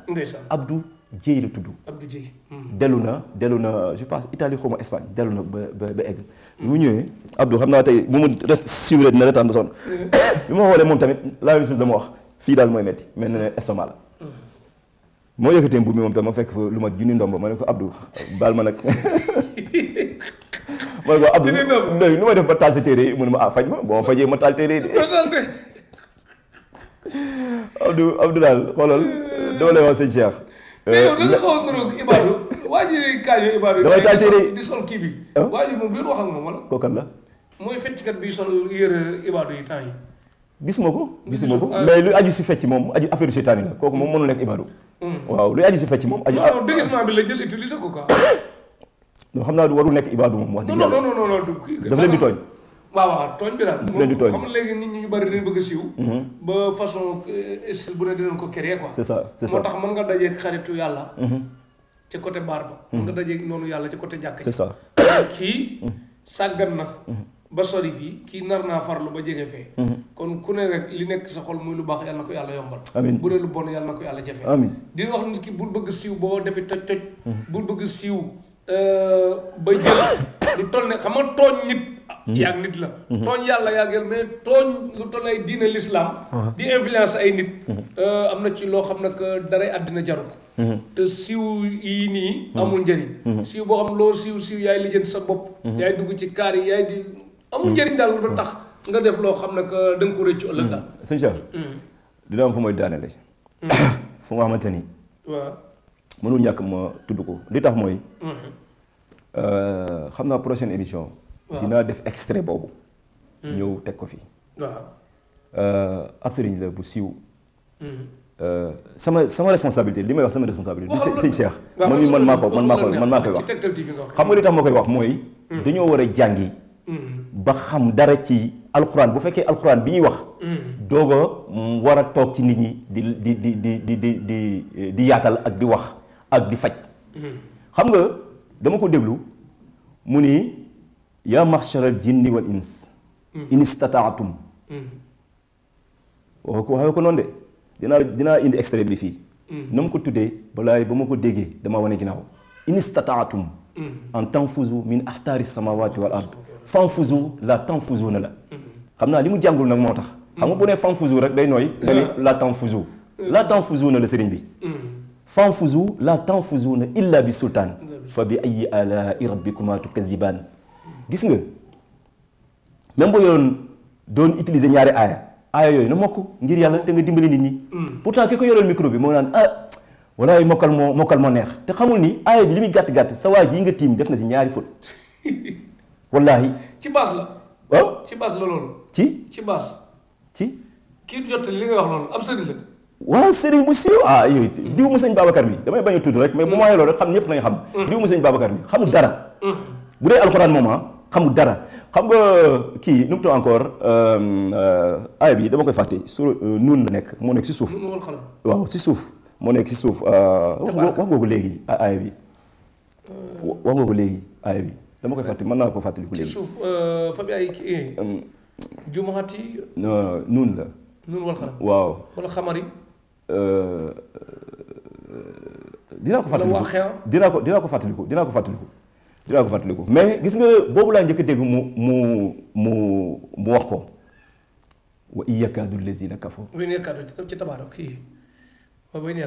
Abdou Dieye la tudd mm-hmm. dellu na dellu na je pense Italie xaw ma Espagne dellu na ba ba ba egg bi mu ñëwee Abdou xam naa tey bu mu mm-hmm. *coughs* moom tamit la même chose la wax fii daal mooy mel na ne la moo yëkkatee mbubb mi moom tam ma fekk fa lu ma junni ndomba ma ne ko Abdou baal ma nag *laughs* ma ne ko Abdou léegi nu def ba taal sa téere yi mu ma ah faj ma boo ma fajee ma taal téere yi de sol kii bi. Ah? waa moom biir wax moom wala. kookan la. mooy fecckat bi sol yére Ibadou yi temps gisuma ko gisuma ko mais lu aju si fecc moom aju affaire seytaane la kooku moom mënul nekk ibaadu hmm. waaw lu aju si fecc moom aju non ah. déguisement bi la jël utiliser ko quoi *coughs* non xam naa du warul nekk ibaadu moom wax dëgg yàlla non non non du dafa leen di tooñ waaw waaw tooñ bi daal dafa leen di tooñ xam léegi nit ñi ñu bari dañu bëgg a siiw mhm. ba façon eh, style bu ne dinañ ko créer quoi c'est ça c'est ça moo tax mën nga dajeeg xaritu yàlla mhm. ci côté baar ba mhm. mën nga dajeeg noonu yàlla ci côté jàkk c'est ça kii sàggan na ba sori fii kii nar naa farlu ba jege fee mhm. kon ku ne rek li nekk sa xol muy lu baax yàlla na ko yàlla yombal amiin bu dee lu bon yàlla na ko yàlla jafe amiin di wax nit ki bul bëgg siiw boo defee toj toj mhm. bul bëgg siiw euh, ba jël *coughs* lu toll ne xam tooñ nit mhm. yaag nit la tooñ yàlla yàggel mais tooñ lu toll ay diine l'islam di influence ay nit euh, am na ci loo xam nag que daray àddina jaru te siiw yii nii amul njëriñ siiw boo xam loo siiw siiw yaay lijjanti sa bopp yaay dugg ci amul njëriñ daal ba tax nga def loo xam ne que da nga ko rëccu ëllëg daal. Mm. sëñ Cheikh. dina mm. am fu may daanele. Mm. *coughs* xamante ni. waaw mënul ñàkk tudd ko li tax mooy. Euh, xam naa prochaine émission. dinaa def extrait boobu. ñëw teg ko fi. waaw. Euh, ab sëriñ la bu siiw. Euh, sama sama responsabilité li may wax sama responsabilité. waaw sëñ Cheikh. man mi man maa ko man maa ko man maa koy wax. xam nga li tax ma koy wax mooy. dañoo war a jàngi. ba xam dara ci alxuraan bu fekkee alxuraan bi ñuy wax. Mm. doog war a toog ci nit ñi di di di di di di yaatal ak di wax ak di faj. Mm. xam nga dama ko déglu mu ni yaa maxcharal jinni wal ins. Mm. in waxee ko waxee de dinaa dinaa indi extrait bi fii. na ko tuddee balaay ba ma ko déggee dama wane ginnaaw in istataatum. an min axtaari samawaati wal ard fanfuzu la tanfuzu na la xam naa li mu jàngul nag moo tax xam nga bu nee fanfuzu rek day nooy nga ni la tanfuzu la tanfuzu na la sëriñ bi la tanfuzu na illa bi sultaan fa bi ayi alai rabbikuma tukazibaan gis nga même boo yoroon doon utiliser ñaari aaya aaya yooyu na mokk ngir yàlla te nga dimbali nit ñi pourtant ki ko yoroon micro bi moo naan ah walaay mokkal moo mokkal moo neex te xamul ni aaya bi li muy gàtt-gàtt sa waa yi nga tiim def na si ñaari fóot *laughs* wallaahi. ci baas la. waaw ci base la ci ci base. ci. kii jottali li nga wax noonu am bu siiw ah yooyu diw mu sëñ Babacar bi damay bañ a tudd rek mais bu mm. ma waxee loolu rek xam ñëpp nañ xam. Mm. diw mu sëñ Babacar bi xamul mm. dara. bu dee alxuraan moom ah, xamul dara xam nga kii nu mu tudd encore euh, euh, aaya dama koy fàtte su euh, nuun la nekk moo nekk si suuf. waaw si suuf moo nekk si suuf. wax nga ko léegi aaya bi. wax bi. dama koy fàttali mën naa ko fàttaliku léegi. ci suuf euh, Fabi ay eh, euh, Jumaati. nuun la. nuun wal waaw wala xamari. Euh, dinaa ko fàttaliku ah. dinaa ko dinaa ko fàttaliku dinaa ko fàttaliku. dinaa ko fàttaliku mais gis nga boobu laa njëkk dégg mu mu mu wax ko. wa iyyakaadu lazina kafaru. wa iyyakaadu ci tabaaraka kii. wa in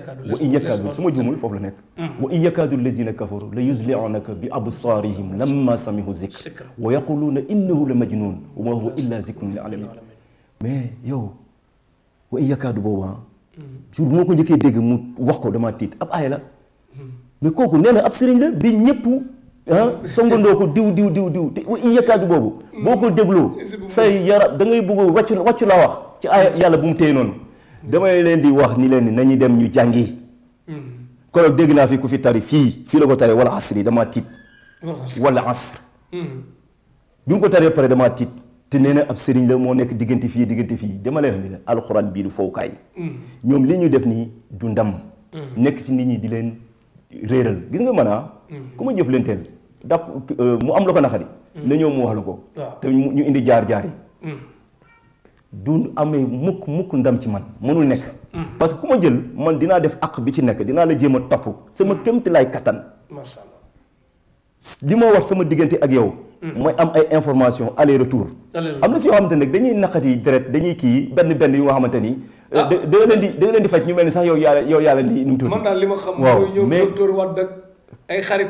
yakaadu su ma juumul foofu la nekk mm-hmm. wa in yakaadu alladina kafaru la yusliunaka bi absaarihim lamma samihu zikr wa yaquluuna innahu la majnun wa ma huwa illa zikrun lil mais yow wa in yakaadu boobu mm-hmm. jour moo ko njëkkee dégg mu wax ko damaa tiit ab aaya la mm-hmm. mais kooku nee na ab sëriñ la bi ñëpp ah ko diw diw diw diw te in yakaadu boobu boo ko dégloo say yaram da ngay bëgg wàccu wàccu laa wax ci aaya yàlla bu mu téye noonu damay leen di wax ni leen nañu dem ñu jàngi. Mm-hmm. keroog dégg naa fi ku fi tari fii fii la ko tari wala asri damaa tiit. wala asr mm-hmm. bi mu ko taree pare damaa tiit te nee na ab sëriñ la moo nekk diggante fii diggante fii dama lay ne alxuraan bii du fowkaay. Mm-hmm. ñoom li ñu def nii du ndam. nekk si nit ñi di leen gis nga mën a. Ah, ku ma jëflanteel euh, mu am la ko naxari. na ñëw mu wax la ko. te ñu indi jaar jaar du amee mukk mukk ndam ci man mënul nekk. Mm-hmm. parce que ku ma jël man dinaa def àq bi ci nekk dinaa la jéem a topp sama mm-hmm. kéemti lay kattan. macha allah li ma war sama diggante ak yow. Mm-hmm. mooy am ay information aller retour. am na si yoo xamante ne dañuy naqati deret dañuy kii benn benn yu nga xamante ni. Ah. leen di da di faj ñu mel ni sax yow yaa yow yàlla leen di. nu mu tuuti man daal li ma xam. waaw mais ñoom docteur Wade ak ay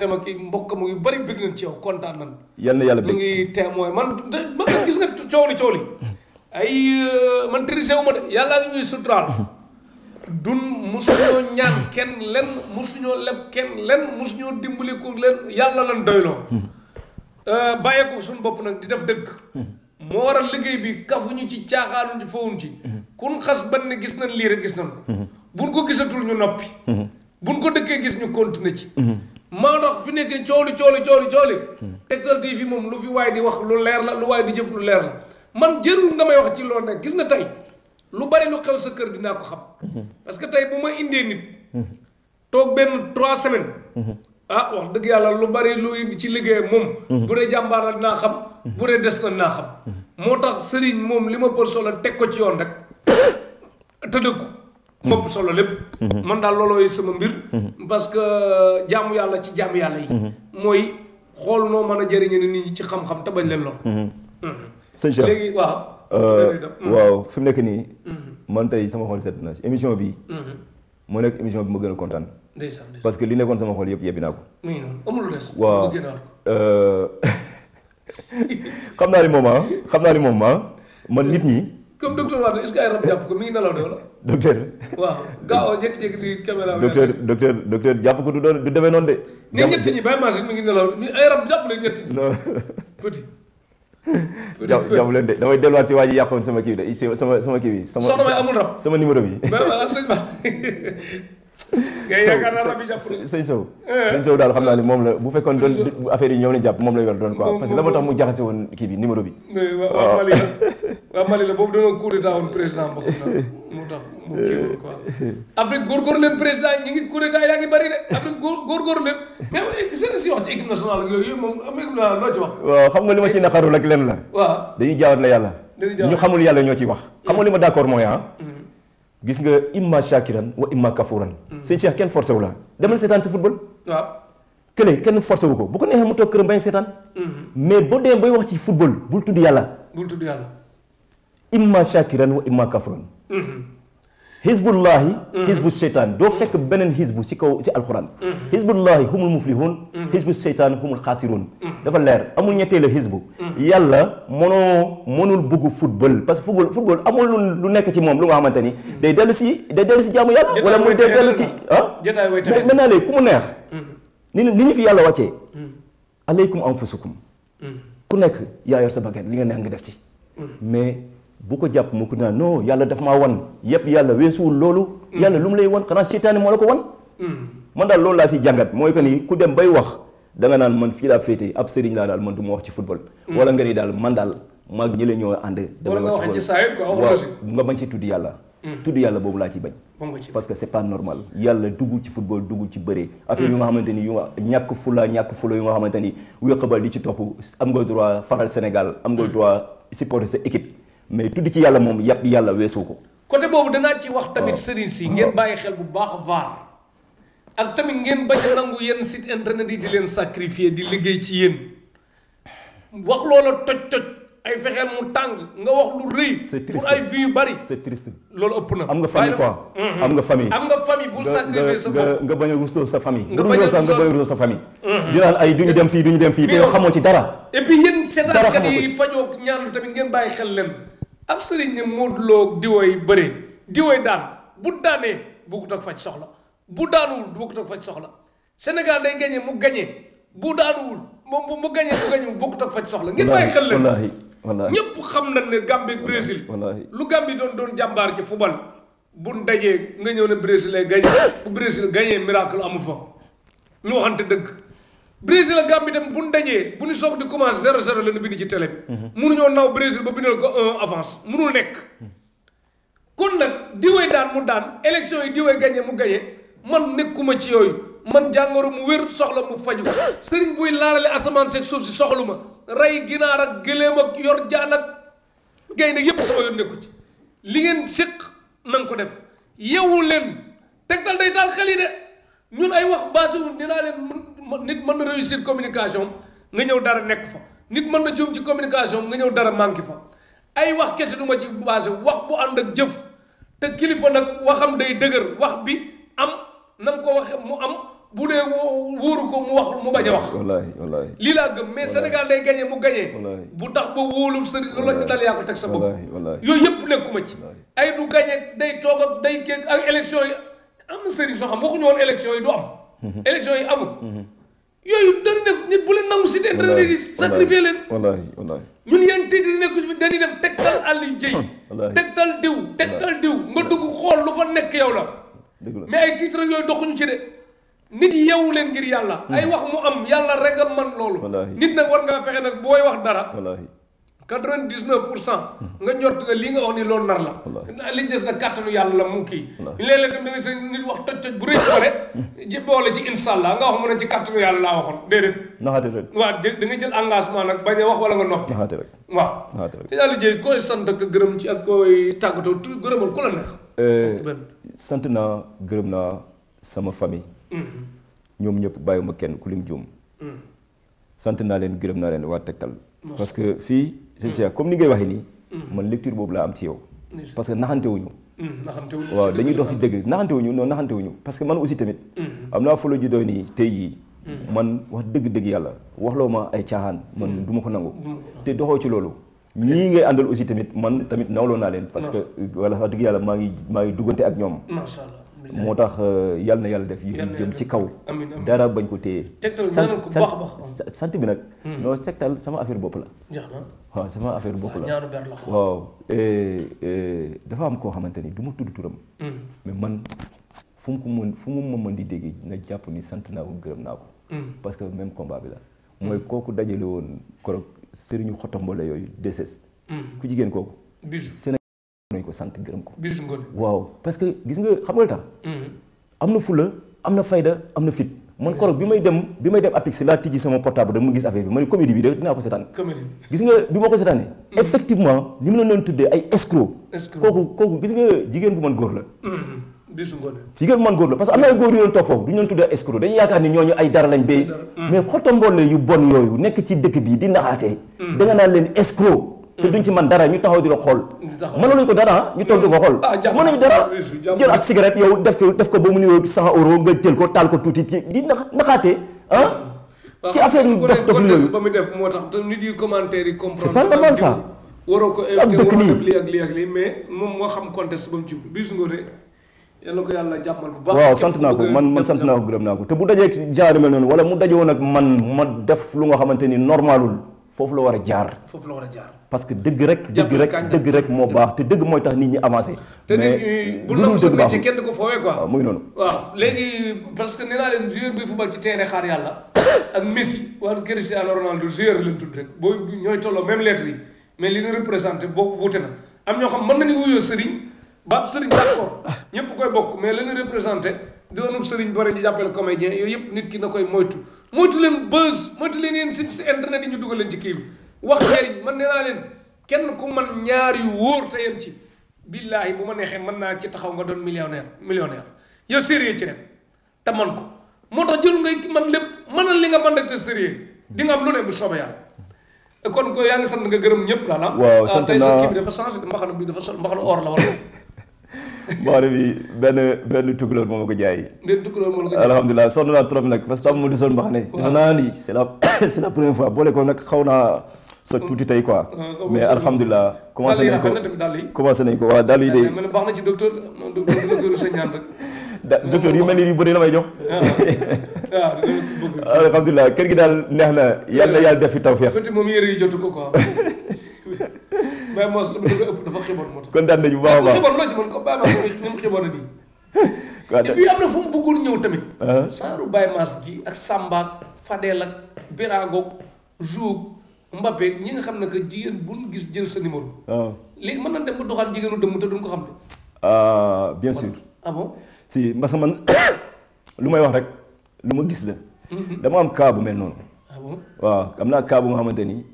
yu bëri bëgg kontaan nañ. yal na yàlla bëgg mu ngi témoin man man gis nga coowli coowli *laughs* ay euh, man triché wu ma de yàlla ngi ñuy suturaal dun musuñoo ñaan kenn len musuñoo leb kenn len musuñoo dimbali ko len yàlla lan doyloo euh, bàyyeeku suñu bopp nag di def dëkk moo waral liggéey bi kafuñu ci caaxaanuñ ci ci kun xas ban ne gis na lii rek gis nañ ko buñ ko gisatul ñu noppi buñ ko dëkkee gis ñu continuer ci maa ndox fi nekk cooli cooli cooli cooli Tektal TV moom lu fi waay di wax lu leer la lu waay di jëf lu leer la man jërul nga may wax ci lool nag gis na tey lu bari lu xew sa kër dinaa ko xam. parce que tey bu ma indee nit. toog benn trois semaines. ah wax dëgg yàlla lu bari lu indi ci liggéeyam moom. bu dee jàmbaar la dinaa xam. bu dee des na dinaa xam. moo tax sëriñ moom li ma për solo teg ko ci yoon rek te dëkku. mopp solo lépp. man daal loolooy sama mbir. parce que jaamu yàlla ci jaamu yàlla yi. mooy xool noo mën a jëriñu nit ñi ci xam-xam te bañ leen lor. sëñ Cheikh waaw. Euh, waaw fi mu nekk nii. Mhm. man tey sama xol set na si émission bi mhm. moo nekk émission bi ma gën a kontaan. parce que li nekkoon sama xol yëpp yebbi naa ko. muy noonu amul des. waaw euh, *laughs* ah, xam naa ni moom ah man nit ñi. comme docteur Wade est-ce que jàpp ko mi ngi nelaw du doon du demee noonu de. ñett ñi bàyyi machine mi ngi nelaw ay rab jàpp la ñett ñi. non. jàpp leen de damay delluwaat si waa ji yàqoon sama kii bi de sama sama sama numéro bi. sëñ Sow eh. sëñ Sow daal xam naa ne moom la bu fekkoon doon affaire yi ñëw na jàpp moom la moo tax mu jaxase woon kii bi numéro bi waaw ah. Mali la waaw Mali la boobu woon président ba xam naa *laughs* moo de Afrique waaw xam nga li ma ci naqaru rek lenn la waaw dañuy jaawat la yàlla ñu xamul yàlla ñoo ciy wax mm. xam nga d'accord mooy ah mm. gis nga imma shakiran wa imma kafuran mm. sëñ Cheikh kenn forcé wu la demal seetaan si football waaw kële kenn forcé ko bu ko neexee mu toog këram bañ seetaan mm-hmm. mais boo dee bay wax ci football bul tudd yàlla bul tudd yàlla imma shakiran wa imma kafuran xisbullahi xisbu mhm. seytaan doo fekk beneen xisbu si kaw si alxuraan xisbullahi mhm. humul muflihun xisbu mhm. seytaan humul xaasiroon dafa leer amul ñetteelu xisbu yàlla mënoo mënul bugg football parce que football amul lu nekk ci moom lu nga xamante ni day dellu si day dellu si jaamu yàlla wala muy day dellu ci ah mais ku mu neex ni ni ñu fi yàlla wàccee aleykum li nga neex nga def ci bu ko jàpp mu ko naan non yàlla daf maa wan yëpp yàlla weesuwul loolu. Mm. yàlla lu mu lay wan xanaa seytaane moo la ko wan. Mm. man daal loolu laa si jàngat mooy que ni ku dem bay wax da naan man fii laa féete ab sëriñ laa daal man du ma wax ci football. Mm. wala nga ni daal man daal maag ñi la ñoo ànd. damay wax nga bañ ci tudd yàlla. tudd yàlla boobu laa ci bañ. parce que c'est pas normal yàlla duggul ci football duggul ci bëree. affaire yu nga xamante ni yu nga ñàkk fula ñàkk fula yu nga xamante ni wéqabal di ci topp am mais tudd ci yàlla moom yàpp yàlla weesu ko. côté boobu danaa ci wax tamit oh. sëriñ si ngeen oh. bàyyi xel bu baax vaar ak tamit ngeen bañ a nangu yenn site internet yi di leen sacrifier di liggéey ci yéen wax loola toj toj ay fexeel mu tàng nga wax lu rëy. c'est triste yu bari. c'est triste loolu ëpp na. am nga famille quoi am nga famille. am nga famille bul sacrifier sa bopp nga bañ a rusloo sa famille. nga bañ a sa nga bañ a rusloo sa famille. Mm-hmm. di naan ay duñu dem fii duñu dem fii te yow xamoo ci dara. dara xamoo ko et puis fajoo ngeen bàyyi xel leen. ab sëriñ ne Modou Lo diwoy bëree diwoy daan bu daanee bugut ak faj soxla bu daanuwul bugut ak faj soxla Sénégal day gagné mu gagné bu daanuwul moom mu gagné mu gagné bugut ak faj soxla. ngeen bàyyi xel leen ñëpp xam nañ ne Gambie ak Brésil. lu Gambie doon doon jàmbaar ci football bu dajee nga ñëw ne Brésil lay gagné bu *coughs* Brésil gagné miracle amul fa ñu waxante dëgg. Brésil ak Gambie tam bu ñu dajee bu ñu soog di commencé zéro zéro la ñu bind ci télé bi. mënuñoo naw Brésil ba bindal ko un avance mënul nekk. kon nag diwee daan mu daan élection yi diwee gagné mu gagné man nekkuma ci yooyu man jàngoro mu wér soxla mu faju sëriñ buy laalale asamaan seeg suuf si soxlu ma rey ginaar ak gëléem ak yor jaan ak gaynde yépp sama yoon nekku ci li ngeen séq na ko def yeewu leen tegtal day taal xel yi de ñun ay wax basi nit mën na réussir communication nga ñëw dara nekk fa nit mën na juum ci communication nga ñëw dara manqué fa ay wax kese du ma ci basé wax bu ànd ak jëf te kilifa nag waxam day dëgër wax bi am na nam ko waxee mu am bu dee wóoru ko mu wax mu bañ a wax. wallaahi wallaahi lii laa gëm mais Sénégal day gagné mu gagné. bu tax ba wóolu sëriñ loolu la dal yaa ko teg sa bopp. wallaahi yooyu yëpp nekkuma ci. ay du gagné day toog ak day keeg ak élection yi am na sëriñ xam waxuñu woon élection yi du am. Mhm. yi amul. Mhm. yooyu dara nekk nit bu leen nangu si teen dara di sacrifier leen wallaahi wallaahi ñun yéen tiit nekku nekk dañuy def tegtal àll yu jëy *laughs* tegtal diw tegtal diw nga dugg xool lu fa nekk yow la mais ay titre yooyu doxuñu ci de nit yi yeewu leen ngir yàlla hmm. ay wax mu am yàlla rek a man loolu nit nag war ngaa fexe nag booy wax dara 99 pour cent nga njort na lii nga wax ni loolu nar la li des na kàttanu yàlla la mu kii léeg-léeg tam seen nit wax toj toj bu rëy pare ji boole ci insha allah nga wax mu ne ci kàttanu yàlla laa waxoon déedéet naxaate rek waaw da nga jël engagement nag bañ a wax wala nga noppi naxaate rek waaw naxaate rek sant ci ak tàggatoo tu gërëmal ku la neex euh, sant naa gërëm naa sama famille mhm. ñoom ñëpp bàyyiwuma kenn ku lim juum mhm. sant naa leen gërëm naa leen waa Tektal parce que fii sëñ Cheikh comme ni ngay waxee nii. Mm. man lecture boobu laa am ci parce que mm, naxante wuñu waaw dañuy dox si dëgg naxante wuñu non naxante wuñu parce que man aussi tamit. Mm-hmm. am naa folo ji doy nii tey jii. Mm-hmm. man wax dëgg-dëgg yàlla waxloo ma ay caaxaan man mm-hmm. du ma ko nangu. te doxoo ci loolu. ñii ngay àndal aussi tamit man tamit nawloo naa leen. parce que wala wax dëgg yàlla maa ngi maa ngi duggante ak ñoom. moo tax yal na yàlla def yi fi jëm ci kaw dara bañ ko téye sant bi nag hmm. non tegtal sama affaire bopp la waaw sama affaire bopp la waaw eh, eh, dafa am koo xamante ni ma tudd turam hmm. mais man fu mu ko mën fu mu ma di déggee na jàpp ni sant naa ko gërëm naa ko hmm. parce que même combat bi la mooy kooku dajale woon korog sëriñu xotombole yooyu deses ku jigéen kooku waaw parce que gis nga xam nga lu tax. Mm-hmm. am na fula am na fayda am na fit. man korog bi may dem bi may laa tijji sama portable da mu gis affaire bi ma ne comédie bi de dinaa ko seetaan. gis nga bi ma ko seetaanee. Mm-hmm. effectivement ni mu la doon tuddee ay escroc. kooku kooku gis nga jigéen bu mën góor la. Mm-hmm. jigéen bu mën góor la parce que am na góor yu doon toog foofu du ñu tuddee escroc dañuy yaakaar ni ñooñu ay dara lañ béy. mais xoto mboole yu te duñ ci man dara ñu taxaw di la xool mënaluñ ko dara ñu toog di ko xool ah, mënuñ dara jël ab cigarette yow def ko def ko ba mu niroo cent euros nga jël ko taal ko tuuti ci di naxaatee ah? ah ci affaire yu def dof loolu ba mu moo tax te nit yi yi comprendre c'est pas normal ça waroo ko invité waroo def mais moom moo xam contexte ba mu ci Bijou Ngoné yàlla ko yàlla jàmmal bu baax waaw sant naa ko man man sant naa ko gërëm naa ko te bu dajee genre mel noonu wala mu dajoon ak man ma def lu nga xamante ni normalul foofu la war a jaar. foofu la war a jaar parce que dëgg rek. dëgg rek dëgg rek moo baax te dëgg mooy tax nit ñi avancé. te nit bu nangu sa métier kenn du ko foowee quoi. waaw ah, muy noonu. waaw léegi parce que nee leen joueur buy football ci terrain xaar yàlla *coughs* ak Messi wala Cristiano Ronaldo joueur lañ tudd rek boo ñooy tolloo même lettre yi mais li ñu représenté boo wuute na am ñoo xam mën nañu wuyoo Serigne Bab Serigne *coughs* d'accord ñëpp koy bokk mais li ñu représenté doonul Serigne bari ñu jàppale comédien yooyu yëpp nit ki na koy moytu. moytu leen buzz moytu leen yéen site internet ñu dugal ci kii wax njëriñ man nee naa leen kenn ku man ñaar yu te yem ci billaahi bu ma neexee mën naa ci taxaw nga doon millionnaire millionnaire yow sérieux ci rek te ko moo tax jël ngay man lépp mënal li nga mën rek te sérieux di nga am lu ne bu soobee yàlla kon ko yaa ngi sant nga gërëm ñëpp daal ah. waaw sant naa ah, tey sa kii bi dafa changé mbaxana bi dafa sol mbaxana or la wala. mbaxane bi benn benn tukulóor moo ma ko la ko jaay alhamdulilah sonn trop nag parce que am ma du sonn mbaxane. waaw naa la c' *coughs* fois boole ko nag xaw naa sot tuuti tey quoi. Ah, mais alhamdulilah. commencé nañ ko commencé nañ ko waaw daal yi de. baax na *laughs* mel ni yu bëri la may jox. Ah, ah, *laughs* alhamdulilah kër gi daal neex na yàlla yàlla def fi tawfeex. ko *laughs* mais moom su ma ëpp dafa xibaar moo tax. kontaan nañu bu baax a baax xibaar loo ci mën ko baax a baax ni mu xibaar nii. Ah. ñi nga xam ne que jigéen bu ñu gis jël sa numéro. waaw ah. léegi mën nañ dem ba doxaan ko xam ne. Ah, bien sûr. ah bon si parce que man *coughs* lu may wax rek lu ma gis la. Mm-hmm. dama am cas waaw am naa cas bu xamante ni.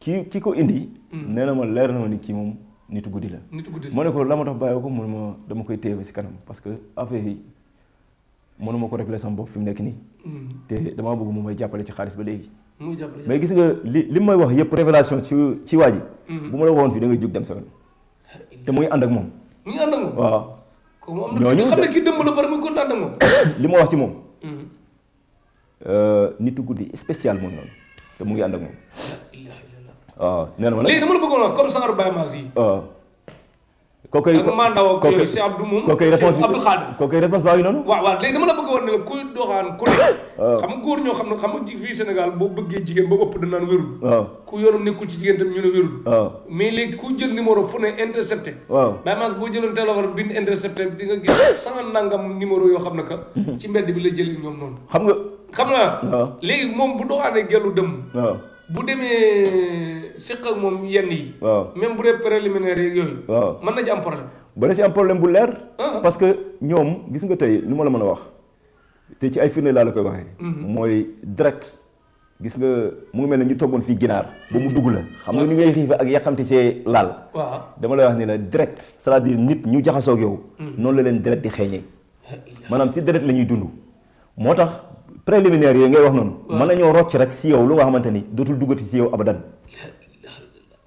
kii ki ko indi. Mm. nee na ma leer na ma ni kii moom nitu guddi la. nitu guddi la ma ne ko la ma tax bàyyi ko mu ne ma dama koy téye si kanam parce que affaire yi mënuma ko réglé sama bopp fi mu nekk nii. Mm. te damaa bëgg mu may jàppale ci xaalis ba léegi. muy jàppale mais gis nga li li may wax yëpp révélation ci ci waa mm. bu ma la waxoon fii da ngay jug dem sa yoon. te muy ànd ak moom. muy ànd ak moom waaw. ñooñu xam ne kii dëmb la pare muy kontaan ak moom. *coughs* li ma wax ci moom. Euh, nitu guddi spécial mooy mu ngi waaw ah, ma nag léegi dama la bëggoon wax comme Sangar Baye Mass yi. waaw. kooku ay kooku ay si Abdou moom. kooku ay réponse bi Abdou Khadre. baa ngi noonu. waaw waaw léegi dama la bëgg woon ne la kuy doxaan ku ne. Ah. xam nga góor ñoo xam ne xam nga fii Sénégal boo bëggee jigéen ba ëpp danaan wérul. waaw ah. ku yorom nekkul ci jigéen tam ñu ne wérul. waaw mais léegi ku jël numéro fu ne intercepté. waaw Baye Mass boo jëloon téléphone bi intercepté di nga gis sama *coughs* nangam yoo xam ne que. *laughs* ci mbedd bi la jëlee ñoom noonu. xam nga. xam naa. léegi moom bu doxaanee gelu dëmm. bu demee seq moom yenn yi. waaw même bu dee préliminaire yeeg yooyu. waaw mën na ci am problème. ba na ci am problème bu leer. Ah, ah. parce que ñoom gis nga tey lu ma la mën a wax te ci ay firnde laa la koy waxee. Mhm. mooy direct. gis nga mu ngi mel ne ñu toggoon fii ginaar ba mu dugg la. xam nga ah. ni ngay xiife ak yàqamti see laal. waaw dama lay wax ni la direct. c'est-à-dire nit ñu jaxasoo ak yow. Mhm. noonu la leen direct di xeeñee. maanaam si direct la ñuy dund. moo tax préliminaire yooyu ngay wax noonu. mën nañoo rocc rek si yow lu nga xamante ni dootul duggati si yow abadan.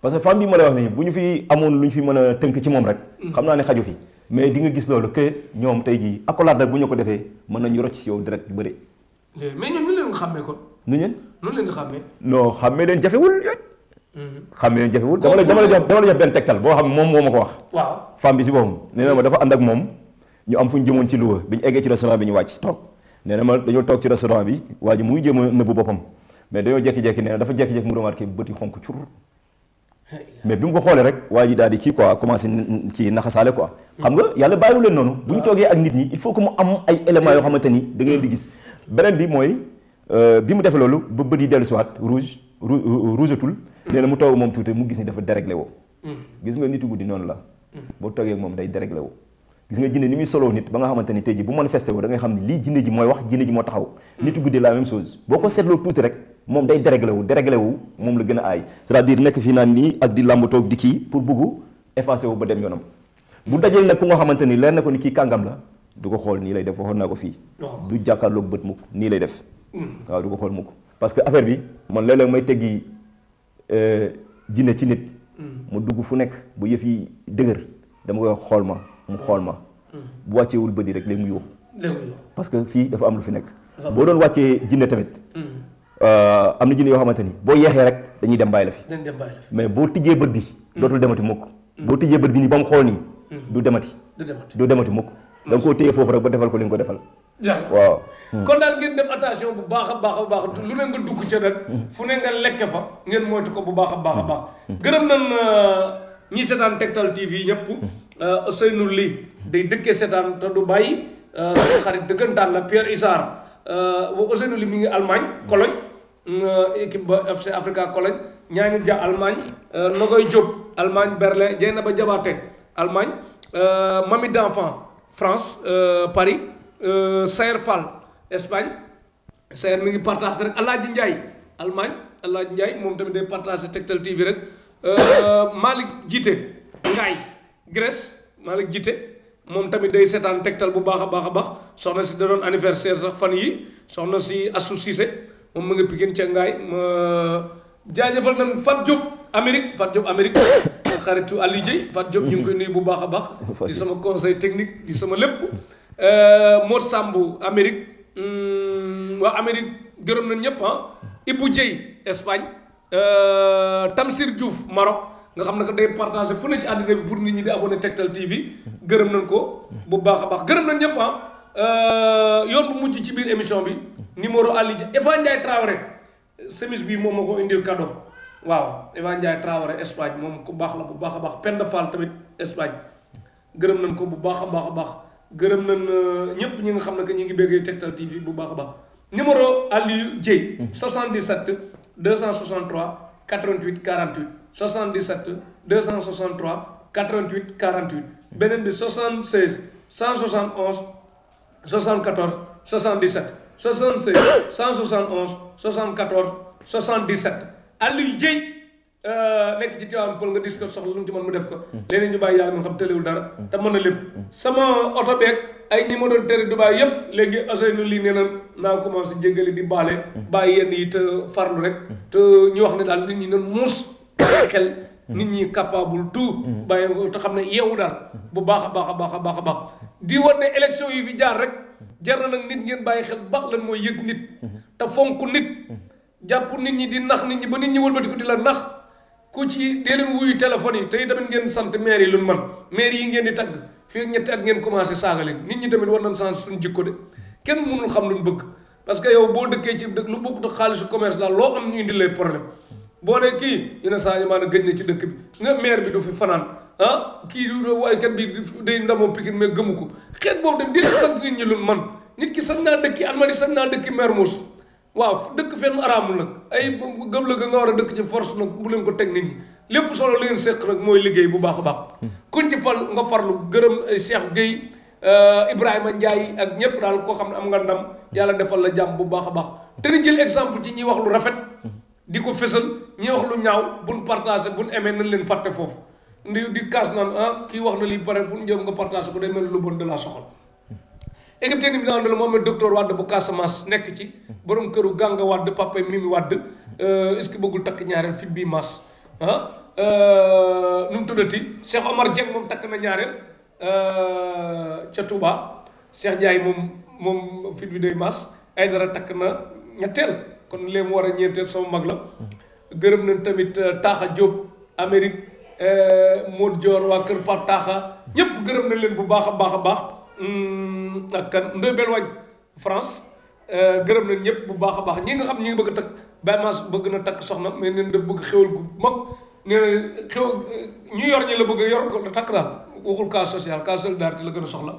parce que femme bi ma lay wax nii bu ñu fi amoon lu ñu fi mën a tënk ci moom rek. Mm. xam naa ne xaju fi mais di nga gis loolu que ñoom tey jii accolade rek bu ñu ko defee mën nañu rocc si yow direct yu bëri. Eh, mais ñoom ñu leen ko xàmmee kon. nu ñu leen di xàmmee. non xàmmee leen jafewul yooyu. Mm-hmm. xàmmee leen jafewul. dama la dama la jox dama la jox benn tegtal boo xam moom moo ma ko wax. waaw femme bi si boppam nee na ma dafa ànd ak moom ñu am fu ñu ci Louga bi ñu eggee ci restaurant bi ñu wàcc toog nee na ma dañoo toog ci restaurant bi waa mu muy jéem a nëbbu boppam mais dañoo jékki-jékki nee na dafa jékki-jékki mu remarqué bët yi xonk cur mais bi mu ko xoolee rek waa ji daal di kii quoi commencé ci naxasaale quoi xam nga yàlla bàyyiwu leen noonu bu ñu toogee ak nit ñi il faut que mu am ay éléments yoo xamante ni da ngeen di gis beneen bi mooy euh, bi mu defee loolu ba bët yi dellu siwaat rouge euh, rougeatul nee na mu toog moom tuuti mu gis ni dafa déréglé woo mm. gis nga nit guddi noonu la mm. boo toogee moom day déréglé woo gis nga jinne ni muy solo nit ba nga xamante ni tey bu manifesté woo xam ne lii jinne ji mooy wax jinne ji moo taxaw hmm. nitu guddee la même chose boo ko seetloo tuuti rek moom day déréglé wu déréglé wu moom la gën a aay c'est-à-dire nekk fii naan nii ak di làmbatoog di kii pour bëggu effacé wu ba dem yoonam bu dajee nag ku nga xamante ni leer na ko ni kii kàngam la du ko xool nii lay def waxoon naa ko fii oh. du jàkkaarloog bët mukk nii lay def hmm. waaw du ko xool mukk parce que affaire bi man léeg-léeg may teggi euh, jinne ci nit hmm. mu dugg fu nekk bu yëf yi dëgër dama koy xool ma mu xool ma hmm. bu wàcceewul bët yi rek léegi mu yuux parce que fii dafa am lu fi nekk boo doon wàccee jinne tamit hmm. euh, am na jinne yoo xamante ni boo yeexee rek dañuy dem bàyyi la fi mais boo tijjee bët bi hmm. dootul demati mukk boo tijjee bët bi nii ba mu xool nii du demati du demati mukk da koo téye foofu rek ba defal ko li nga ko defal waaw kon daal ngeen def attention bu baax a baax a baax lu ne nga dugg ca nag fu ne nga lekke fa ngeen moytu ko bu baax a baax a baax gërëm nañ euh, ñi seetaan Tektal TV ñëpp Ousseynou eh, Ly day dëkkee seetaan te du bàyyi eh, xarit dëggantaan la Pierre Isard Ousseynou eh, li mi ngi Allemagne Cologne équipe ba FC Africa Cologne ñaani ja Allemagne Nogoy Diop Allemagne Berlin Dieynaba Diabaté Allemagne Mamy Danfan France Paris Sayer Fall Espagne Sayer mi ngi partagé rek Alaaji Ndiaye Allemagne Alaaji Ndiaye moom tamit day partagé Tektal TV rek Malick Jité Ngaye ma Malick Jité moom tamit day seetaan tegtal bu baax a baax a baax soxna si da doon anniversaire sax fan yi soxna si Assou moom mu ngi Pikine ca Ngaay ma jaajëfal nañ Fat Diop Amérique Fat Diop Amérique *coughs* xaritu Aliou Dieye ñu ngi bu baax a baax *coughs* di sama conseil technique di sama lépp euh, Mor Sambu Amérique hmm, waa Amérique gërëm na ñëpp ah Ibou Dieye Espagne euh, Tamsir Diouf Maroc nga xam na que day partagé fu ne ci àddina bi ñi di abonné Tektal TV gërëm nañ ko bu baax a baax gërëm nañ ñëpp ah euh, yoon bu mujj ci biir émission bi numéro Ali Eva Ndiaye Traoré semis bi moom moo ko indil cadeau waaw Eva Ndiaye Traoré moom ku baax la bu baax a baax Penda Fall tamit Espagne gërëm nañ ko bu baax a baax a baax gërëm nañ euh, ñëpp ñi nga xam ne que ñu ngi bëggee Tektal TV bu baax a baax numéro Aliou Dieye 77 263 88 48 77 263 88 48 beneen bi 76 171 74 77 76 171 74 77 Aliou Dieye euh, nekk ci Tivaouane Peulh nga dis ko soxla lu mu ci mën mu def ko léegi ñu bàyyi yàlla mu xam tëlewul dara te mën na lépp sama oto beeg ay ñi ma doon tere Dubaay yépp léegi Ousseynou lii nee na naa commencé jéggale di baale mm. bàyyi yenn yi te farlu rek mm. te ñu wax ne daal nit ñi na muus xel nit ñi capable tout bàyyi ko te xam ne yeewu daal bu baax a baax a baax a baax a baax di war ne election yi fi jaar rek jar na nag nit ngeen bàyyi xel baax lan mooy yëg nit te fonk nit jàpp nit ñi di nax nit ñi ba nit ñi wëlbatiku di la nax ku ci dee leen wuyu téléphone yi te itamit ngeen sant maire yi lu man maire yi ngeen di tagg fii ñetti at ngeen commencé saaga leen nit ñi tamit war nañ san suñu jikko de kenn mënul xam luñ bëgg parce que yow boo dëkkee ci dëkk lu bokkut xaalisu commerce loo am ñu indi lay boo ne kii ñu ne Sadio Mané gëj ci dëkk bi nga mair bi du fi fanaan ah kii du waaye kat bi day ndamoo Pikine mais gëmu ko xeet boobu tamit dina sant nit ñi lu man nit ki sañ naa dëkki Almadies sañ naa dëkki waaw dëkk fenn araamul nag ay gëm la nga war a dëkk ci force nag bu leen ko teg nit ñi lépp solo li ngeen seq nag mooy liggéey bu baax a baax kuñ ci fal nga farlu gërëm eh, Cheikh Gueye eh, Ibrahima Ndiaye ak ñëpp daal koo xam ne am nga ndam yàlla defal la jàmm bu baax a baax te ni jël exemple ci ñuy wax lu rafet di ko fësal ñi wax lu ñaaw buñ partagé buñ amee nañ leen fàtte foofu ndi di kaas naan ah kii wax na lii pare fu ñu jëm nga partagé ko day mel lu bon de la soxal équipe bi nga xam ne la moom docteur Wade bu Casamance nekk ci borom këru Ganga Wade papa Mimi Wade euh, est-ce que bëggul takk ñaareel fi bii mas ah euh, nu mu tuddati Cheikh Omar Dieng moom takk na ñaareel euh, ca Touba Cheikh Ndiaye moom moom fit bi day mas ay dara takk na ñetteel kon lee mu war a ñeenteel sama mag la gërëm na tamit euh, Taaxa Diop Amérique euh, mot joor waa Kër Pape Taaxa ñëpp gërëm nañ leen bu baax a baax a baax ak kan Ndoy Belwañ France euh, gërëm na ñëpp bu baax a baax ñi nga xam ñi ngi bëgg a takk Baye Mass bëgg na takk soxna mais neen daf bëgg xéwal gu mag nee ñu yor ñi la bëgg yor ko takk daal waxul social cas solidarité la gën a soxla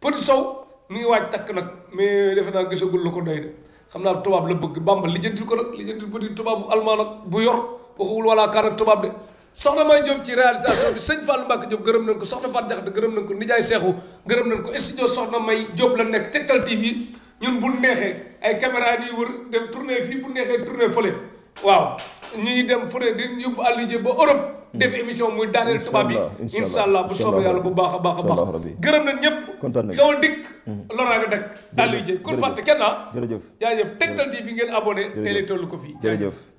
Petit Sow mu ngi waaj takk nag mais defe naa gisagul la ko doy de xam naa tubaab la bëgg bàmba lijjantil ko nag lijjantil petit tubaab bu almaan ak bu yor waxuwul wala kaan ak tubaab de soxna may Diop ci réalisation bi sëñ Fallou Mbacke Diop gërëm nañ ko soxna Fatou Diakhaté gërëm nañ ko Ndiaye Cheikhou gërëm nañ ko studio soxna may Diop la nekk Tektal TV ñun bu neexee ay caméra yi ñuy wër def tourné fii bu neexee tourné fële waaw ñuy dem fu ne di yóbbu àllijee boo Europe hmm. def émission muy daaneel tubaab bi incha allah bu soobee yàlla bu baax a baax a baax gërëm nañ ñëpp kontaan nañ xewal dikk loraa nga dekk àllijee kon fàtte kenn ah jërëjëf jaajëf Tektal TV ngeen abonné télé tollu ko fii jërëjëf